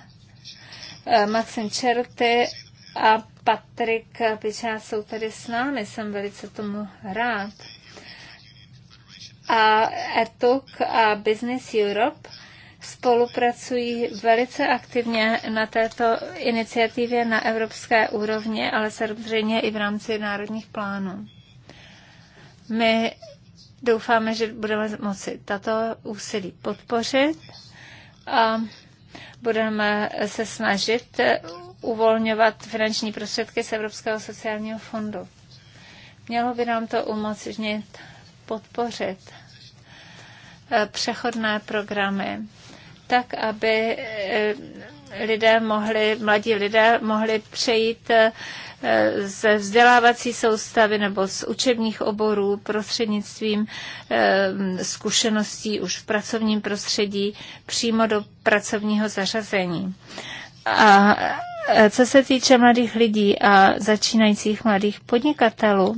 Eh, Maxim Čerty a Patrik Pičá jsou tady s námi, jsem velice tomu rád. A ETUK a Business Europe spolupracují velice aktivně na této iniciativě na evropské úrovni, ale samozřejmě i v rámci národních plánů. My doufáme, že budeme moci tato úsilí podpořit a budeme se snažit uvolňovat finanční prostředky z Evropského sociálního fondu. Mělo by nám to umožnit podpořit eh, přechodné programy, tak aby eh, lidé mohli, mladí lidé mohli přejít eh, ze vzdělávací soustavy nebo z učebních oborů prostřednictvím zkušeností už v pracovním prostředí přímo do pracovního zařazení. A Eh, co se týče mladých lidí a začínajících mladých podnikatelů,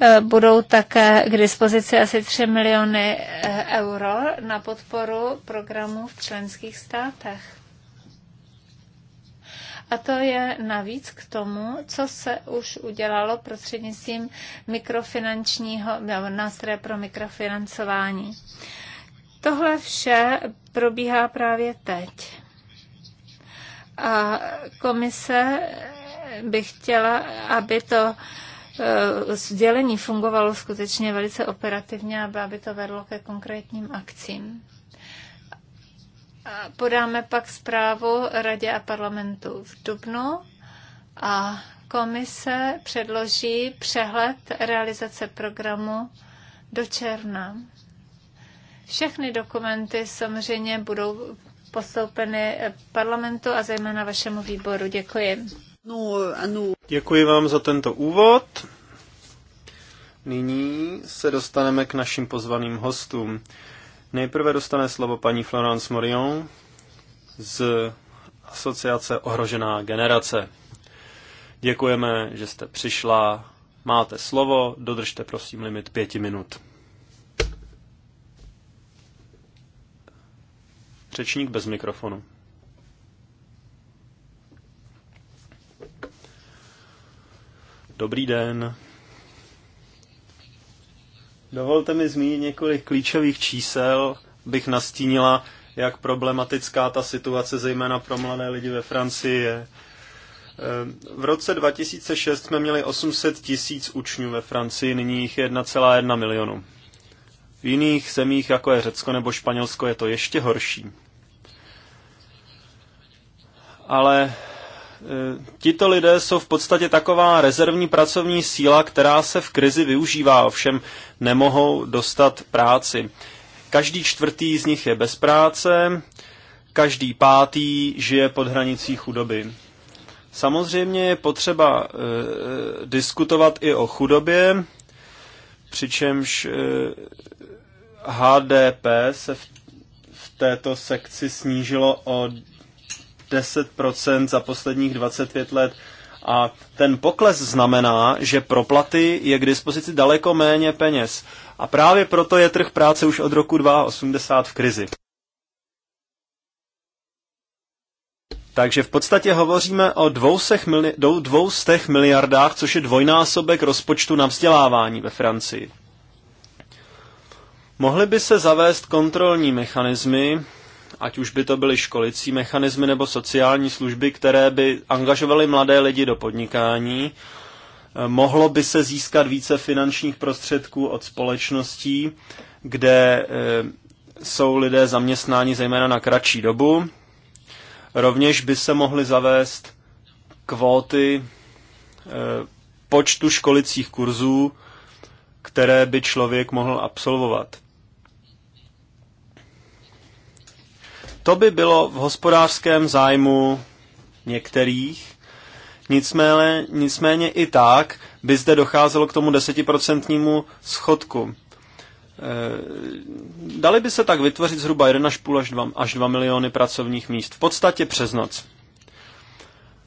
eh, budou také k dispozici asi 3 miliony eh, euro na podporu programů v členských státech. A to je navíc k tomu, co se už udělalo prostřednictvím mikrofinančního nástroje pro mikrofinancování. Tohle vše probíhá právě teď. A komise by chtěla, aby to eh, sdělení fungovalo skutečně velice operativně, aby, to vedlo ke konkrétním akcím. A podáme pak zprávu Radě a parlamentu v Dubnu a komise předloží přehled realizace programu do června. Všechny dokumenty samozřejmě budou postoupeny parlamentu a zejména vašemu výboru. Děkuji. No, ano. Děkuji vám za tento úvod. Nyní se dostaneme k našim pozvaným hostům. Nejprve dostane slovo paní Florence Morion z asociace Ohrožená generace. Děkujeme, že jste přišla. Máte slovo, dodržte prosím limit pěti minut. Řečník bez mikrofonu. Dobrý den. Dovolte mi zmínit několik klíčových čísel, bych nastínila, jak problematická ta situace, zejména pro mladé lidi ve Francii, je. V roce 2006 jsme měli 800 tisíc učňů ve Francii, nyní jich je 1,1 milionu. V jiných zemích, jako je Řecko nebo Španělsko, je to ještě horší. Ale e, tito lidé jsou v podstatě taková rezervní pracovní síla, která se v krizi využívá, ovšem nemohou dostat práci. Každý čtvrtý z nich je bez práce, každý pátý žije pod hranicí chudoby. Samozřejmě je potřeba e, e diskutovat i o chudobě, přičemž e, HDP se v, v této sekci snížilo o 10% za posledních 25 let. A ten pokles znamená, že pro platy je k dispozici daleko méně peněz. A právě proto je trh práce už od roku 2080 v krizi. Takže v podstatě hovoříme o 200, mili- 200 miliardách, což je dvojnásobek rozpočtu na vzdělávání ve Francii. Mohly by se zavést kontrolní mechanismy, ať už by to byly školicí mechanismy nebo sociální služby, které by angažovaly mladé lidi do podnikání. Mohlo by se získat více finančních prostředků od společností, kde eh, jsou lidé zaměstnáni zejména na kratší dobu. Rovněž by se mohly zavést kvóty eh, počtu školicích kurzů, které by člověk mohl absolvovat. To by bylo v hospodářském zájmu některých, nicméně, nicméně i tak by zde docházelo k tomu desetiprocentnímu schodku. E, dali by se tak vytvořit zhruba 1,5 až 2, až 2 miliony pracovních míst, v podstatě přes noc.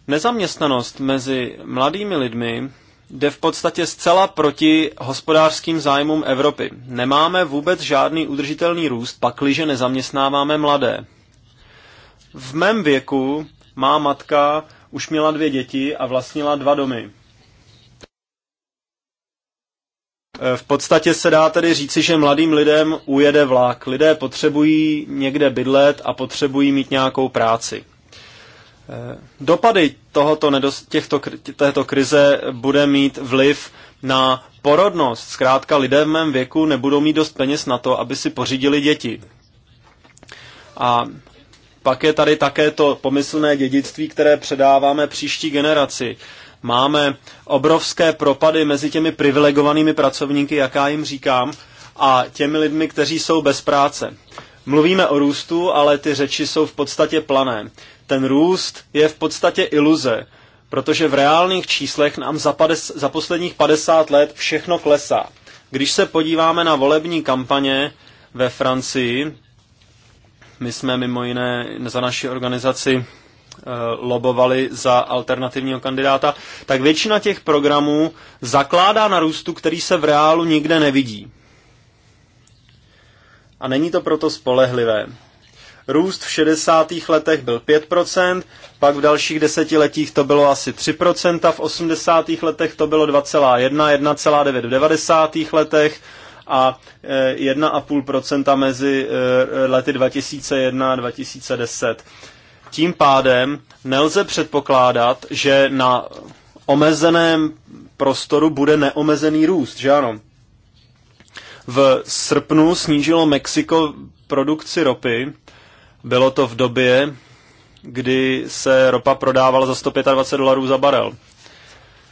Nezaměstnanost mezi mladými lidmi jde v podstatě zcela proti hospodářským zájmům Evropy. Nemáme vůbec žádný udržitelný růst, pakliže nezaměstnáváme mladé. V mém věku má matka už měla dvě děti a vlastnila dva domy. E, v podstatě se dá tedy říci, že mladým lidem ujede vlak. Lidé potřebují někde bydlet a potřebují mít nějakou práci. E, dopady tohoto nedos- těchto, této krize bude mít vliv na porodnost. Zkrátka lidé v mém věku nebudou mít dost peněz na to, aby si pořídili děti. A pak je tady také to pomyslné dědictví, které předáváme příští generaci. Máme obrovské propady mezi těmi privilegovanými pracovníky, jaká jim říkám, a těmi lidmi, kteří jsou bez práce. Mluvíme o růstu, ale ty řeči jsou v podstatě plané. Ten růst je v podstatě iluze, protože v reálných číslech nám za, pades, za posledních 50 let všechno klesá. Když se podíváme na volební kampaně ve Francii, my jsme mimo jiné za naši organizaci eh, lobovali za alternativního kandidáta, tak většina těch programů zakládá na růstu, který se v reálu nikde nevidí. A není to proto spolehlivé. Růst v 60. letech byl 5%, pak v dalších desetiletích to bylo asi 3%, a v 80. letech to bylo 2,1, 1,9 v 90. letech, a 1,5% eh, mezi eh, lety 2001 a 2010. Tím pádem nelze předpokládat, že na omezeném prostoru bude neomezený růst, že ano? V srpnu snížilo Mexiko produkci ropy. Bylo to v době, kdy se ropa prodávala za 125 dolarů za barel.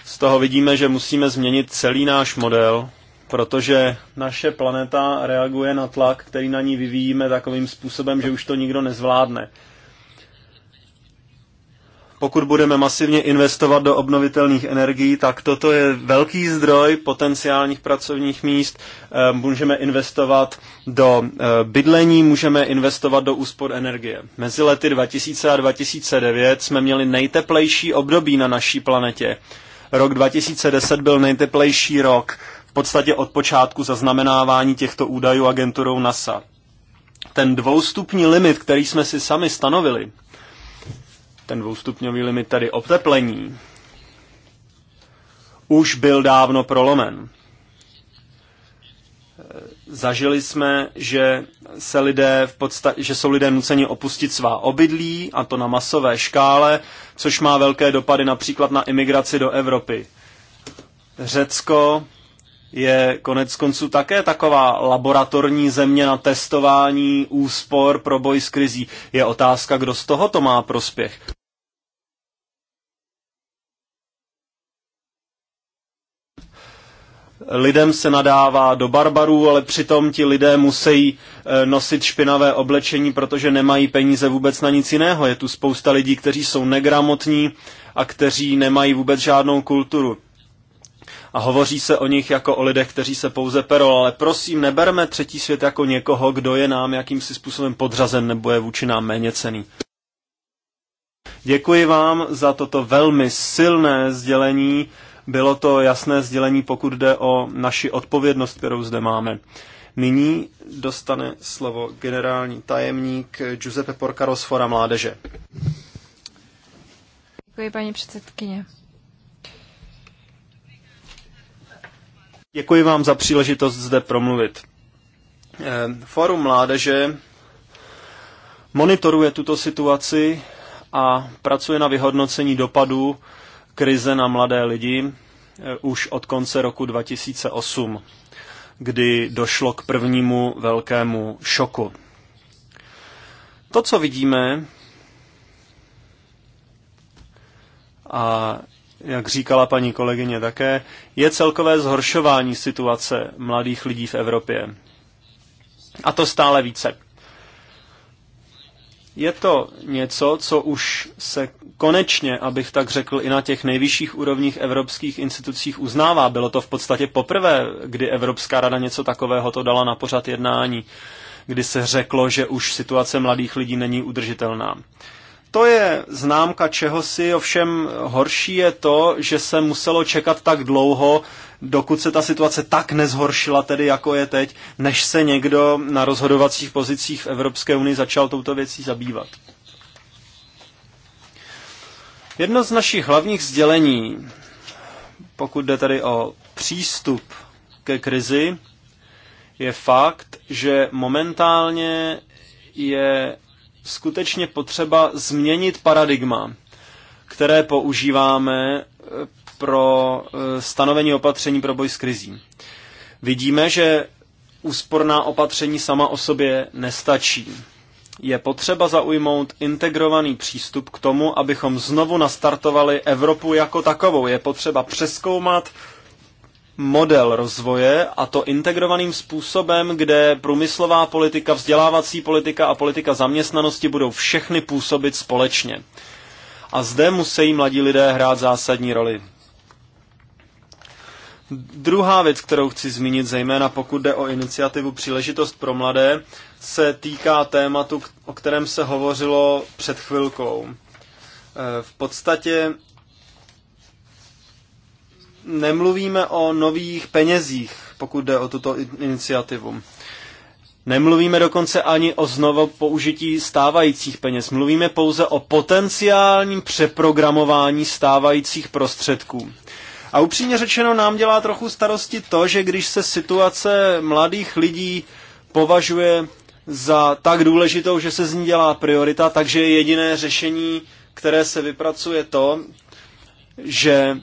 Z toho vidíme, že musíme změnit celý náš model protože naše planeta reaguje na tlak, který na ní vyvíjíme takovým způsobem, že už to nikdo nezvládne. Pokud budeme masivně investovat do obnovitelných energií, tak toto je velký zdroj potenciálních pracovních míst. Ehm, můžeme investovat do ehm, bydlení, můžeme investovat do úspor energie. Mezi lety 2000 a 2009 jsme měli nejteplejší období na naší planetě. Rok 2010 byl nejteplejší rok v podstatě od počátku zaznamenávání těchto údajů agenturou NASA. Ten dvoustupní limit, který jsme si sami stanovili, ten dvoustupňový limit tedy oteplení, už byl dávno prolomen. Zažili jsme, že, se lidé v že jsou lidé nuceni opustit svá obydlí, a to na masové škále, což má velké dopady například na imigraci do Evropy. Řecko je konec konců také taková laboratorní země na testování úspor pro boj s krizí. Je otázka, kdo z tohoto má prospěch. lidem se nadává do barbarů, ale přitom ti lidé musí eh, nosit špinavé oblečení, protože nemají peníze vůbec na nic jiného. Je tu spousta lidí, kteří jsou negramotní a kteří nemají vůbec žádnou kulturu a hovoří se o nich jako o lidech, kteří se pouze perol, ale prosím, neberme třetí svět jako někoho, kdo je nám jakýmsi způsobem podřazen nebo je vůči nám méně cený. Děkuji vám za toto velmi silné sdělení. Bylo to jasné sdělení, pokud jde o naši odpovědnost, kterou zde máme. Nyní dostane slovo generální tajemník Giuseppe Porcaro z Fora Mládeže. Děkuji, paní předsedkyně. Děkuji vám za příležitost zde promluvit. Eh, Forum mládeže monitoruje tuto situaci a pracuje na vyhodnocení dopadů krize na mladé lidi eh, už od konce roku 2008, kdy došlo k prvnímu velkému šoku. To, co vidíme, a jak říkala paní kolegyně také, je celkové zhoršování situace mladých lidí v Evropě. A to stále více. Je to něco, co už se konečně, abych tak řekl, i na těch nejvyšších úrovních evropských institucích uznává. Bylo to v podstatě poprvé, kdy Evropská rada něco takového to dala na pořad jednání, kdy se řeklo, že už situace mladých lidí není udržitelná. To je známka čehosi, ovšem horší je to, že se muselo čekat tak dlouho, dokud se ta situace tak nezhoršila, tedy jako je teď, než se někdo na rozhodovacích pozicích v Evropské unii začal touto věcí zabývat. Jedno z našich hlavních sdělení, pokud jde tedy o přístup ke krizi, je fakt, že momentálně je skutečně potřeba změnit paradigma, které používáme eh, pro eh, stanovení opatření pro boj s krizí. Vidíme, že úsporná opatření sama o sobě nestačí. Je potřeba zaujmout integrovaný přístup k tomu, abychom znovu nastartovali Evropu jako takovou. Je potřeba přeskoumat model rozvoje a to integrovaným způsobem, kde průmyslová politika, vzdělávací politika a politika zaměstnanosti budou všechny působit společně. A zde musí mladí lidé hrát zásadní roli. Druhá věc, kterou chci zmínit, zejména pokud jde o iniciativu Příležitost pro mladé, se týká tématu, o kterém se hovořilo před chvilkou. Eh, v podstatě nemluvíme o nových penězích, pokud jde o tuto iniciativu. Nemluvíme dokonce ani o znovu použití stávajících peněz. Mluvíme pouze o potenciálním přeprogramování stávajících prostředků. A upřímně řečeno nám dělá trochu starosti to, že když se situace mladých lidí považuje za tak důležitou, že se z ní dělá priorita, takže jediné řešení, které se vypracuje to, že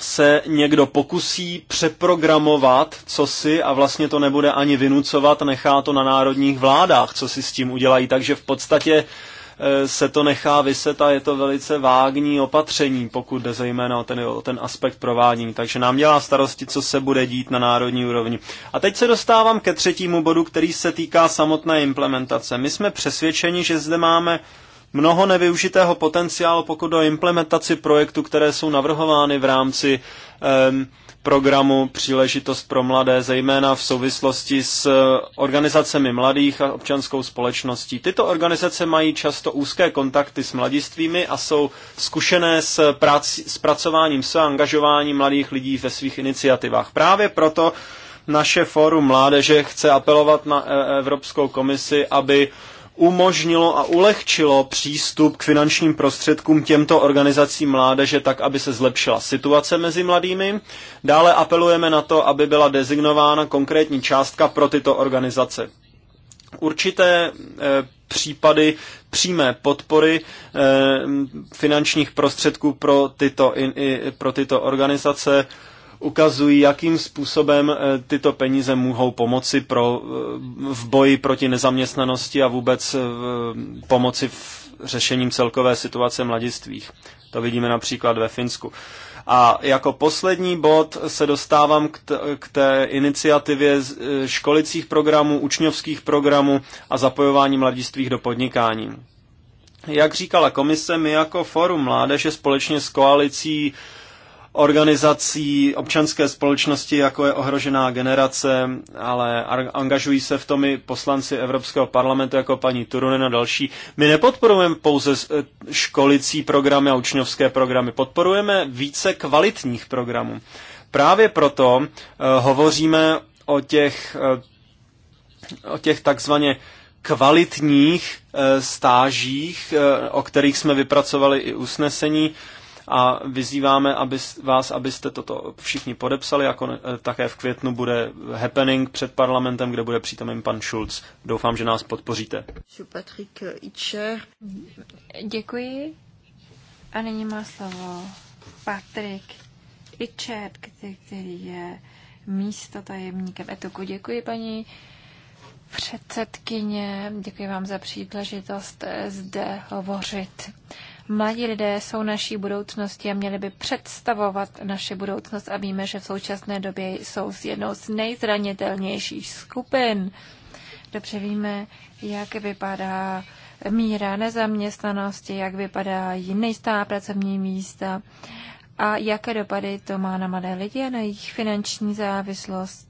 se někdo pokusí přeprogramovat co si a vlastně to nebude ani vynucovat, nechá to na národních vládách, co si s tím udělají. Takže v podstatě e, se to nechá vyset a je to velice vágní opatření, pokud jde zejména o ten, o ten aspekt provádění. Takže nám dělá starosti, co se bude dít na národní úrovni. A teď se dostávám ke třetímu bodu, který se týká samotné implementace. My jsme přesvědčeni, že zde máme mnoho nevyužitého potenciálu, pokud o implementaci projektů, které jsou navrhovány v rámci um, programu Příležitost pro mladé, zejména v souvislosti s eh, organizacemi mladých a občanskou společností. Tyto organizace mají často úzké kontakty s mladistvými a jsou zkušené s, prac, s pracováním, s angažováním mladých lidí ve svých iniciativách. Právě proto naše fórum mládeže chce apelovat na eh, Evropskou komisi, aby umožnilo a ulehčilo přístup k finančním prostředkům těmto organizacím mládeže tak, aby se zlepšila situace mezi mladými. Dále apelujeme na to, aby byla dezignována konkrétní částka pro tyto organizace. Určité e, případy přímé podpory e, finančních prostředků pro tyto, in, i, pro tyto organizace e, ukazují, jakým způsobem eh, tyto peníze mohou pomoci pro, eh, v boji proti nezaměstnanosti a vůbec eh, pomoci v řešením celkové situace mladistvých. To vidíme například ve Finsku. A jako poslední bod se dostávám k, k té iniciativě školicích programů, učňovských programů a zapojování mladistvých do podnikání. Jak říkala komise, my jako Forum Mládeže společně s koalicí organizací občanské společnosti, jako je ohrožená generace, ale angažují se v tom i poslanci Evropského parlamentu, jako paní Turunen a další. My nepodporujeme pouze eh, školicí programy a učňovské programy, podporujeme více kvalitních programů. Právě proto uh, hovoříme o těch, uh, o těch takzvaně kvalitních uh, stážích, uh, o kterých jsme vypracovali i usnesení. Uh, a vyzýváme aby, vás, abyste toto všichni podepsali, jako eh, také v květnu bude happening před parlamentem, kde bude přítomen pan Schulz. Doufám, že nás podpoříte. Děkuji. A nyní má slovo Patrik Ičer, který je místo tajemníkem Etoku. Děkuji, paní předsedkyně. Děkuji vám za příležitost eh, zde hovořit. Mladí lidé jsou naší budoucnosti a měli by představovat naše budoucnost a víme, že v současné době jsou z jednou z nejzranitelnějších skupin. Dobře víme, jak vypadá míra nezaměstnanosti, jak jiný nejistá pracovní místa a jaké dopady to má na mladé lidi a na jejich finanční závislost.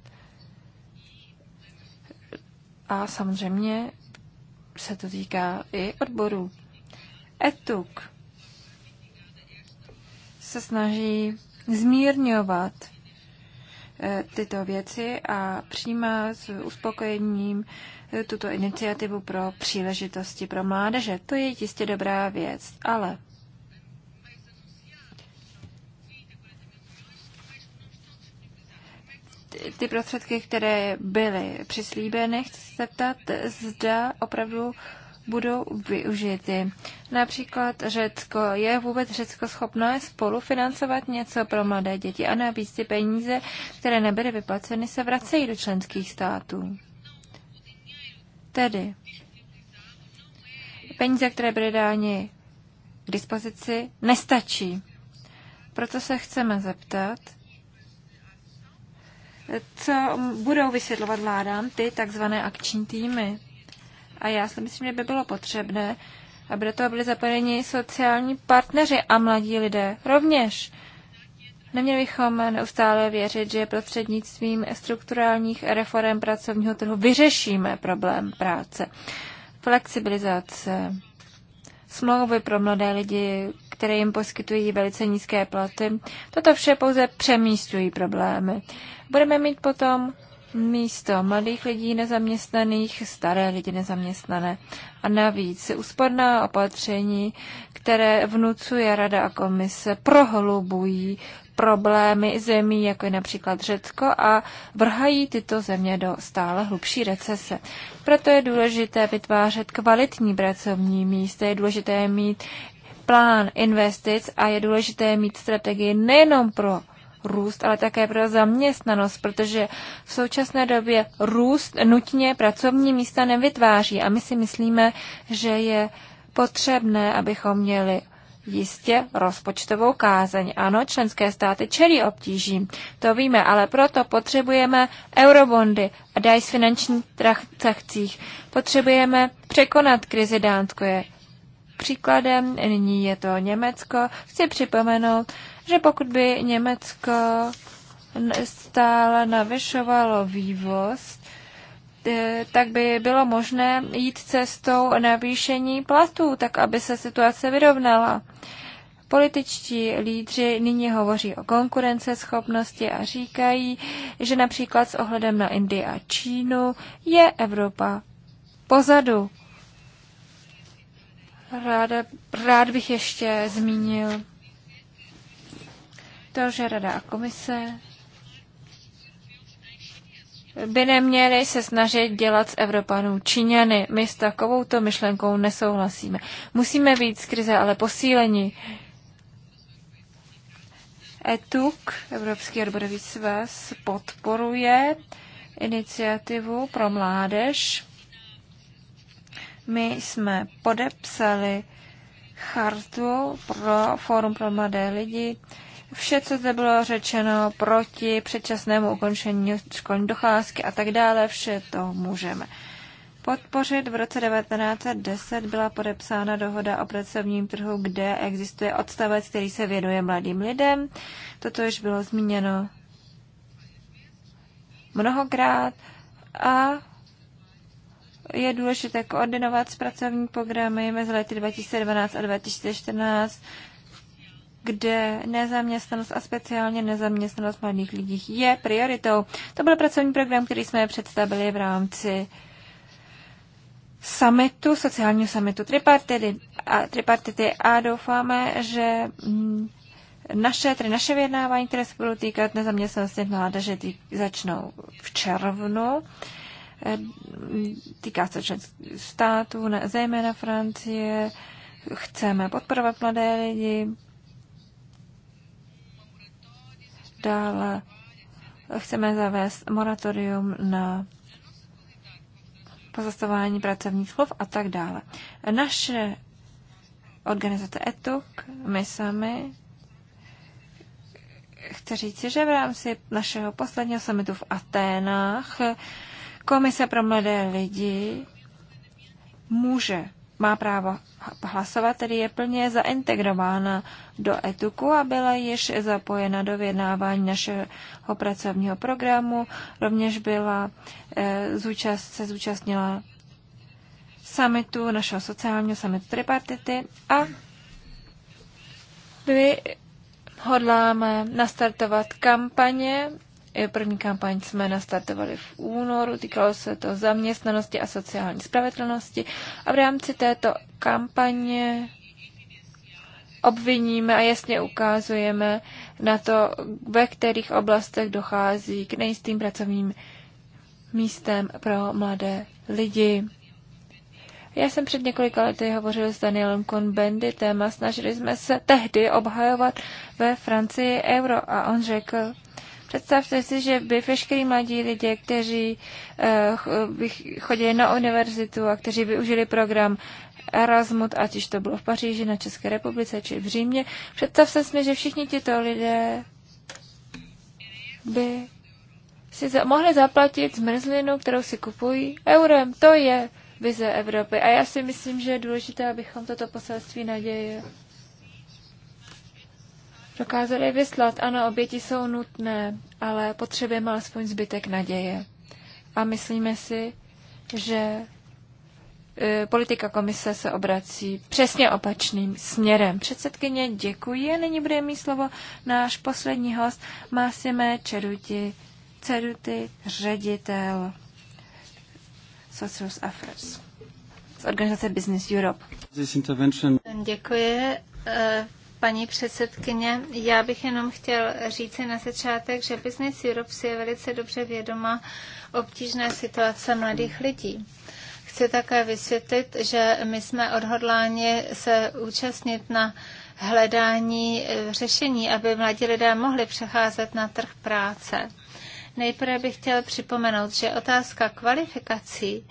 A samozřejmě se to týká i odborů. ETUK se snaží zmírňovat eh, tyto věci a přijímá s uspokojením eh, tuto iniciativu pro příležitosti pro mládeže. To je jistě dobrá věc, ale ty prostředky, které byly přislíbeny, chci se zeptat, zda opravdu budou využity. Například Řecko. Je vůbec Řecko schopné spolufinancovat něco pro mladé děti a navíc ty peníze, které nebyly vyplaceny, se vracejí do členských států. Tedy peníze, které byly dány k dispozici, nestačí. Proto se chceme zeptat, co budou vysvětlovat vládám ty takzvané akční týmy. A já si myslím, že by bylo potřebné, aby do toho byli zapojeni sociální partneři a mladí lidé rovněž. Neměli bychom neustále věřit, že prostřednictvím strukturálních reform pracovního trhu vyřešíme problém práce. Flexibilizace, smlouvy pro mladé lidi, které jim poskytují velice nízké platy, toto vše pouze přemístují problémy. Budeme mít potom místo mladých lidí nezaměstnaných, staré lidi nezaměstnané. A navíc úsporná opatření, které vnucuje Rada a komise, prohlubují problémy zemí, jako je například Řecko, a vrhají tyto země do stále hlubší recese. Proto je důležité vytvářet kvalitní pracovní místa, je důležité mít plán investic a je důležité mít strategii nejenom pro růst, ale také pro zaměstnanost, protože v současné době růst nutně pracovní místa nevytváří a my si myslíme, že je potřebné, abychom měli Jistě rozpočtovou kázeň. Ano, členské státy čelí obtížím, to víme, ale proto potřebujeme eurobondy a daj z finančních transakcích. Potřebujeme překonat krizi Dánskoje. příkladem, nyní je to Německo. Chci připomenout, že pokud by Německo stále navyšovalo vývoz, eh, tak by bylo možné jít cestou navýšení platů, tak aby se situace vyrovnala. Političtí lídři nyní hovoří o konkurenceschopnosti a říkají, že například s ohledem na Indii a Čínu je Evropa pozadu. Ráda, rád bych ještě zmínil to, že Rada a komise by neměli se snažit dělat z Evropanů Číňany. My s takovouto myšlenkou nesouhlasíme. Musíme být z krize ale posíleni. ETUK, Evropský odborový svaz, podporuje iniciativu pro mládež. My jsme podepsali chartu pro Fórum pro mladé lidi, vše, co zde bylo řečeno proti předčasnému ukončení školní docházky a tak dále, vše to můžeme podpořit. V roce 1910 byla podepsána dohoda o pracovním trhu, kde existuje odstavec, který se věnuje mladým lidem. Toto již bylo zmíněno mnohokrát a je důležité koordinovat s pracovní programy mezi lety 2012 a 2014 kde nezaměstnanost a speciálně nezaměstnanost mladých lidí je prioritou. To byl pracovní program, který jsme představili v rámci summitu, sociálního summitu tripartity a, tripartity a doufáme, že mm, naše, tedy naše vyjednávání, které se budou týkat nezaměstnanosti mládeže, tý, začnou v červnu. E, týká se členských států, zejména Francie. Chceme podporovat mladé lidi, Dále chceme zavést moratorium na pozastavování pracovních slov a tak dále. Naše organizace ETUK, my sami, chci říci, že v rámci našeho posledního summitu v Aténách Komise pro mladé lidi může má právo hlasovat, tedy je plně zaintegrována do etuku a byla již zapojena do vyjednávání našeho pracovního programu. Rovněž byla eh, zúčast, se zúčastnila summitu, našeho sociálního summitu tripartity a my hodláme nastartovat kampaně První kampaň jsme nastartovali v únoru, týkalo se to zaměstnanosti a sociální spravedlnosti a v rámci této kampaně obviníme a jasně ukazujeme na to, ve kterých oblastech dochází k nejistým pracovním místem pro mladé lidi. Já jsem před několika lety hovořil s Danielem Cohn-Benditem a snažili jsme se tehdy obhajovat ve Francii euro a on řekl, Představte si, že by veškerý mladí lidé, kteří eh, by chodili na univerzitu a kteří využili program Erasmus, ať už to bylo v Paříži, na České republice či v Římě, představte si, že všichni tito lidé by si za- mohli zaplatit zmrzlinu, kterou si kupují eurem. To je vize Evropy. A já si myslím, že je důležité, abychom toto poselství naděje dokázali vyslat. Ano, oběti jsou nutné, ale potřebujeme alespoň zbytek naděje. A myslíme si, že e, politika komise se obrací přesně opačným směrem. Předsedkyně, děkuji. Nyní bude mít slovo náš poslední host, Masime Čeruti, Ceruti, ředitel Social Affairs z organizace Business Europe. Děkuji e, paní předsedkyně. Já bych jenom chtěl říct na začátek, že Business Europe si je velice dobře vědoma obtížné situace mladých lidí chci také vysvětlit, že my jsme odhodláni se účastnit na hledání eh, řešení, aby mladí lidé mohli přecházet na trh práce. Nejprve bych chtěl připomenout, že otázka kvalifikací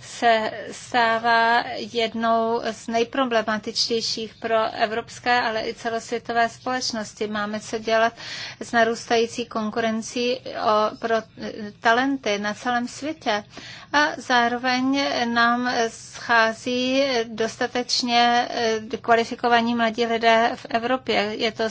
se stává jednou z nejproblematičtějších pro evropské, ale i celosvětové společnosti. Máme co dělat s narůstající konkurencí o, pro talenty na celém světě. A zároveň nám schází dostatečně eh, kvalifikovaní mladí lidé v Evropě. Je to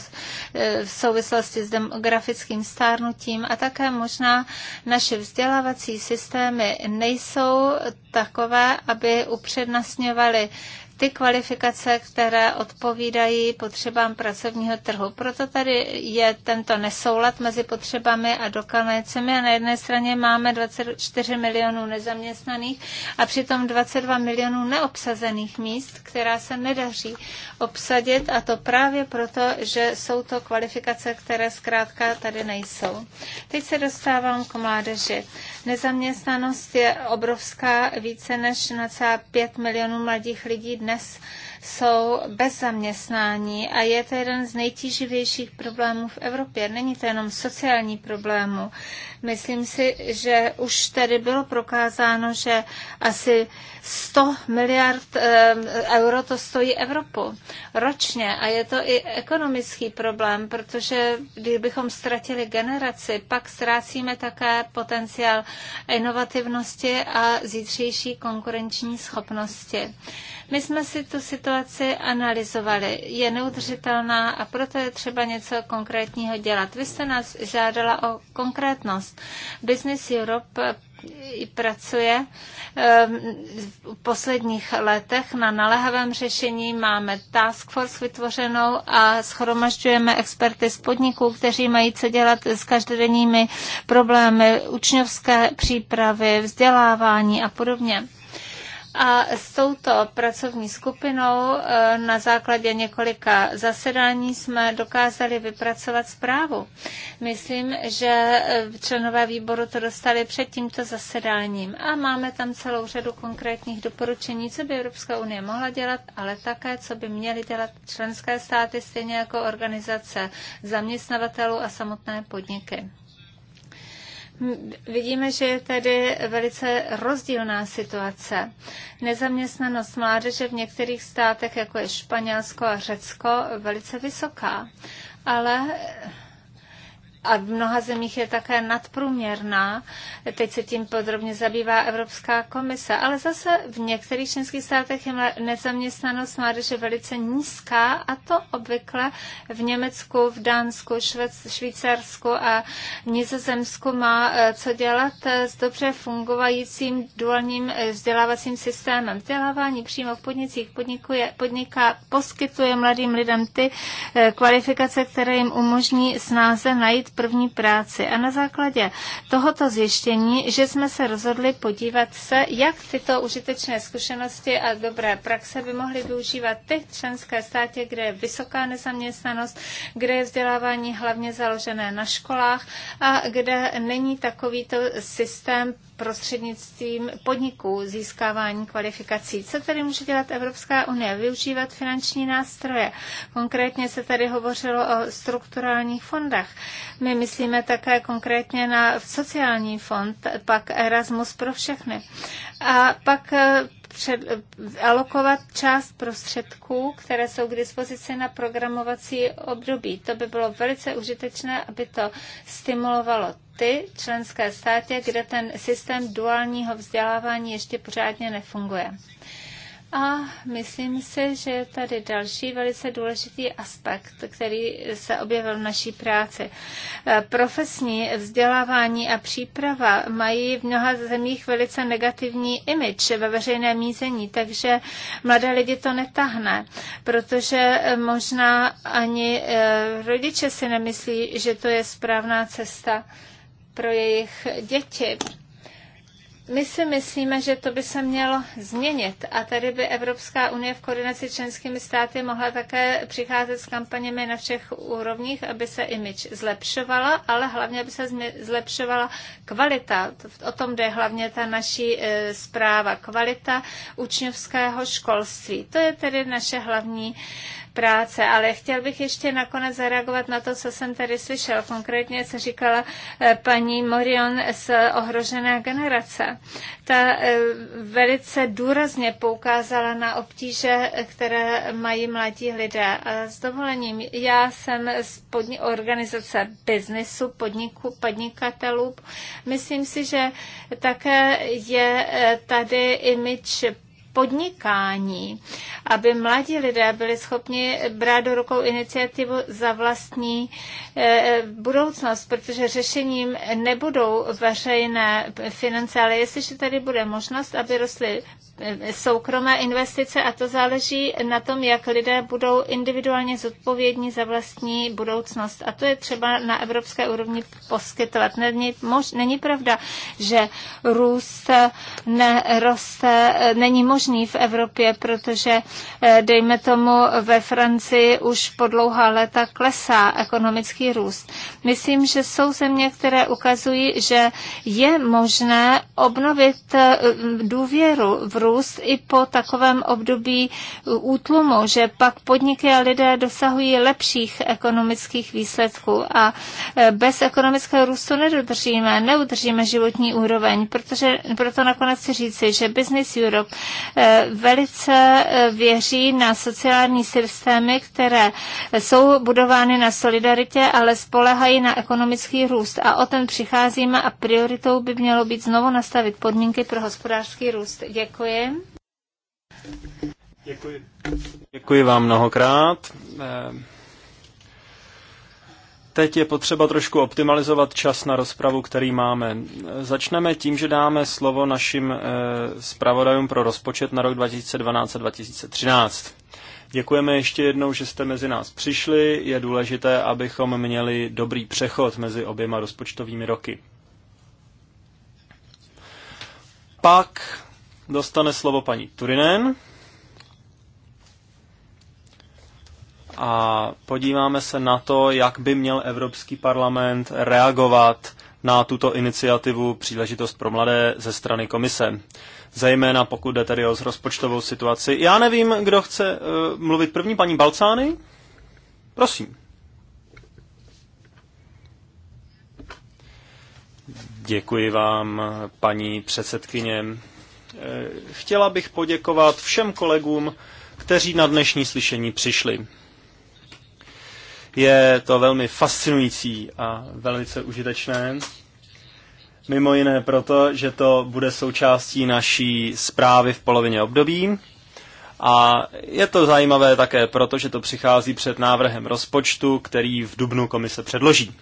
eh, v souvislosti s demografickým stárnutím a také možná naše vzdělávací systémy nejsou takové, aby upřednostňovaly ty kvalifikace, které odpovídají potřebám pracovního trhu. Proto tady je tento nesoulad mezi potřebami a dokonalicemi a na jedné straně máme 24 milionů nezaměstnaných a přitom 22 milionů neobsazených míst, která se nedaří obsadit a to právě proto, že jsou to kvalifikace, které zkrátka tady nejsou. Teď se dostávám k mládeži. Nezaměstnanost je obrovská, více než 5 milionů mladých lidí dnes dnes jsou bez zaměstnání a je to jeden z nejtíživějších problémů v Evropě. Není to jenom sociální problému. Myslím si, že už tady bylo prokázáno, že asi 100 miliard eh, euro to stojí Evropu ročně a je to i ekonomický problém, protože kdybychom ztratili generaci, pak ztrácíme také potenciál inovativnosti a zítřejší konkurenční schopnosti. My jsme si tu situaci situaci analyzovali. Je neudržitelná a proto je třeba něco konkrétního dělat. Vy jste nás žádala o konkrétnost. Business Europe eh, i pracuje eh, v posledních letech na naléhavém řešení. Máme task force vytvořenou a schromažďujeme experty z podniků, kteří mají co dělat s každodenními problémy učňovské přípravy, vzdělávání a podobně. A s touto pracovní skupinou e, na základě několika zasedání jsme dokázali vypracovat zprávu. Myslím, že e, členové výboru to dostali před tímto zasedáním. A máme tam celou řadu konkrétních doporučení, co by Evropská unie mohla dělat, ale také, co by měly dělat členské státy, stejně jako organizace zaměstnavatelů a samotné podniky. Vidíme, že je tady velice rozdílná situace. Nezaměstnanost mládeže v některých státech, jako je Španělsko a Řecko, velice vysoká. Ale a v mnoha zemích je také nadprůměrná. Teď se tím podrobně zabývá Evropská komise. Ale zase v některých členských státech je nezaměstnanost mládeže velice nízká a to obvykle v Německu, v Dánsku, Švec, Švýcarsku a Nizozemsku má eh, co dělat eh, s dobře fungujícím duálním eh, vzdělávacím systémem. Vzdělávání přímo v podnicích podnikuje, podniká, poskytuje mladým lidem ty kvalifikace, které jim umožní snáze najít první práci. A na základě tohoto zjištění, že jsme se rozhodli podívat se, jak tyto užitečné zkušenosti a dobré praxe by mohly využívat ty členské státě, kde je vysoká nezaměstnanost, kde je vzdělávání hlavně založené na školách a kde není takovýto systém prostřednictvím podniků získávání kvalifikací. Co tedy může dělat Evropská unie? Využívat finanční nástroje. Konkrétně se tady hovořilo o strukturálních fondech. My myslíme také konkrétně na sociální fond, pak Erasmus pro všechny. A pak eh, před, eh, alokovat část prostředků, které jsou k dispozici na programovací období. To by bylo velice užitečné, aby to stimulovalo ty členské státy, kde ten systém duálního vzdělávání ještě pořádně nefunguje. A myslím si, že je tady další velice důležitý aspekt, který se objevil v naší práci. E, profesní vzdělávání a příprava mají v mnoha zemích velice negativní image ve veřejném mízení, takže mladé lidi to netahne, protože možná ani e, rodiče si nemyslí, že to je správná cesta pro jejich děti. My si myslíme, že to by se mělo změnit a tady by Evropská unie v koordinaci členskými státy mohla také přicházet s kampaněmi na všech úrovních, aby se image zlepšovala, ale hlavně, aby se zlepšovala kvalita. O tom jde hlavně ta naší e, zpráva. Kvalita učňovského školství. To je tedy naše hlavní práce, ale chtěl bych ještě nakonec zareagovat na to, co jsem tady slyšel. Konkrétně, co říkala eh, paní Morion z ohrožené generace. Ta eh, velice důrazně poukázala na obtíže, které mají mladí lidé. A s dovolením, já jsem z podni- organizace biznesu, podniku, podnikatelů. Myslím si, že také je eh, tady image podnikání, aby mladí lidé byli schopni brát do rukou iniciativu za vlastní eh, budoucnost, protože řešením nebudou veřejné finance, ale jestliže tady bude možnost, aby rostly soukromé investice a to záleží na tom, jak lidé budou individuálně zodpovědní za vlastní budoucnost. A to je třeba na evropské úrovni poskytovat. Není, mož, není pravda, že růst neroste, není možný v Evropě, protože eh, dejme tomu ve Francii už po dlouhá léta klesá ekonomický růst. Myslím, že jsou země, které ukazují, že je možné obnovit eh, důvěru v růst růst i po takovém období útlumu, že pak podniky a lidé dosahují lepších ekonomických výsledků a e, bez ekonomického růstu nedodržíme, neudržíme životní úroveň, protože proto nakonec si říci, že Business Europe e, velice e, věří na sociální systémy, které jsou budovány na solidaritě, ale spolehají na ekonomický růst a o ten přicházíme a prioritou by mělo být znovu nastavit podmínky pro hospodářský růst. Děkuji. Děkuji. Děkuji. Děkuji vám mnohokrát. Eh, teď je potřeba trošku optimalizovat čas na rozpravu, který máme. Začneme tím, že dáme slovo našim eh, zpravodajům pro rozpočet na rok 2012 a 2013. Děkujeme ještě jednou, že jste mezi nás přišli. Je důležité, abychom měli dobrý přechod mezi oběma rozpočtovými roky. Pak Dostane slovo paní Turinen. A podíváme se na to, jak by měl Evropský parlament reagovat na tuto iniciativu Příležitost pro mladé ze strany komise. Zejména pokud jde tedy o rozpočtovou situaci. Já nevím, kdo chce uh, mluvit první, paní Balcány? Prosím. Děkuji vám, paní předsedkyně. Eh, chtěla bych poděkovat všem kolegům, kteří na dnešní slyšení přišli. Je to velmi fascinující a velice užitečné. Mimo jiné proto, že to bude součástí naší zprávy v polovině období. A je to zajímavé také proto, že to přichází před návrhem rozpočtu, který v Dubnu komise předloží.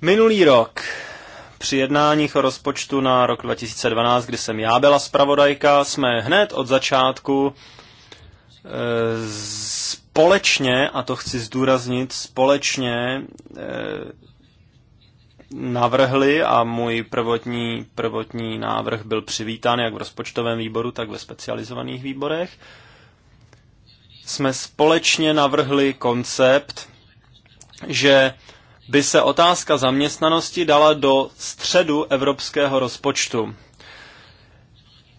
Minulý rok při jednáních o rozpočtu na rok 2012, kdy jsem já byla zpravodajka, jsme hned od začátku e, společně, a to chci zdůraznit, společně e, navrhli a můj prvotní, prvotní návrh byl přivítán jak v rozpočtovém výboru, tak ve specializovaných výborech. Jsme společně navrhli koncept, že by se otázka zaměstnanosti dala do středu evropského rozpočtu.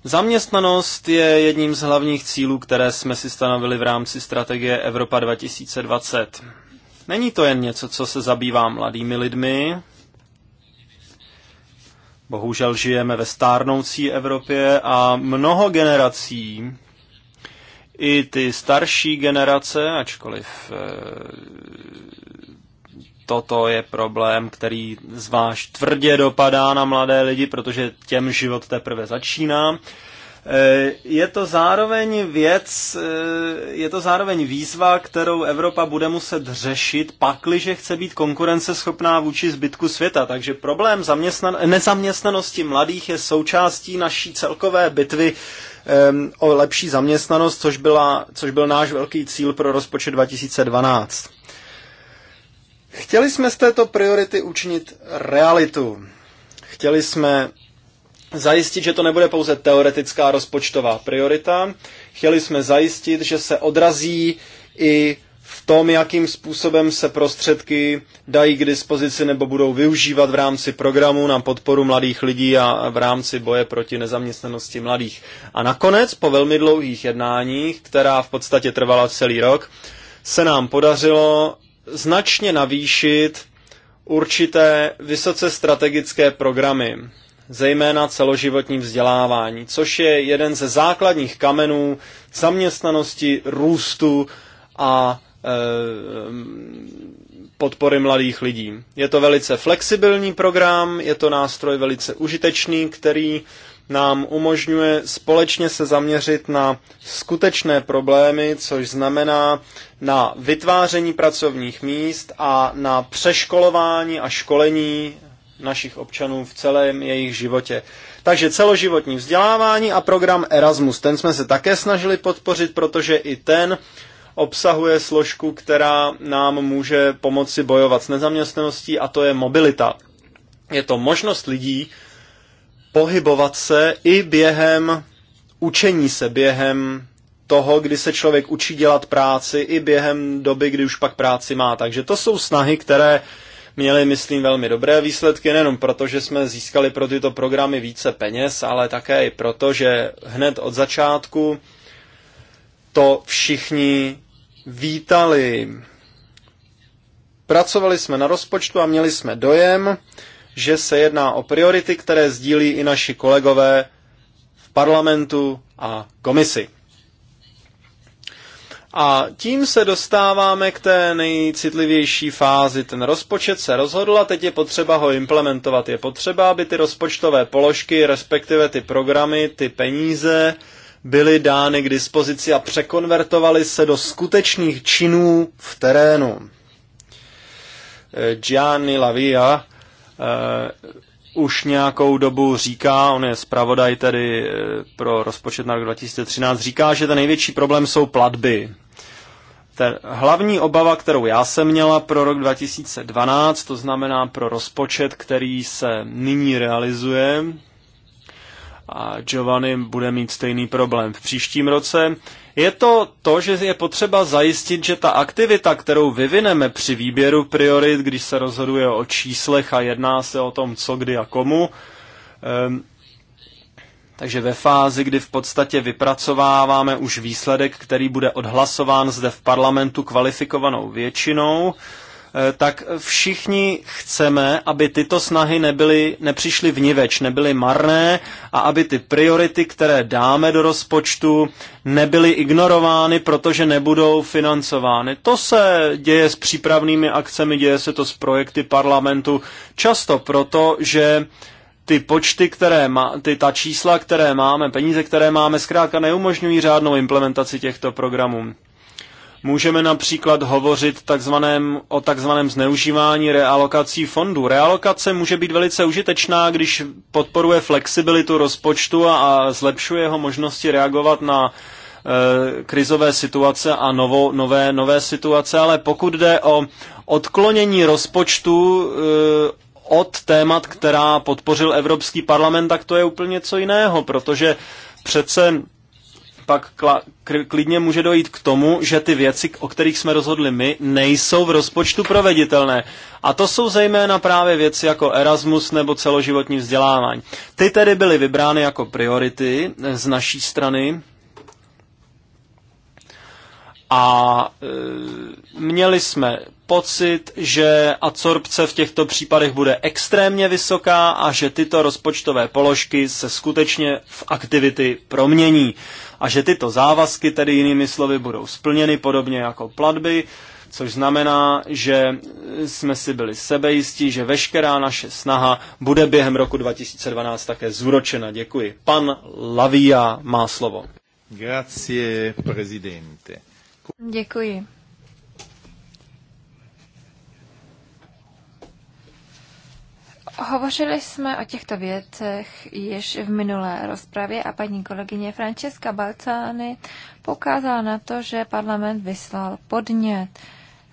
Zaměstnanost je jedním z hlavních cílů, které jsme si stanovili v rámci strategie Evropa 2020. Není to jen něco, co se zabývá mladými lidmi. Bohužel žijeme ve stárnoucí Evropě a mnoho generací, i ty starší generace, ačkoliv eh, toto je problém, který zvlášť tvrdě dopadá na mladé lidi, protože těm život teprve začíná. E, je to zároveň věc, e, je to zároveň výzva, kterou Evropa bude muset řešit, pakliže chce být konkurenceschopná vůči zbytku světa. Takže problém zaměstnan- nezaměstnanosti mladých je součástí naší celkové bitvy um, o lepší zaměstnanost, což, byla, což byl náš velký cíl pro rozpočet 2012. Chtěli jsme z této priority učinit realitu. Chtěli jsme zajistit, že to nebude pouze teoretická rozpočtová priorita. Chtěli jsme zajistit, že se odrazí i v tom, jakým způsobem se prostředky dají k dispozici nebo budou využívat v rámci programu na podporu mladých lidí a v rámci boje proti nezaměstnanosti mladých. A nakonec, po velmi dlouhých jednáních, která v podstatě trvala celý rok, se nám podařilo značně navýšit určité vysoce strategické programy, zejména celoživotní vzdělávání, což je jeden ze základních kamenů zaměstnanosti, růstu a eh, podpory mladých lidí. Je to velice flexibilní program, je to nástroj velice užitečný, který nám umožňuje společně se zaměřit na skutečné problémy, což znamená na vytváření pracovních míst a na přeškolování a školení našich občanů v celém jejich životě. Takže celoživotní vzdělávání a program Erasmus, ten jsme se také snažili podpořit, protože i ten obsahuje složku, která nám může pomoci bojovat s nezaměstnaností a to je mobilita. Je to možnost lidí, pohybovat se i během učení se, během toho, kdy se člověk učí dělat práci, i během doby, kdy už pak práci má. Takže to jsou snahy, které měly, myslím, velmi dobré výsledky, nejenom proto, že jsme získali pro tyto programy více peněz, ale také i proto, že hned od začátku to všichni vítali. Pracovali jsme na rozpočtu a měli jsme dojem, že se jedná o priority, které sdílí i naši kolegové v parlamentu a komisi. A tím se dostáváme k té nejcitlivější fázi. Ten rozpočet se rozhodl a teď je potřeba ho implementovat. Je potřeba, aby ty rozpočtové položky, respektive ty programy, ty peníze byly dány k dispozici a překonvertovaly se do skutečných činů v terénu. Eh, Gianni Lavia Eh, už nějakou dobu říká, on je zpravodaj tedy eh, pro rozpočet na rok 2013, říká, že ten největší problém jsou platby. Ten hlavní obava, kterou já jsem měla pro rok 2012, to znamená pro rozpočet, který se nyní realizuje, a Giovanni bude mít stejný problém v příštím roce, je to to, že je potřeba zajistit, že ta aktivita, kterou vyvineme při výběru priorit, když se rozhoduje o číslech a jedná se o tom, co, kdy a komu, um, takže ve fázi, kdy v podstatě vypracováváme už výsledek, který bude odhlasován zde v parlamentu kvalifikovanou většinou, Eh, tak všichni chceme, aby tyto snahy nebyly, nepřišly vniveč, nebyly marné a aby ty priority, které dáme do rozpočtu, nebyly ignorovány, protože nebudou financovány. To se děje s přípravnými akcemi, děje se to s projekty parlamentu, často proto, že ty počty, které má, ty ta čísla, které máme, peníze, které máme, zkrátka neumožňují řádnou implementaci těchto programů. Můžeme například hovořit takzvaném, o takzvaném zneužívání realokací fondů. Realokace může být velice užitečná, když podporuje flexibilitu rozpočtu a, a zlepšuje jeho možnosti reagovat na e, krizové situace a novo, nové, nové situace, ale pokud jde o odklonění rozpočtu e, od témat, která podpořil Evropský parlament, tak to je úplně co jiného, protože přece pak klidně může dojít k tomu, že ty věci, o kterých jsme rozhodli my, nejsou v rozpočtu proveditelné. A to jsou zejména právě věci jako Erasmus nebo celoživotní vzdělávání. Ty tedy byly vybrány jako priority eh, z naší strany a e, měli jsme pocit, že adsorpce v těchto případech bude extrémně vysoká a že tyto rozpočtové položky se skutečně v aktivity promění a že tyto závazky, tedy jinými slovy, budou splněny podobně jako platby, což znamená, že jsme si byli sebejistí, že veškerá naše snaha bude během roku 2012 také zúročena. Děkuji. Pan Lavia má slovo. Grazie, prezidente. Děkuji, Hovořili jsme o těchto věcech již v minulé rozpravě a paní kolegyně Francesca Balcány poukázala na to, že parlament vyslal podnět,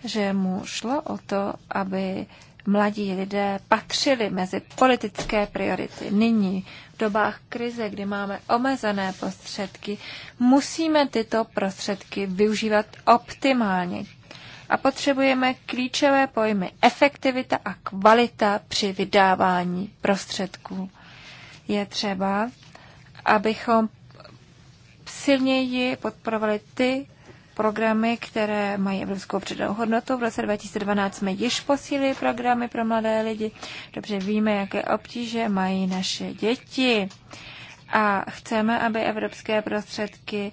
že mu šlo o to, aby mladí lidé patřili mezi politické priority. Nyní, v dobách krize, kdy máme omezené prostředky, musíme tyto prostředky využívat optimálně a potřebujeme klíčové pojmy efektivita a kvalita při vydávání prostředků. Je třeba, abychom silněji podporovali ty programy, které mají evropskou přidanou hodnotu. V roce 2012 jsme již posílili programy pro mladé lidi. Dobře víme, jaké obtíže mají naše děti. A chceme, aby evropské prostředky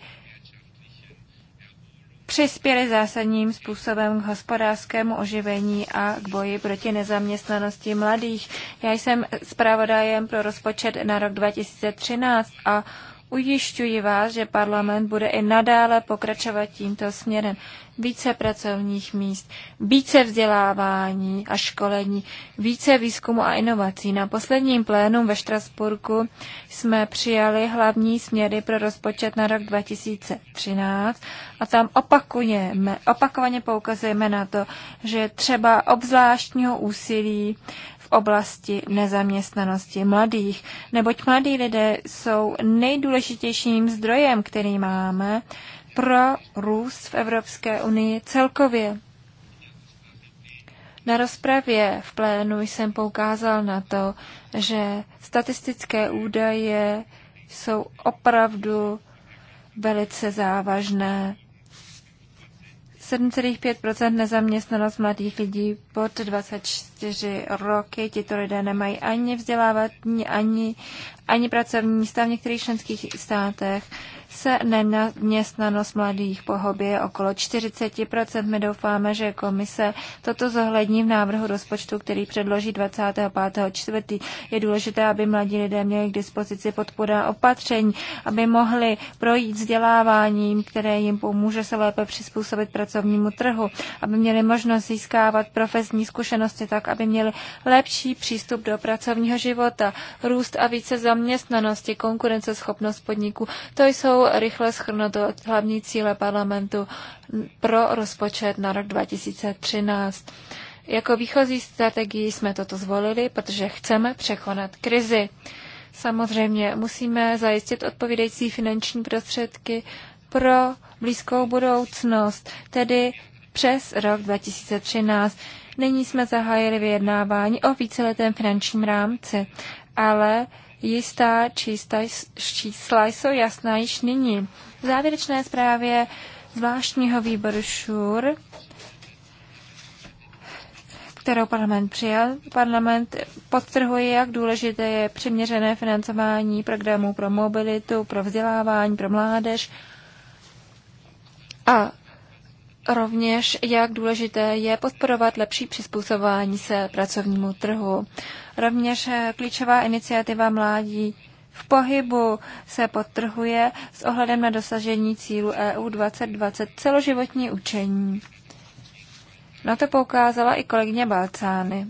přispěly zásadním způsobem k hospodářskému oživení a k boji proti nezaměstnanosti mladých. Já jsem zpravodajem pro rozpočet na rok 2013 a ujišťuji vás, že parlament bude i nadále pokračovat tímto směrem více pracovních míst, více vzdělávání a školení, více výzkumu a inovací. Na posledním plénu ve Štrasburku jsme přijali hlavní směry pro rozpočet na rok 2013 a tam opakujeme, opakovaně poukazujeme na to, že třeba obzvláštního úsilí v oblasti nezaměstnanosti mladých, neboť mladí lidé jsou nejdůležitějším zdrojem, který máme, pro růst v Evropské unii celkově. Na rozpravě v plénu jsem poukázal na to, že statistické údaje jsou opravdu velice závažné. 7,5 nezaměstnanost mladých lidí pod 24 čtyři roky. Tito lidé nemají ani vzdělávání, ani, ani pracovní místa. V některých členských státech se neměstnanost mladých pohobě okolo 40%. My doufáme, že komise toto zohlední v návrhu rozpočtu, který předloží 25. čtvrtý. Je důležité, aby mladí lidé měli k dispozici podpora opatření, aby mohli projít vzděláváním, které jim pomůže se lépe přizpůsobit pracovnímu trhu, aby měli možnost získávat profesní zkušenosti tak, aby měli lepší přístup do pracovního života, růst a více zaměstnanosti, konkurenceschopnost podniků. To jsou rychle schrnuto hlavní cíle parlamentu pro rozpočet na rok 2013. Jako výchozí strategii jsme toto zvolili, protože chceme překonat krizi. Samozřejmě musíme zajistit odpovídající finanční prostředky pro blízkou budoucnost, tedy přes rok 2013. Nyní jsme zahájili vyjednávání o víceletém finančním rámci, ale jistá čísla, čísla jsou jasná již nyní. V závěrečné zprávě zvláštního výboru ŠUR, kterou parlament přijal, parlament podtrhuje, jak důležité je přiměřené financování programů pro mobilitu, pro vzdělávání, pro mládež a rovněž, jak důležité je podporovat lepší přizpůsobování se pracovnímu trhu. Rovněž eh, klíčová iniciativa mládí v pohybu se podtrhuje s ohledem na dosažení cílu EU 2020 celoživotní učení. Na to poukázala i kolegyně Balcány.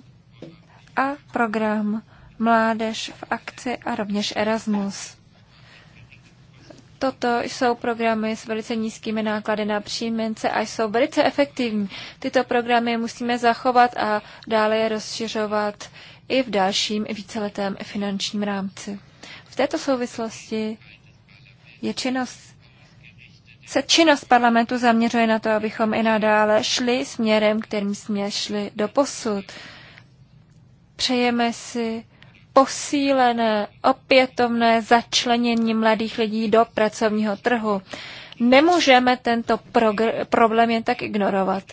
A program Mládež v akci a rovněž Erasmus. Toto jsou programy s velice nízkými náklady na příjmence a jsou velice efektivní. Tyto programy musíme zachovat a dále je rozšiřovat i v dalším víceletém finančním rámci. V této souvislosti je činnost se činnost parlamentu zaměřuje na to, abychom i nadále šli směrem, kterým jsme šli do posud. Přejeme si posílené, opětovné začlenění mladých lidí do pracovního trhu. Nemůžeme tento problém jen tak ignorovat.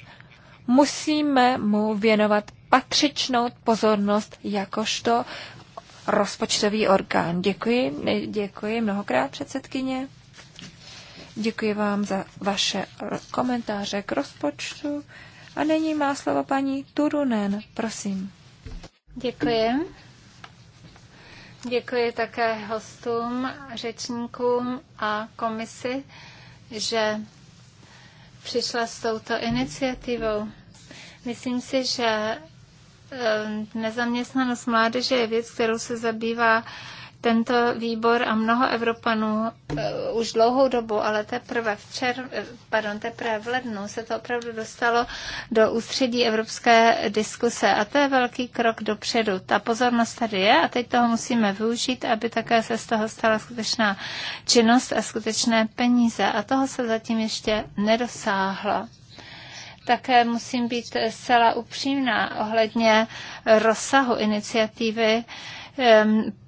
Musíme mu věnovat patřičnou pozornost jakožto rozpočtový orgán. Děkuji, děkuji mnohokrát předsedkyně. Děkuji vám za vaše komentáře k rozpočtu. A nyní má slovo paní Turunen, prosím. Děkuji. Děkuji také hostům, řečníkům a komisi, že přišla s touto iniciativou. Myslím si, že eh, nezaměstnanost mládeže je věc, kterou se zabývá tento výbor a mnoho Evropanů eh, už dlouhou dobu, ale teprve v, čer, eh, pardon, teprve v lednu se to opravdu dostalo do ústředí evropské diskuse a to je velký krok dopředu. Ta pozornost tady je a teď toho musíme využít, aby také se z toho stala skutečná činnost a skutečné peníze a toho se zatím ještě nedosáhlo také musím být zcela upřímná ohledně rozsahu iniciativy,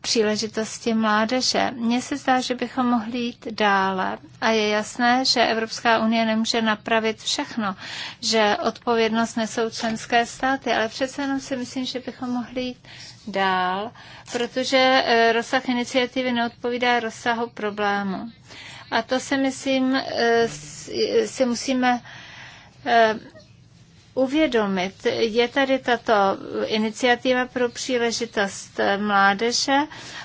příležitosti mládeže. Mně se zdá, že bychom mohli jít dále. A je jasné, že Evropská unie nemůže napravit všechno, že odpovědnost nesou členské státy, ale přece jenom si myslím, že bychom mohli jít dál, protože e, rozsah iniciativy neodpovídá rozsahu problému. A to si myslím, e, e, si musíme uvědomit. Je tady tato iniciativa pro příležitost mládeže,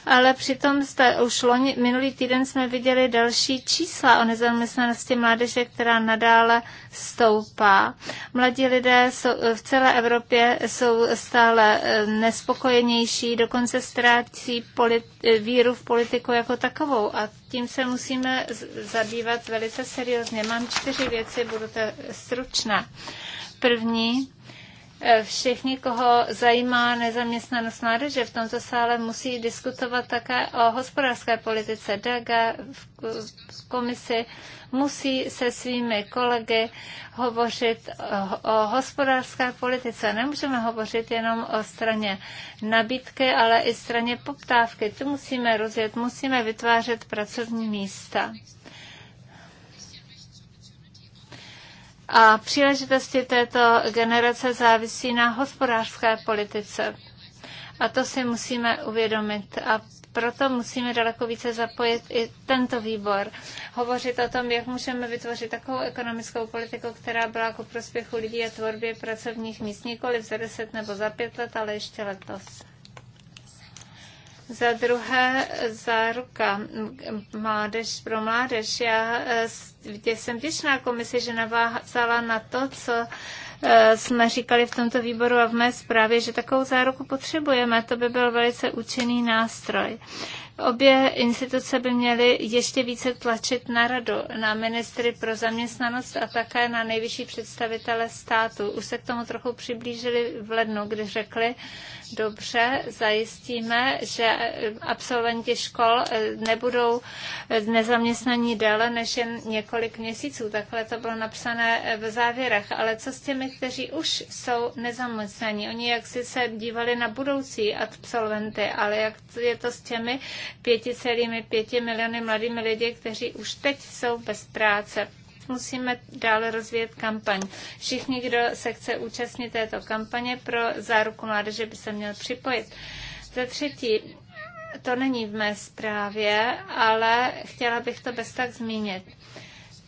ale přitom jste, už loni, minulý týden jsme viděli další čísla o nezaměstnanosti mládeže, která nadále stoupá. Mladí lidé jsou, v celé Evropě jsou stále eh, nespokojenější, dokonce ztrácí eh, víru v politiku jako takovou a tím se musíme zabývat velice seriózně. Mám čtyři věci, budu to stručná. První, eh, všichni, koho zajímá nezaměstnanost mládeže v tomto sále, musí diskutovat také o hospodářské politice DAGA v komisi, musí se svými kolegy hovořit eh, o hospodářské politice. Nemůžeme hovořit jenom o straně nabídky, ale i straně poptávky. Tu musíme rozjet, musíme vytvářet pracovní místa. A příležitosti této generace závisí na hospodářské politice. A to si musíme uvědomit. A proto musíme daleko více zapojit i tento výbor. Hovořit o tom, jak můžeme vytvořit takovou ekonomickou politiku, která byla ku prospěchu lidí a tvorbě pracovních míst nikoli za deset nebo za pět let, ale ještě letos. Za druhé záruka mládež pro mládež. Já eh, jsem vděčná komisi, že navázala na to, co Eh, jsme říkali v tomto výboru a v mé zprávě, že takovou záruku potřebujeme. To by byl velice účinný nástroj. Obě instituce by měly ještě více tlačit na radu, na ministry pro zaměstnanost a také na nejvyšší představitele státu. Už se k tomu trochu přiblížili v lednu, kdy řekli, dobře, zajistíme, že eh, absolventi škol eh, nebudou nezaměstnaní déle než jen několik měsíců. Takhle to bylo napsané v závěrech. Ale co s těmi těch, kteří už jsou nezaměstnaní. Oni jak si se dívali na budoucí absolventy, ale jak je to s těmi 5,5 miliony mladými lidi, kteří už teď jsou bez práce musíme dále rozvíjet kampaň. Všichni, kdo se chce účastnit této kampaně pro záruku mládeže, by se měl připojit. Za třetí, to není v mé zprávě, ale chtěla bych to bez tak zmínit.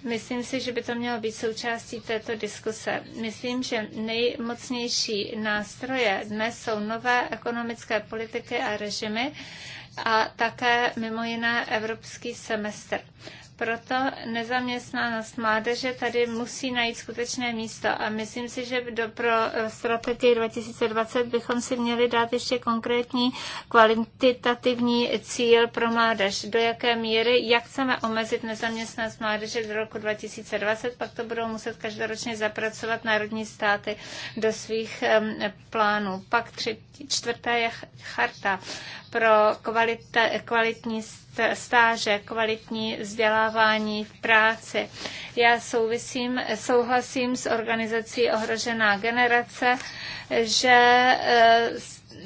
Myslím si, že by to mělo být součástí této diskuse. Myslím, že nejmocnější nástroje dnes jsou nové ekonomické politiky a režimy a také mimo jiné evropský semestr. Proto nezaměstnanost mládeže tady musí najít skutečné místo a myslím si, že do, pro eh, strategii 2020 bychom si měli dát ještě konkrétní kvalitativní cíl pro mládež. Do jaké míry, jak chceme omezit nezaměstnanost mládeže do roku 2020, pak to budou muset každoročně zapracovat národní státy do svých um, plánů. Pak třetí, čtvrtá je charta pro kvalita, kvalitní stáže, kvalitní vzdělávání v práci. Já souvisím, souhlasím s organizací Ohrožená generace, že eh,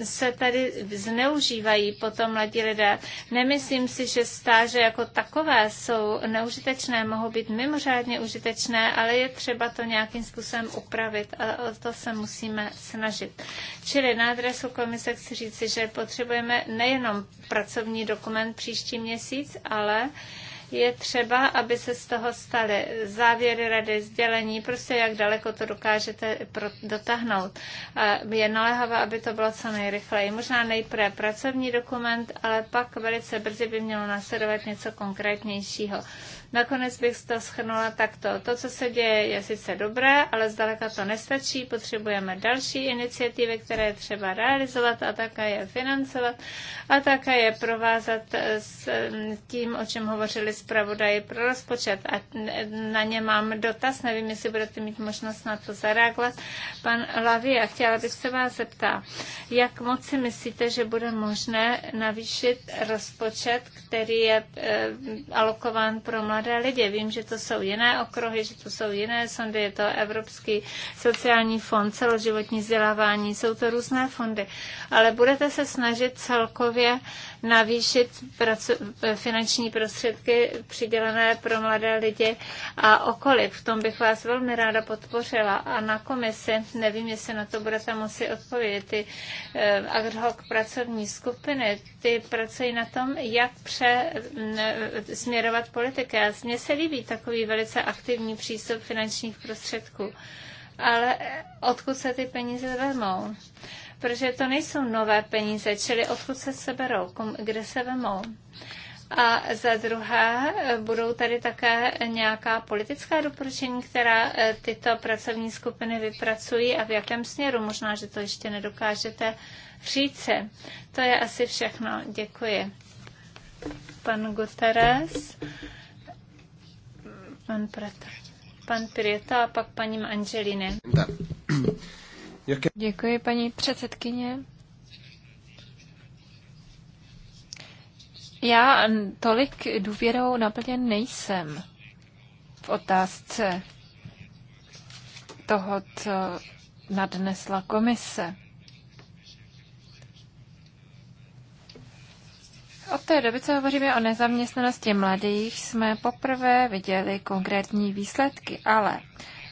se tady zneužívají potom mladí lidé. Nemyslím si, že stáže jako takové jsou neužitečné, mohou být mimořádně užitečné, ale je třeba to nějakým způsobem upravit a o to se musíme snažit. Čili na adresu komise chci říci, že potřebujeme nejenom pracovní dokument příští měsíc, ale uh, je třeba, aby se z toho staly závěry rady, sdělení, prostě jak daleko to dokážete dotáhnout. Je naléhavé, aby to bylo co nejrychleji. Možná nejprve pracovní dokument, ale pak velice brzy by mělo následovat něco konkrétnějšího. Nakonec bych to schrnula takto. To, co se děje, je sice dobré, ale zdaleka to nestačí. Potřebujeme další iniciativy, které je třeba realizovat a také je financovat a také je provázat s mm, tím, o čem hovořili zpravodaji pro rozpočet. A na ně mám dotaz, nevím, jestli budete mít možnost na to zareagovat. Pan Lavi, a chtěla bych se vás zeptat, jak moc si myslíte, že bude možné navýšit rozpočet, který je eh, alokován pro mladé mladé lidi. Vím, že to jsou jiné okruhy, že to jsou jiné sondy, je to Evropský sociální fond, celoživotní vzdělávání, jsou to různé fondy. Ale budete se snažit celkově navýšit eh, finanční prostředky přidělené pro mladé lidi a okolí. V tom bych vás velmi ráda podpořila a na komisi, nevím, jestli na to budete moci odpovědět, ty eh, ad hoc pracovní skupiny, ty pracují na tom, jak přesměrovat mm, eh, politiky. A mně se líbí takový velice aktivní přístup finančních prostředků. Ale odkud se ty peníze vezmou? protože to nejsou nové peníze, čili odkud se seberou, kde se vemou. A za druhé, budou tady také nějaká politická doporučení, která eh, tyto pracovní skupiny vypracují a v jakém směru. Možná, že to ještě nedokážete říci. To je asi všechno. Děkuji. Pan Guterres, pan Pretor, pan Prieto a pak paní Angeliny. Jaké... Děkuji, paní předsedkyně. Já tolik důvěrou naplněn nejsem v otázce toho, co nadnesla komise. Od té doby, co hovoříme o nezaměstnanosti mladých, jsme poprvé viděli konkrétní výsledky, ale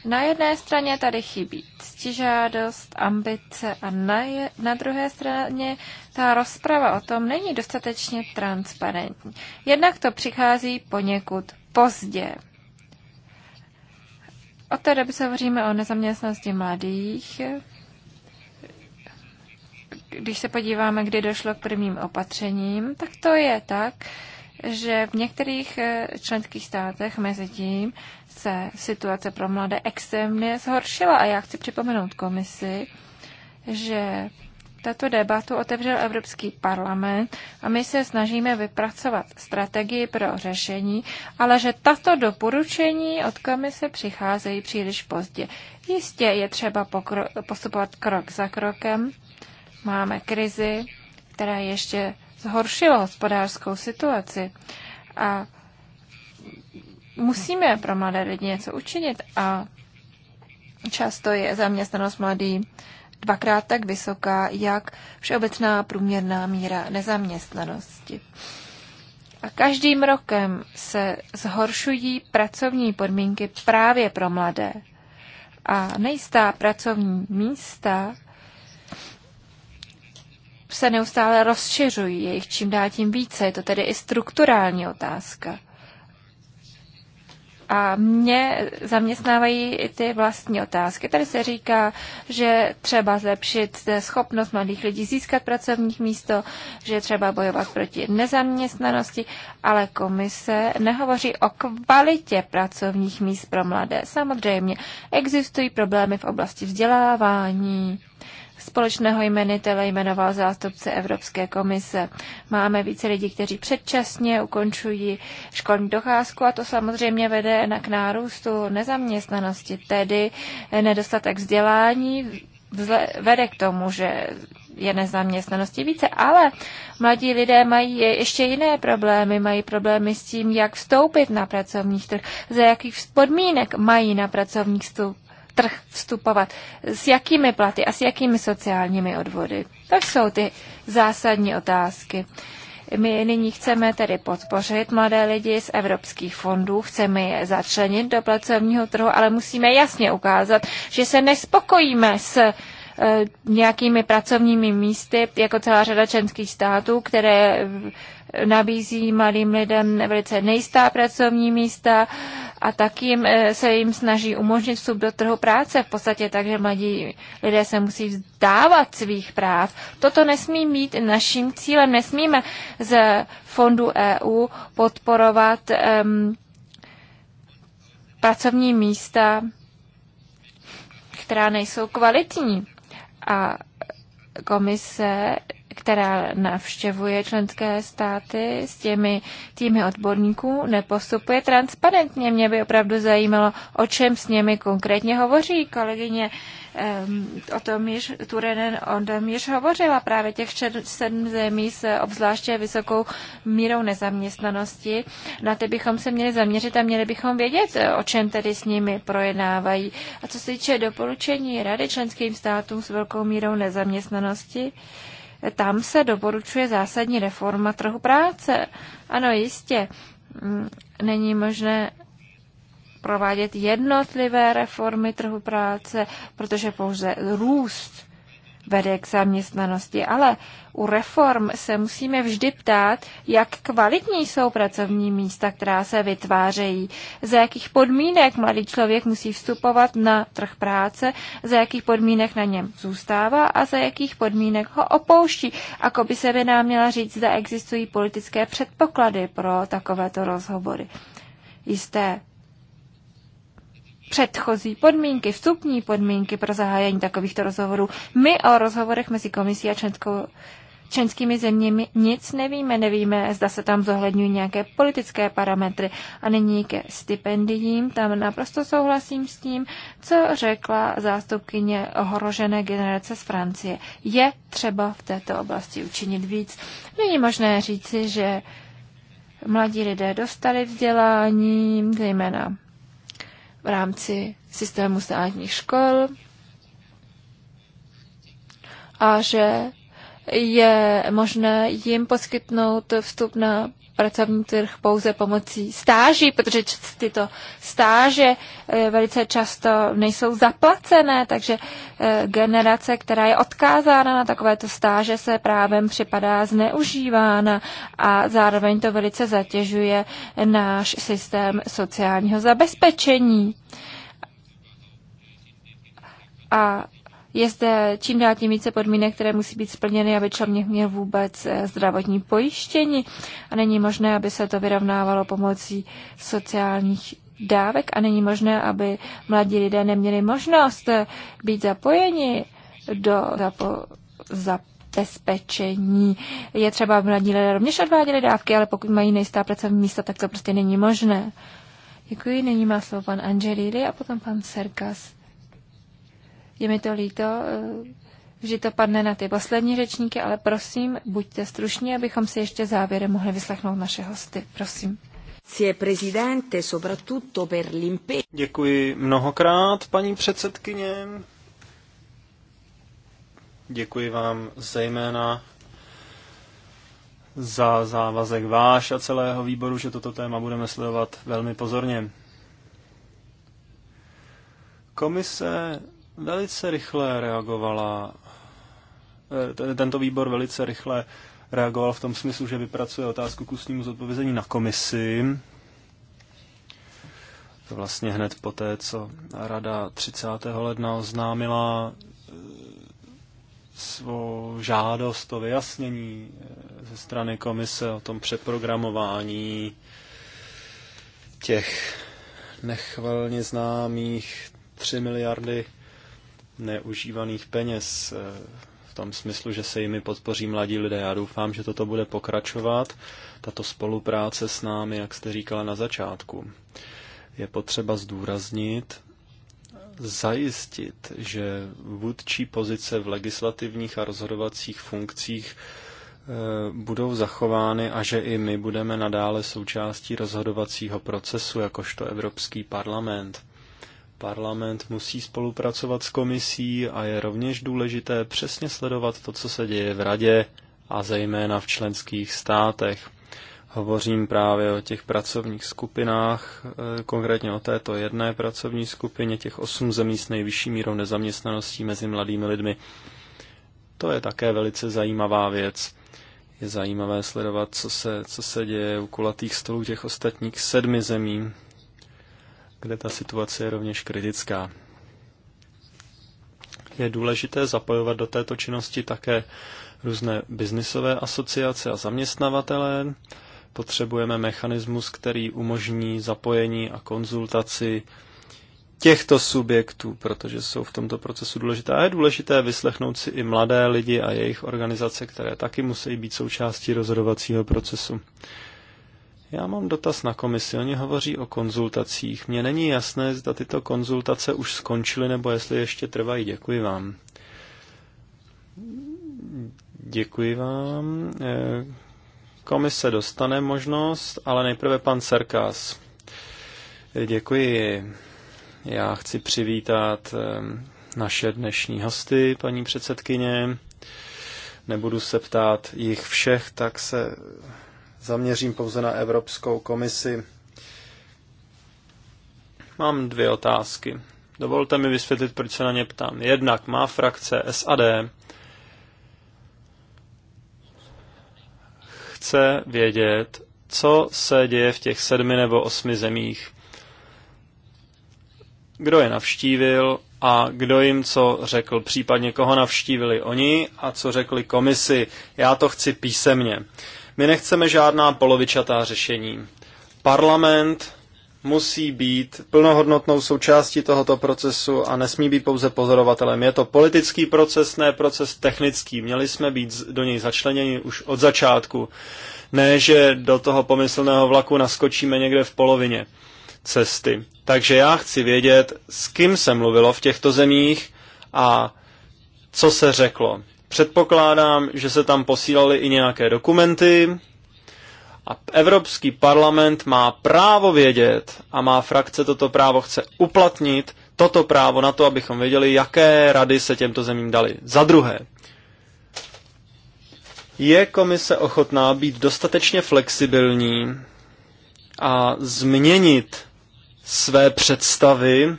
na jedné straně tady chybí ctižádost, ambice a na, je, na druhé straně ta rozprava o tom není dostatečně transparentní. Jednak to přichází poněkud pozdě. Od té doby se hovoříme o nezaměstnanosti mladých. Když se podíváme, kdy došlo k prvním opatřením, tak to je tak, že v některých eh, členských státech mezi tím se situace pro mladé extrémně zhoršila. A já chci připomenout komisi, že tato debatu otevřel Evropský parlament a my se snažíme vypracovat strategii pro řešení, ale že tato doporučení od komise přicházejí příliš pozdě. Jistě je třeba pokro- postupovat krok za krokem. Máme krizi, která ještě zhoršila hospodářskou situaci. A musíme pro mladé lidi něco učinit a často je zaměstnanost mladý dvakrát tak vysoká, jak všeobecná průměrná míra nezaměstnanosti. A každým rokem se zhoršují pracovní podmínky právě pro mladé. A nejistá pracovní místa se neustále rozšiřují, jejich čím dál tím více. Je to tedy i strukturální otázka. A mě zaměstnávají i ty vlastní otázky. Tady se říká, že třeba zlepšit schopnost mladých lidí získat pracovních místo, že třeba bojovat proti nezaměstnanosti, ale komise nehovoří o kvalitě pracovních míst pro mladé. Samozřejmě existují problémy v oblasti vzdělávání, společného jmenitele jmenoval zástupce Evropské komise. Máme více lidí, kteří předčasně ukončují školní docházku a to samozřejmě vede k nárůstu nezaměstnanosti, tedy nedostatek vzdělání vede k tomu, že je nezaměstnanosti více, ale mladí lidé mají ještě jiné problémy, mají problémy s tím, jak vstoupit na pracovní trh, za jakých podmínek mají na pracovní vstup trh vstupovat, s jakými platy a s jakými sociálními odvody. To jsou ty zásadní otázky. My nyní chceme tedy podpořit mladé lidi z evropských fondů, chceme je začlenit do pracovního trhu, ale musíme jasně ukázat, že se nespokojíme s e, nějakými pracovními místy, jako celá řada členských států, které nabízí malým lidem velice nejistá pracovní místa, a tak jim, eh, se jim snaží umožnit vstup do trhu práce v podstatě tak, že mladí lidé se musí vzdávat svých práv. Toto nesmí mít naším cílem. Nesmíme z fondu EU podporovat um, pracovní místa, která nejsou kvalitní. A komise která navštěvuje členské státy s těmi týmy odborníků, nepostupuje transparentně. Mě by opravdu zajímalo, o čem s nimi konkrétně hovoří kolegyně. O tom již Turenen o tom již hovořila. Právě těch sedm zemí s obzvláště vysokou mírou nezaměstnanosti. Na ty bychom se měli zaměřit a měli bychom vědět, o čem tedy s nimi projednávají. A co se týče doporučení Rady členským státům s velkou mírou nezaměstnanosti, tam se doporučuje zásadní reforma trhu práce. Ano, jistě, mm, není možné provádět jednotlivé reformy trhu práce, protože pouze růst vede k zaměstnanosti, ale u reform se musíme vždy ptát, jak kvalitní jsou pracovní místa, která se vytvářejí, za jakých podmínek mladý člověk musí vstupovat na trh práce, za jakých podmínek na něm zůstává a za jakých podmínek ho opouští. Ako by se by nám měla říct, zda existují politické předpoklady pro takovéto rozhovory. Jisté předchozí podmínky, vstupní podmínky pro zahájení takovýchto rozhovorů. My o rozhovorech mezi komisí a členskou členskými zeměmi nic nevíme. Nevíme, zda se tam zohledňují nějaké politické parametry. A nyní ke stipendiím. Tam naprosto souhlasím s tím, co řekla zástupkyně ohrožené generace z Francie. Je třeba v této oblasti učinit víc. Není možné říci, že mladí lidé dostali vzdělání, zejména v rámci systému státních škol, a že je možné jim poskytnout vstup na pracovní trh pouze pomocí stáží, protože tyto stáže eh, velice často nejsou zaplacené, takže eh, generace, která je odkázána na takovéto stáže, se právem připadá zneužívána a zároveň to velice zatěžuje náš systém sociálního zabezpečení. A je zde čím dál tím více podmínek, které musí být splněny, aby člověk měl vůbec eh, zdravotní pojištění a není možné, aby se to vyrovnávalo pomocí sociálních dávek a není možné, aby mladí lidé neměli možnost eh, být zapojeni do zapo, zabezpečení. Je třeba, aby mladí lidé rovněž odváděli dávky, ale pokud mají nejistá pracovní místa, tak to prostě není možné. Děkuji, není má slovo pan Angelili a potom pan Serkas. Je mi to líto, eh, že to padne na ty poslední řečníky, ale prosím, buďte struční, abychom si ještě závěrem mohli vyslechnout naše hosty. Prosím. Děkuji mnohokrát, paní předsedkyně. Děkuji vám zejména za závazek váš a celého výboru, že toto téma budeme sledovat velmi pozorně. Komise velice rychle reagovala, eh, tento výbor velice rychle reagoval v tom smyslu, že vypracuje otázku k ústnímu zodpovězení na komisi. To vlastně hned poté, co rada 30. ledna oznámila eh, svou žádost o vyjasnění eh, ze strany komise o tom přeprogramování těch nechvalně známých 3 miliardy neužívaných peněz eh, v tom smyslu, že se jimi podpoří mladí lidé. Já doufám, že toto bude pokračovat, tato spolupráce s námi, jak jste říkala na začátku. Je potřeba zdůraznit, zajistit, že vůdčí pozice v legislativních a rozhodovacích funkcích eh, budou zachovány a že i my budeme nadále součástí rozhodovacího procesu, jakožto Evropský parlament. Parlament musí spolupracovat s komisí a je rovněž důležité přesně sledovat to, co se děje v radě a zejména v členských státech. Hovořím právě o těch pracovních skupinách, eh, konkrétně o této jedné pracovní skupině, těch osm zemí s nejvyšší mírou nezaměstnaností mezi mladými lidmi. To je také velice zajímavá věc. Je zajímavé sledovat, co se, co se děje u kulatých stolů těch ostatních sedmi zemí, kde ta situace je rovněž kritická. Je důležité zapojovat do této činnosti také různé biznisové asociace a zaměstnavatele. Potřebujeme mechanismus, který umožní zapojení a konzultaci těchto subjektů, protože jsou v tomto procesu důležité. A je důležité vyslechnout si i mladé lidi a jejich organizace, které taky musí být součástí rozhodovacího procesu. Já mám dotaz na komisi. Oni hovoří o konzultacích. Mně není jasné, zda tyto konzultace už skončily nebo jestli ještě trvají. Děkuji vám. Děkuji vám. Eh, komise dostane možnost, ale nejprve pan Serkás. Eh, děkuji. Já chci přivítat eh, naše dnešní hosty, paní předsedkyně. Nebudu se ptát jich všech, tak se zaměřím pouze na Evropskou komisi. Mám dvě otázky. Dovolte mi vysvětlit, proč se na ně ptám. Jednak má frakce SAD chce vědět, co se děje v těch sedmi nebo osmi zemích. Kdo je navštívil a kdo jim co řekl, případně koho navštívili oni a co řekli komisi. Já to chci písemně. My nechceme žádná polovičatá řešení. Parlament musí být plnohodnotnou součástí tohoto procesu a nesmí být pouze pozorovatelem. Je to politický proces, ne proces technický. Měli jsme být do něj začleněni už od začátku. Ne, že do toho pomyslného vlaku naskočíme někde v polovině cesty. Takže já chci vědět, s kým se mluvilo v těchto zemích a co se řeklo. Předpokládám, že se tam posílaly i nějaké dokumenty a Evropský parlament má právo vědět a má frakce toto právo chce uplatnit, toto právo na to, abychom věděli, jaké rady se těmto zemím dali. Za druhé, je komise ochotná být dostatečně flexibilní a změnit své představy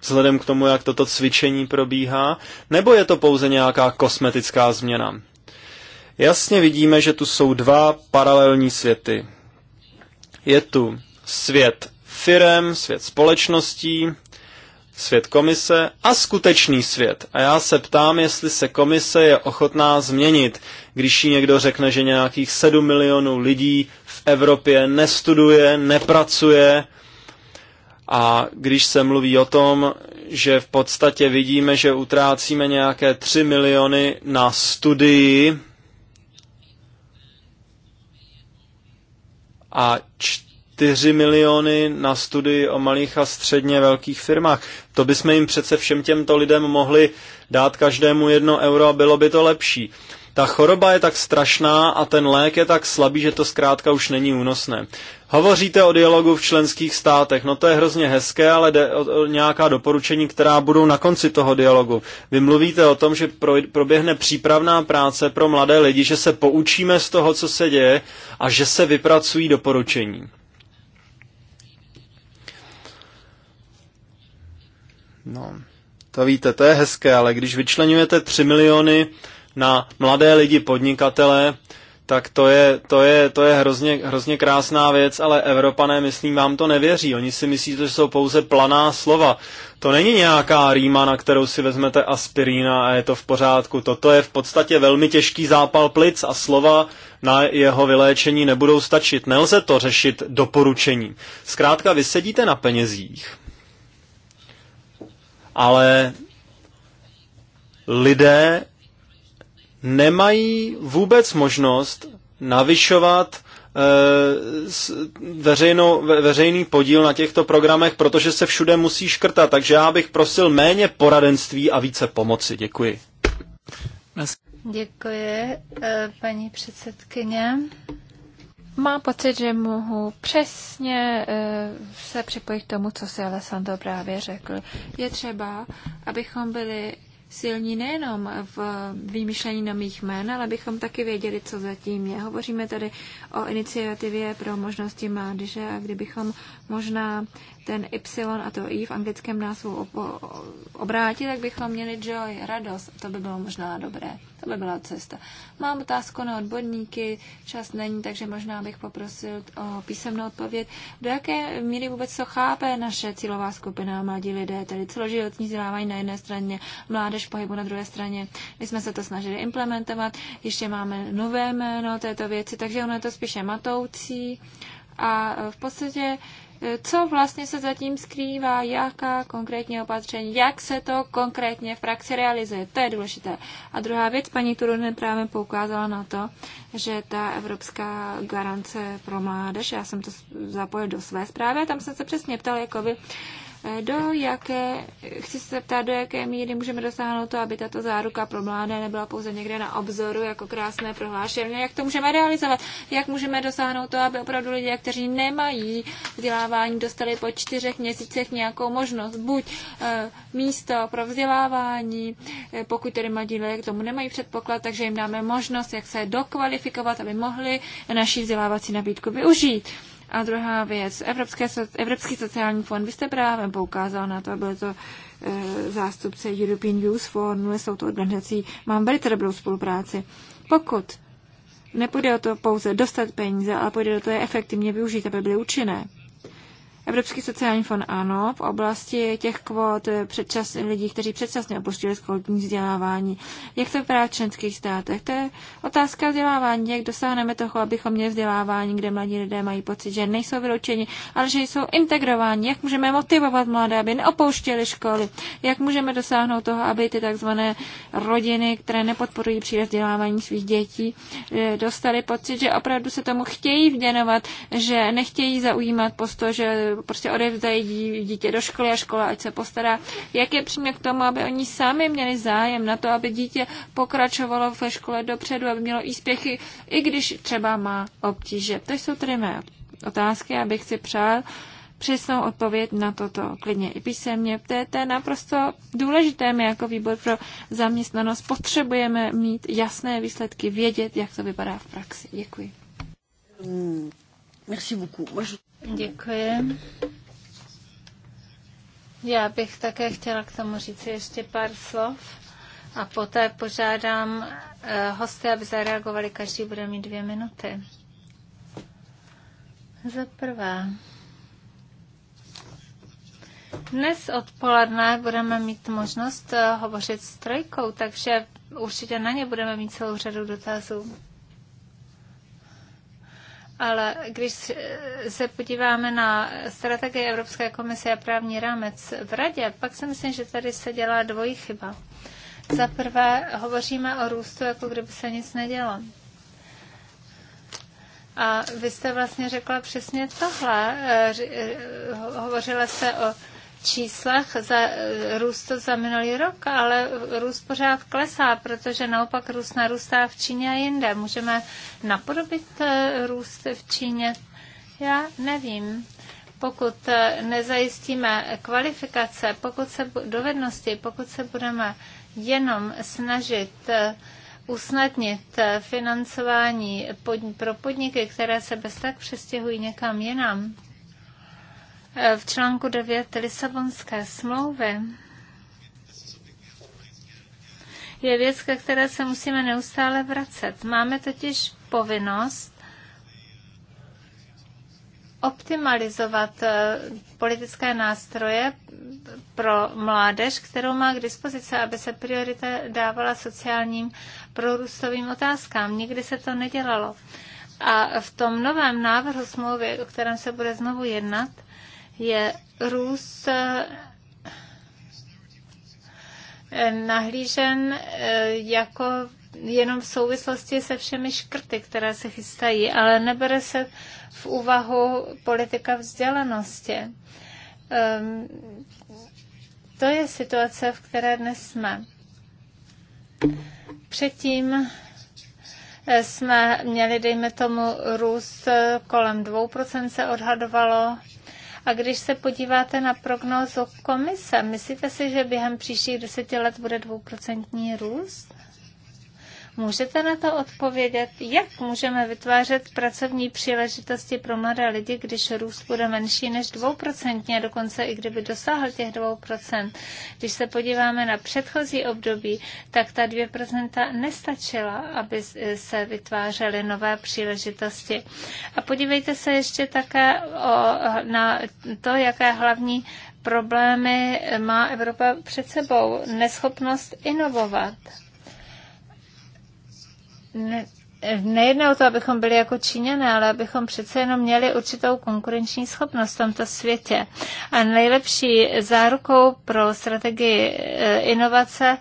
vzhledem k tomu, jak toto cvičení probíhá, nebo je to pouze nějaká kosmetická změna? Jasně vidíme, že tu jsou dva paralelní světy. Je tu svět firem, svět společností, svět komise a skutečný svět. A já se ptám, jestli se komise je ochotná změnit, když jí někdo řekne, že nějakých 7 milionů lidí v Evropě nestuduje, nepracuje a když se mluví o tom, že v podstatě vidíme, že utrácíme nějaké 3 miliony na studii a 4 miliony na studii o malých a středně velkých firmách. To bychom jim přece všem těmto lidem mohli dát každému jedno euro a bylo by to lepší. Ta choroba je tak strašná a ten lék je tak slabý, že to zkrátka už není únosné. Hovoříte o dialogu v členských státech, no to je hrozně hezké, ale jde o, nějaká doporučení, která budou na konci toho dialogu. Vy mluvíte o tom, že proběhne přípravná práce pro mladé lidi, že se poučíme z toho, co se děje a že se vypracují doporučení. No, to víte, to je hezké, ale když vyčlenujete 3 miliony na mladé lidi podnikatele, tak to je, to je, to je hrozně, hrozně krásná věc, ale Evropané, myslím, vám to nevěří. Oni si myslí, že jsou pouze planá slova. To není nějaká rýma, na kterou si vezmete aspirína a je to v pořádku. Toto je v podstatě velmi těžký zápal plic a slova na jeho vyléčení nebudou stačit. Nelze to řešit doporučením. Zkrátka, vy sedíte na penězích, ale lidé nemají vůbec možnost navyšovat eh, veřejno, ve, veřejný podíl na těchto programech, protože se všude musí škrtat. Takže já bych prosil méně poradenství a více pomoci. Děkuji. Děkuji, eh, paní předsedkyně. Mám pocit, že mohu přesně eh, se připojit k tomu, co si Alessandro právě řekl. Je třeba, abychom byli silní nejenom v vymýšlení nových jmen, ale bychom taky věděli, co zatím je. Hovoříme tady o iniciativě pro možnosti mládeže a kdybychom možná ten Y a to I v anglickém názvu obrátit, tak bychom měli joy, radost. To by bylo možná dobré. To by byla cesta. Mám otázku na odborníky, čas není, takže možná bych poprosil o písemnou odpověď. Do jaké míry vůbec to chápe naše cílová skupina mladí lidé, tedy celoživotní vzdělávání na jedné straně, mládež pohybu na druhé straně. My jsme se to snažili implementovat, ještě máme nové jméno této věci, takže ono je to spíše matoucí. A v podstatě co vlastně se zatím skrývá, jaká konkrétní opatření, jak se to konkrétně v praxi realizuje. To je důležité. A druhá věc, paní Turunen právě poukázala na to, že ta Evropská garance pro mládež, já jsem to zapojil do své zprávy, tam jsem se přesně ptal, jako by, do jaké, chci se zeptat, do jaké míry můžeme dosáhnout to, aby tato záruka pro mládé nebyla pouze někde na obzoru jako krásné prohlášení. Jak to můžeme realizovat? Jak můžeme dosáhnout to, aby opravdu lidé, kteří nemají vzdělávání, dostali po čtyřech měsících nějakou možnost, buď eh, místo pro vzdělávání, eh, pokud tedy mladí lidé k tomu nemají předpoklad, takže jim dáme možnost, jak se dokvalifikovat, aby mohli naší vzdělávací nabídku využít. A druhá věc, Evropské, Evropský sociální fond, vy jste právě poukázal na to, bylo to e, zástupce European Youth Forum, no, jsou to organizací, mám velice dobrou spolupráci. Pokud nepůjde o to pouze dostat peníze, ale půjde o to je efektivně využít, aby byly účinné. Evropský sociální fond ano, v oblasti těch kvot předčas, lidí, kteří předčasně opustili školní vzdělávání. Jak to vypadá v členských státech? To je otázka vzdělávání, jak dosáhneme toho, abychom měli vzdělávání, kde mladí lidé mají pocit, že nejsou vyloučeni, ale že jsou integrováni. Jak můžeme motivovat mladé, aby neopouštěli školy? Jak můžeme dosáhnout toho, aby ty takzvané rodiny, které nepodporují příliš vzdělávání svých dětí, eh, dostali pocit, že opravdu se tomu chtějí vděnovat, že nechtějí zaujímat postoj, že prostě odevzdají dítě do školy a škola ať se postará. Jak je přímě k tomu, aby oni sami měli zájem na to, aby dítě pokračovalo ve škole dopředu, aby mělo úspěchy, i když třeba má obtíže. To jsou tedy mé otázky, abych si přál přesnou odpověď na toto klidně i písemně. To je, to je naprosto důležité. My jako výbor pro zaměstnanost potřebujeme mít jasné výsledky, vědět, jak to vypadá v praxi. Děkuji. Hmm. Merci beaucoup. Děkuji. Já bych také chtěla k tomu říct ještě pár slov a poté požádám eh, hosty, aby zareagovali. Každý bude mít dvě minuty. Za prvé. Dnes odpoledne budeme mít možnost eh, hovořit s trojkou, takže určitě na ně budeme mít celou řadu dotazů ale když se podíváme na strategii Evropské komise a právní rámec v radě, pak si myslím, že tady se dělá dvojí chyba. Za prvé hovoříme o růstu, jako kdyby se nic nedělo. A vy jste vlastně řekla přesně tohle. Eh, eh, hovořila se o číslech za růst za minulý rok, ale růst pořád klesá, protože naopak růst narůstá v Číně a jinde. Můžeme napodobit eh, růst v Číně? Já nevím. Pokud eh, nezajistíme kvalifikace, pokud se dovednosti, pokud se budeme jenom snažit eh, usnadnit financování pod, pro podniky, které se bez tak přestěhují někam jinam, v článku 9 Lisabonské smlouvy je věc, ke které se musíme neustále vracet. Máme totiž povinnost optimalizovat eh, politické nástroje pro mládež, kterou má k dispozici, aby se priorita dávala sociálním prorůstovým otázkám. Nikdy se to nedělalo. A v tom novém návrhu smlouvy, o kterém se bude znovu jednat, je růst eh, nahlížen eh, jako jenom v souvislosti se všemi škrty, které se chystají, ale nebere se v úvahu politika vzdělanosti. Ehm, to je situace, v které dnes jsme. Předtím eh, jsme měli, dejme tomu, růst kolem 2% se odhadovalo a když se podíváte na prognózu komise, myslíte si, že během příštích deseti let bude dvouprocentní růst? Můžete na to odpovědět, jak můžeme vytvářet pracovní příležitosti pro mladé lidi, když růst bude menší než 2%, a dokonce i kdyby dosáhl těch 2%. Když se podíváme na předchozí období, tak ta 2% nestačila, aby se vytvářely nové příležitosti. A podívejte se ještě také o, na to, jaké hlavní problémy má Evropa před sebou. Neschopnost inovovat ne, nejedná o to, abychom byli jako Číňané, ale abychom přece jenom měli určitou konkurenční schopnost v tomto světě. A nejlepší zárukou pro strategii eh, inovace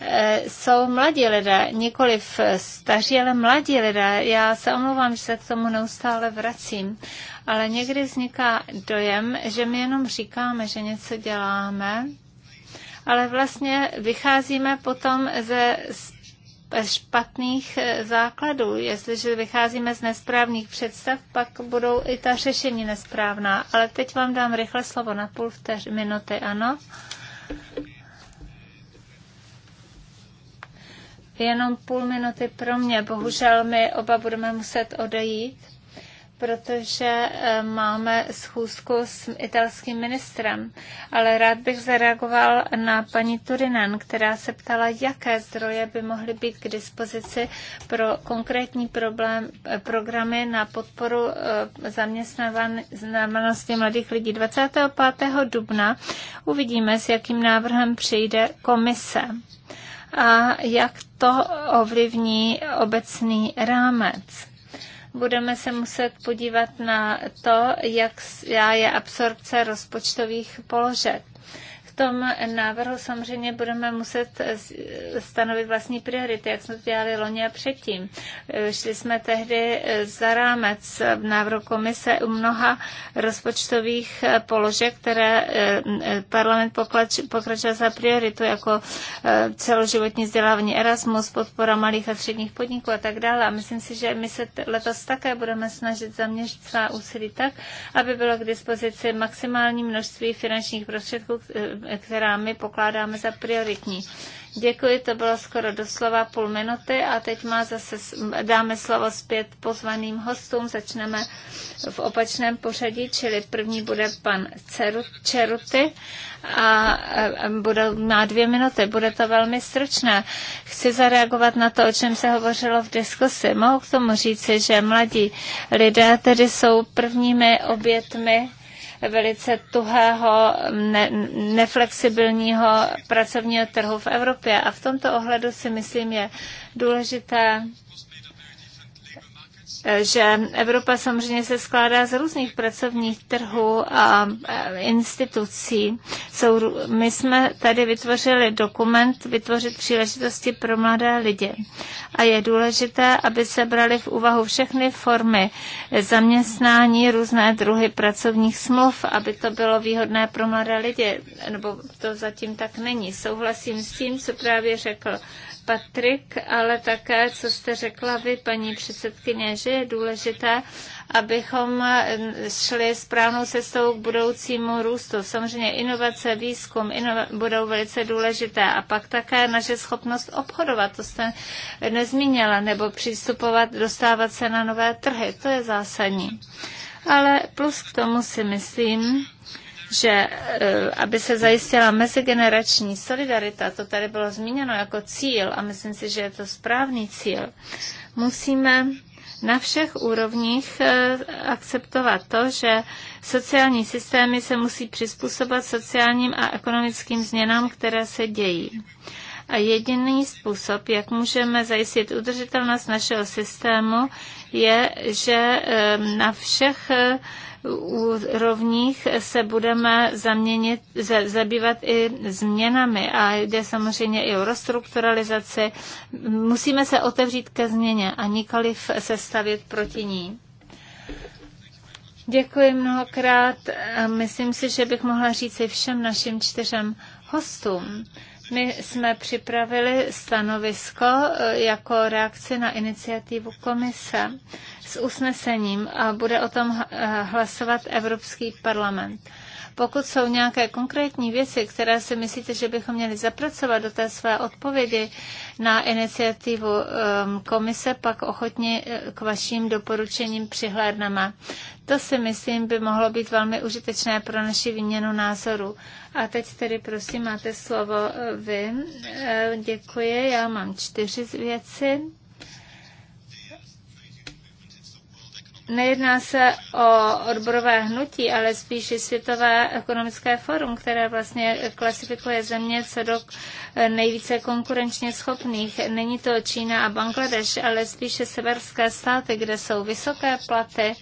eh, jsou mladí lidé, nikoli staří, ale mladí lidé. Já se omlouvám, že se k tomu neustále vracím, ale někdy vzniká dojem, že my jenom říkáme, že něco děláme, ale vlastně vycházíme potom ze špatných eh, základů. Jestliže vycházíme z nesprávných představ, pak budou i ta řešení nesprávná. Ale teď vám dám rychle slovo na půl vteř, minuty, ano. Jenom půl minuty pro mě. Bohužel my oba budeme muset odejít protože eh, máme schůzku s italským ministrem. Ale rád bych zareagoval na paní Turinen, která se ptala, jaké zdroje by mohly být k dispozici pro konkrétní problém, eh, programy na podporu eh, zaměstnávanosti mladých lidí. 25. dubna uvidíme, s jakým návrhem přijde komise a jak to ovlivní obecný rámec budeme se muset podívat na to, jak je absorpce rozpočtových položek tom návrhu samozřejmě budeme muset stanovit vlastní priority, jak jsme to dělali loni a předtím. Šli jsme tehdy za rámec návrhu komise u mnoha rozpočtových položek, které eh, parlament pokračuje za prioritu, jako eh, celoživotní vzdělávání Erasmus, podpora malých a středních podniků a tak dále. A myslím si, že my se letos také budeme snažit zaměřit svá úsilí tak, aby bylo k dispozici maximální množství finančních prostředků, eh, která my pokládáme za prioritní. Děkuji, to bylo skoro doslova půl minuty a teď má zase, dáme slovo zpět pozvaným hostům. Začneme v opačném pořadí, čili první bude pan Čeruty a bude, má dvě minuty, bude to velmi stručné. Chci zareagovat na to, o čem se hovořilo v diskusi. Mohu k tomu říci, že mladí lidé tedy jsou prvními obětmi velice tuhého, ne, neflexibilního pracovního trhu v Evropě. A v tomto ohledu si myslím je důležité že Evropa samozřejmě se skládá z různých pracovních trhů a institucí. my jsme tady vytvořili dokument Vytvořit příležitosti pro mladé lidi. A je důležité, aby se brali v úvahu všechny formy zaměstnání, různé druhy pracovních smluv, aby to bylo výhodné pro mladé lidi. Nebo to zatím tak není. Souhlasím s tím, co právě řekl Patrik, ale také, co jste řekla vy, paní předsedkyně, že je důležité, abychom šli správnou cestou k budoucímu růstu. Samozřejmě inovace, výzkum inova- budou velice důležité a pak také naše schopnost obchodovat, to jste nezmínila, nebo přístupovat, dostávat se na nové trhy, to je zásadní. Ale plus k tomu si myslím, že eh, aby se zajistila mezigenerační solidarita, to tady bylo zmíněno jako cíl a myslím si, že je to správný cíl, musíme na všech úrovních eh, akceptovat to, že sociální systémy se musí přizpůsobit sociálním a ekonomickým změnám, které se dějí. A jediný způsob, jak můžeme zajistit udržitelnost našeho systému, je, že eh, na všech úrovních se budeme zaměnit, zabývat i změnami a jde samozřejmě i o restrukturalizaci. Musíme se otevřít ke změně a nikoliv se stavit proti ní. Děkuji mnohokrát. Myslím si, že bych mohla říct i všem našim čtyřem hostům, my jsme připravili stanovisko eh, jako reakci na iniciativu komise s usnesením a bude o tom eh, hlasovat Evropský parlament. Pokud jsou nějaké konkrétní věci, které si myslíte, že bychom měli zapracovat do té své odpovědi na iniciativu ehm, komise, pak ochotně eh, k vaším doporučením přihlédneme. To si myslím by mohlo být velmi užitečné pro naši výměnu názoru. A teď tedy prosím máte slovo eh, vy. Eh, děkuji, já mám čtyři věci. nejedná se o odborové hnutí, ale spíše Světové ekonomické forum, které vlastně klasifikuje země co do eh, nejvíce konkurenčně schopných. Není to Čína a Bangladeš, ale spíše severské státy, kde jsou vysoké platy,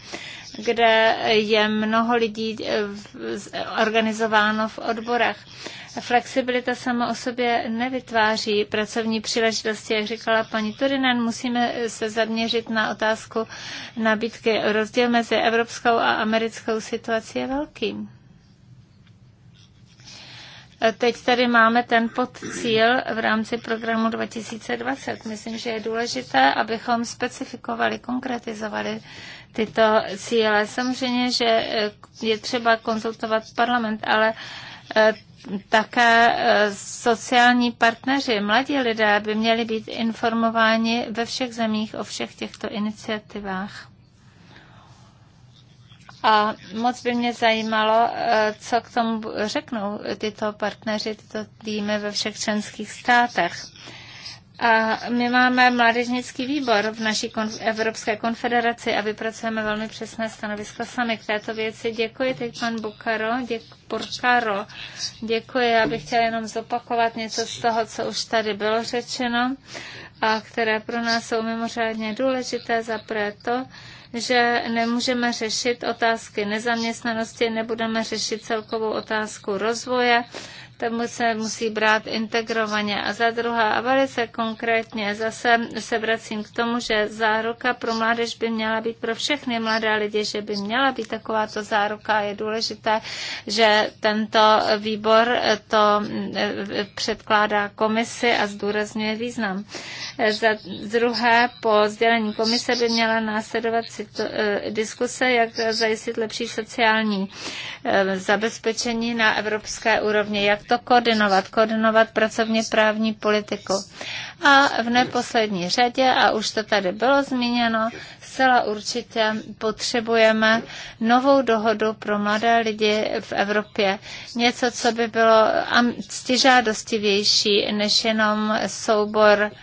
kde je mnoho lidí eh, organizováno v odborech. Flexibilita sama o sobě nevytváří pracovní příležitosti, jak říkala paní Turinen. Musíme se zaměřit na otázku nabídky. Rozdíl mezi evropskou a americkou situací je velký. Teď tady máme ten podcíl v rámci programu 2020. Myslím, že je důležité, abychom specifikovali, konkretizovali tyto cíle. Samozřejmě, že eh, je třeba konzultovat parlament, ale eh, také eh, sociální partneři, mladí lidé by měli být informováni ve všech zemích o všech těchto iniciativách. A moc by mě zajímalo, co k tomu řeknou tyto partneři, tyto týmy ve všech členských státech. A my máme mládežnický výbor v naší konf- Evropské konfederaci a vypracujeme velmi přesné stanovisko sami k této věci. Děkuji teď pan Bukaro, děk- Burkaro. Děkuji, já bych chtěla jenom zopakovat něco z toho, co už tady bylo řečeno a které pro nás jsou mimořádně důležité za to, že nemůžeme řešit otázky nezaměstnanosti, nebudeme řešit celkovou otázku rozvoje, tomu se musí brát integrovaně. A za druhá, a velice konkrétně, zase se vracím k tomu, že záruka pro mládež by měla být pro všechny mladé lidi, že by měla být takováto záruka. Je důležité, že tento výbor to eh, předkládá komisi a zdůrazňuje význam. Eh, za druhé, po sdělení komise by měla následovat eh, diskuse, jak zajistit lepší sociální zabezpečení na evropské úrovni, jak to koordinovat, koordinovat pracovně právní politiku. A v neposlední řadě, a už to tady bylo zmíněno, zcela určitě potřebujeme novou dohodu pro mladé lidi v Evropě. Něco, co by bylo stěžádostivější než jenom soubor uh,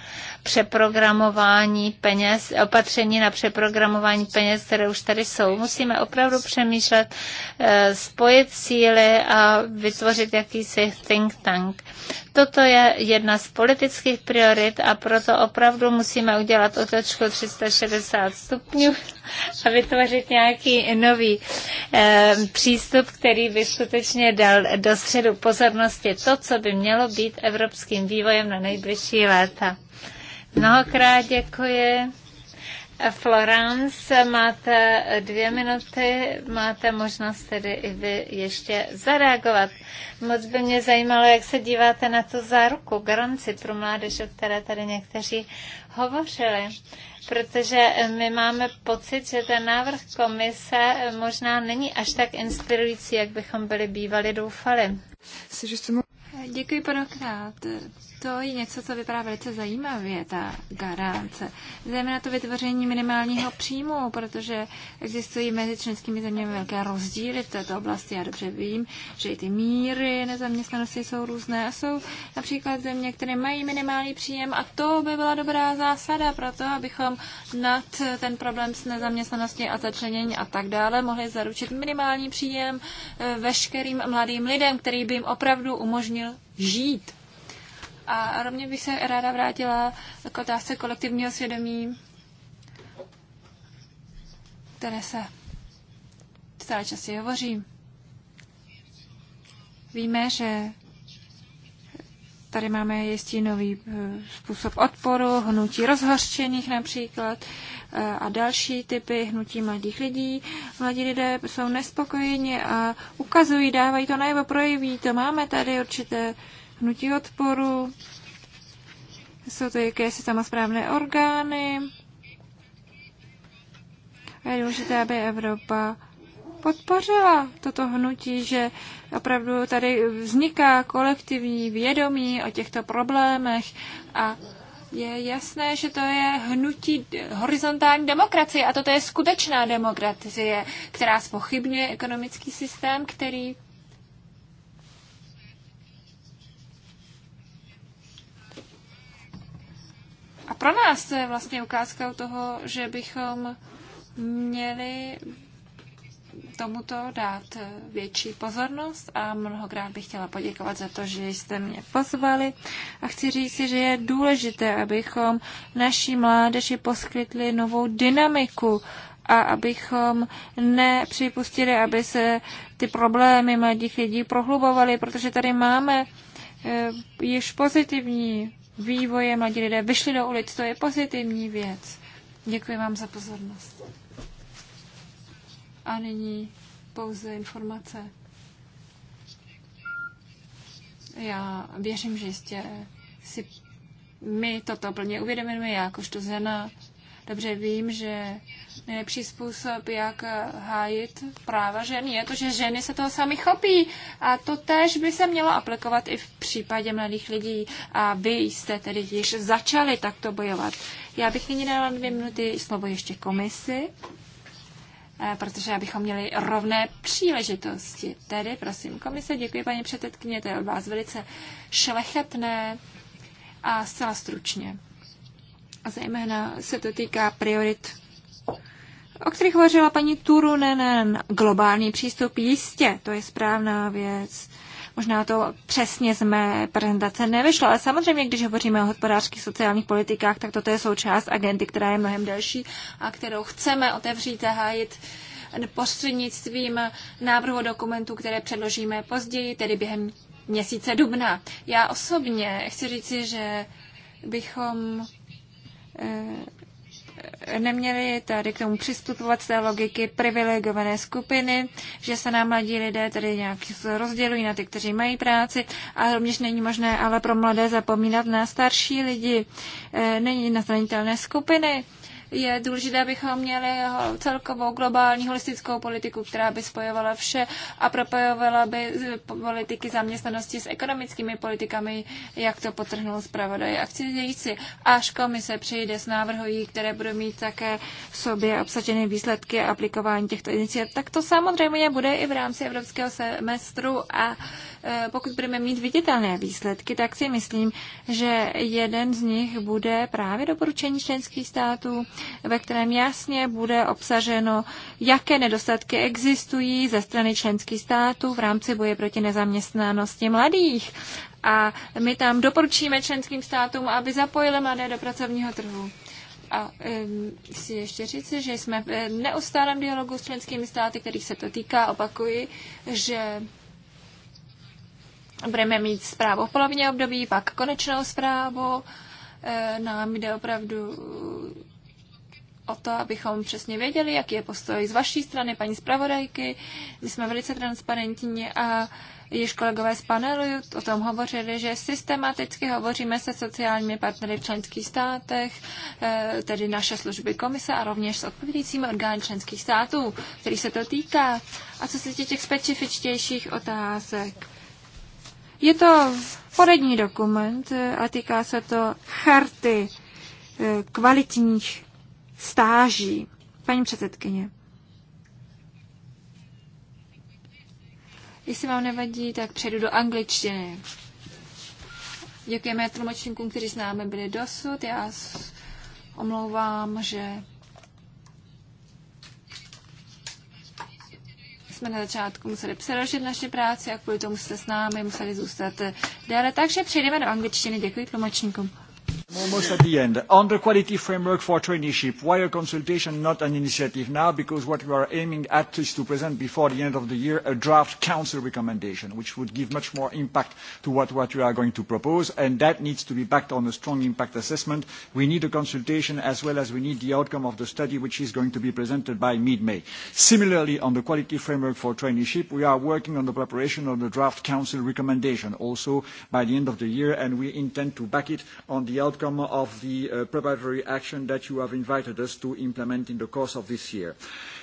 přeprogramování peněz, opatření na přeprogramování peněz, které už tady jsou. Musíme opravdu přemýšlet, eh, spojit síly a vytvořit jakýsi think tank. Toto je jedna z politických priorit a proto opravdu musíme udělat otočku 360 stupňů a vytvořit nějaký nový eh, přístup, který by skutečně dal do středu pozornosti to, co by mělo být evropským vývojem na nejbližší léta. Mnohokrát děkuji. Florence, máte dvě minuty, máte možnost tedy i vy ještě zareagovat. Moc by mě zajímalo, jak se díváte na tu záruku, garanci pro mládež, o které tady někteří hovořili protože my máme pocit, že ten návrh komise možná není až tak inspirující, jak bychom byli bývali doufali. Děkuji panokrát to je něco, co vypadá velice zajímavě, ta garance. Zejména to vytvoření minimálního příjmu, protože existují mezi členskými zeměmi velké rozdíly v této oblasti. Já dobře vím, že i ty míry nezaměstnanosti jsou různé a jsou například země, které mají minimální příjem a to by byla dobrá zásada pro to, abychom nad ten problém s nezaměstnaností a začlenění a tak dále mohli zaručit minimální příjem eh, veškerým mladým lidem, který by jim opravdu umožnil žít. A rovně bych se ráda vrátila k otázce kolektivního svědomí, které se stále častěji hovoří. Víme, že tady máme jistý nový eh, způsob odporu, hnutí rozhořčených například eh, a další typy hnutí mladých lidí. Mladí lidé jsou nespokojeni a ukazují, dávají to najevo, projeví to. Máme tady určité hnutí odporu. Jsou to jaké si tam orgány. A je důležité, aby Evropa podpořila toto hnutí, že opravdu tady vzniká kolektivní vědomí o těchto problémech a je jasné, že to je hnutí horizontální demokracie a toto je skutečná demokracie, která spochybňuje ekonomický systém, který A pro nás to je vlastně ukázka toho, že bychom měli tomuto dát větší pozornost a mnohokrát bych chtěla poděkovat za to, že jste mě pozvali a chci říct si, že je důležité, abychom naší mládeži poskytli novou dynamiku a abychom nepřipustili, aby se ty problémy mladých lidí prohlubovaly, protože tady máme eh, již pozitivní vývoje, mladí lidé vyšli do ulic, to je pozitivní věc. Děkuji vám za pozornost. A nyní pouze informace. Já věřím, že jistě si my toto plně uvědomujeme, já jakožto žena, dobře vím, že nejlepší způsob, jak hájit práva žen, je to, že ženy se toho sami chopí. A to tež by se mělo aplikovat i v případě mladých lidí. A vy jste tedy již začali takto bojovat. Já bych nyní dala dvě minuty slovo ještě komisi, eh, protože abychom měli rovné příležitosti. Tedy, prosím, komise, děkuji paní předsedkyně, to je od vás velice šlechetné a zcela stručně. A zejména se to týká priorit, o kterých hovořila paní Turunen. Globální přístup jistě, to je správná věc. Možná to přesně z mé prezentace nevyšlo, ale samozřejmě, když hovoříme o hospodářských sociálních politikách, tak toto je součást agendy, která je mnohem delší a kterou chceme otevřít a hájit prostřednictvím návrhu dokumentů, které předložíme později, tedy během měsíce dubna. Já osobně chci říci, že bychom Eh, neměli tady k tomu přistupovat z té logiky privilegované skupiny, že se nám mladí lidé tady nějak rozdělují na ty, kteří mají práci a rovněž není možné ale pro mladé zapomínat na starší lidi. Eh, není nastanitelné skupiny je důležité, abychom měli celkovou globální holistickou politiku, která by spojovala vše a propojovala by politiky zaměstnanosti s ekonomickými politikami, jak to potrhnul zpravodaj. A chci říct až komise přijde s návrhy, které budou mít také v sobě obsaženy výsledky a aplikování těchto iniciativ, tak to samozřejmě bude i v rámci evropského semestru a e, pokud budeme mít viditelné výsledky, tak si myslím, že jeden z nich bude právě doporučení členských států ve kterém jasně bude obsaženo, jaké nedostatky existují ze strany členských států v rámci boje proti nezaměstnanosti mladých. A my tam doporučíme členským státům, aby zapojili mladé do pracovního trhu. A e, si ještě říci, že jsme v neustálém dialogu s členskými státy, kterých se to týká, opakuji, že budeme mít zprávu v polovině období, pak konečnou zprávu. E, nám jde opravdu o to, abychom přesně věděli, jaký je postoj z vaší strany, paní zpravodajky. My jsme velice transparentní a již kolegové z panelu o tom hovořili, že systematicky hovoříme se sociálními partnery v členských státech, eh, tedy naše služby komise a rovněž s odpovědícími orgány členských států, který se to týká. A co se týče těch specifičtějších otázek? Je to poradní dokument eh, a týká se to charty eh, kvalitních stáží. Paní předsedkyně. Jestli vám nevadí, tak přejdu do angličtiny. Děkujeme tlumočníkům, kteří s námi byli dosud. Já omlouvám, že jsme na začátku museli přerožit naše práci a kvůli tomu jste s námi museli zůstat déle. Takže přejdeme do angličtiny. Děkuji tlumočníkům. I'm Almost at the end. On the quality framework for traineeship, why a consultation, not an initiative now? Because what we are aiming at is to present before the end of the year a draft council recommendation, which would give much more impact to what we are going to propose, and that needs to be backed on a strong impact assessment. We need a consultation as well as we need the outcome of the study, which is going to be presented by mid-May. Similarly, on the quality framework for traineeship, we are working on the preparation of the draft council recommendation also by the end of the year, and we intend to back it on the outcome outcome of the uh, preparatory action that you have invited us to implement in the course of this year.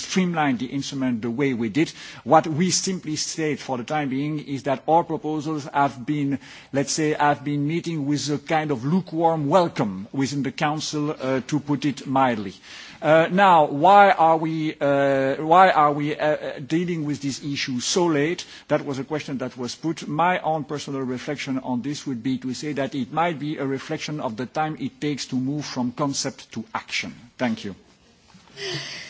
streamline the instrument the way we did. What we simply state for the time being is that our proposals have been, let's say, have been meeting with a kind of lukewarm welcome within the Council, uh, to put it mildly. Uh, now, why are we, uh, why are we uh, uh, dealing with this issue so late? That was a question that was put. My own personal reflection on this would be to say that it might be a reflection of the time it takes to move from concept to action. Thank you. (laughs)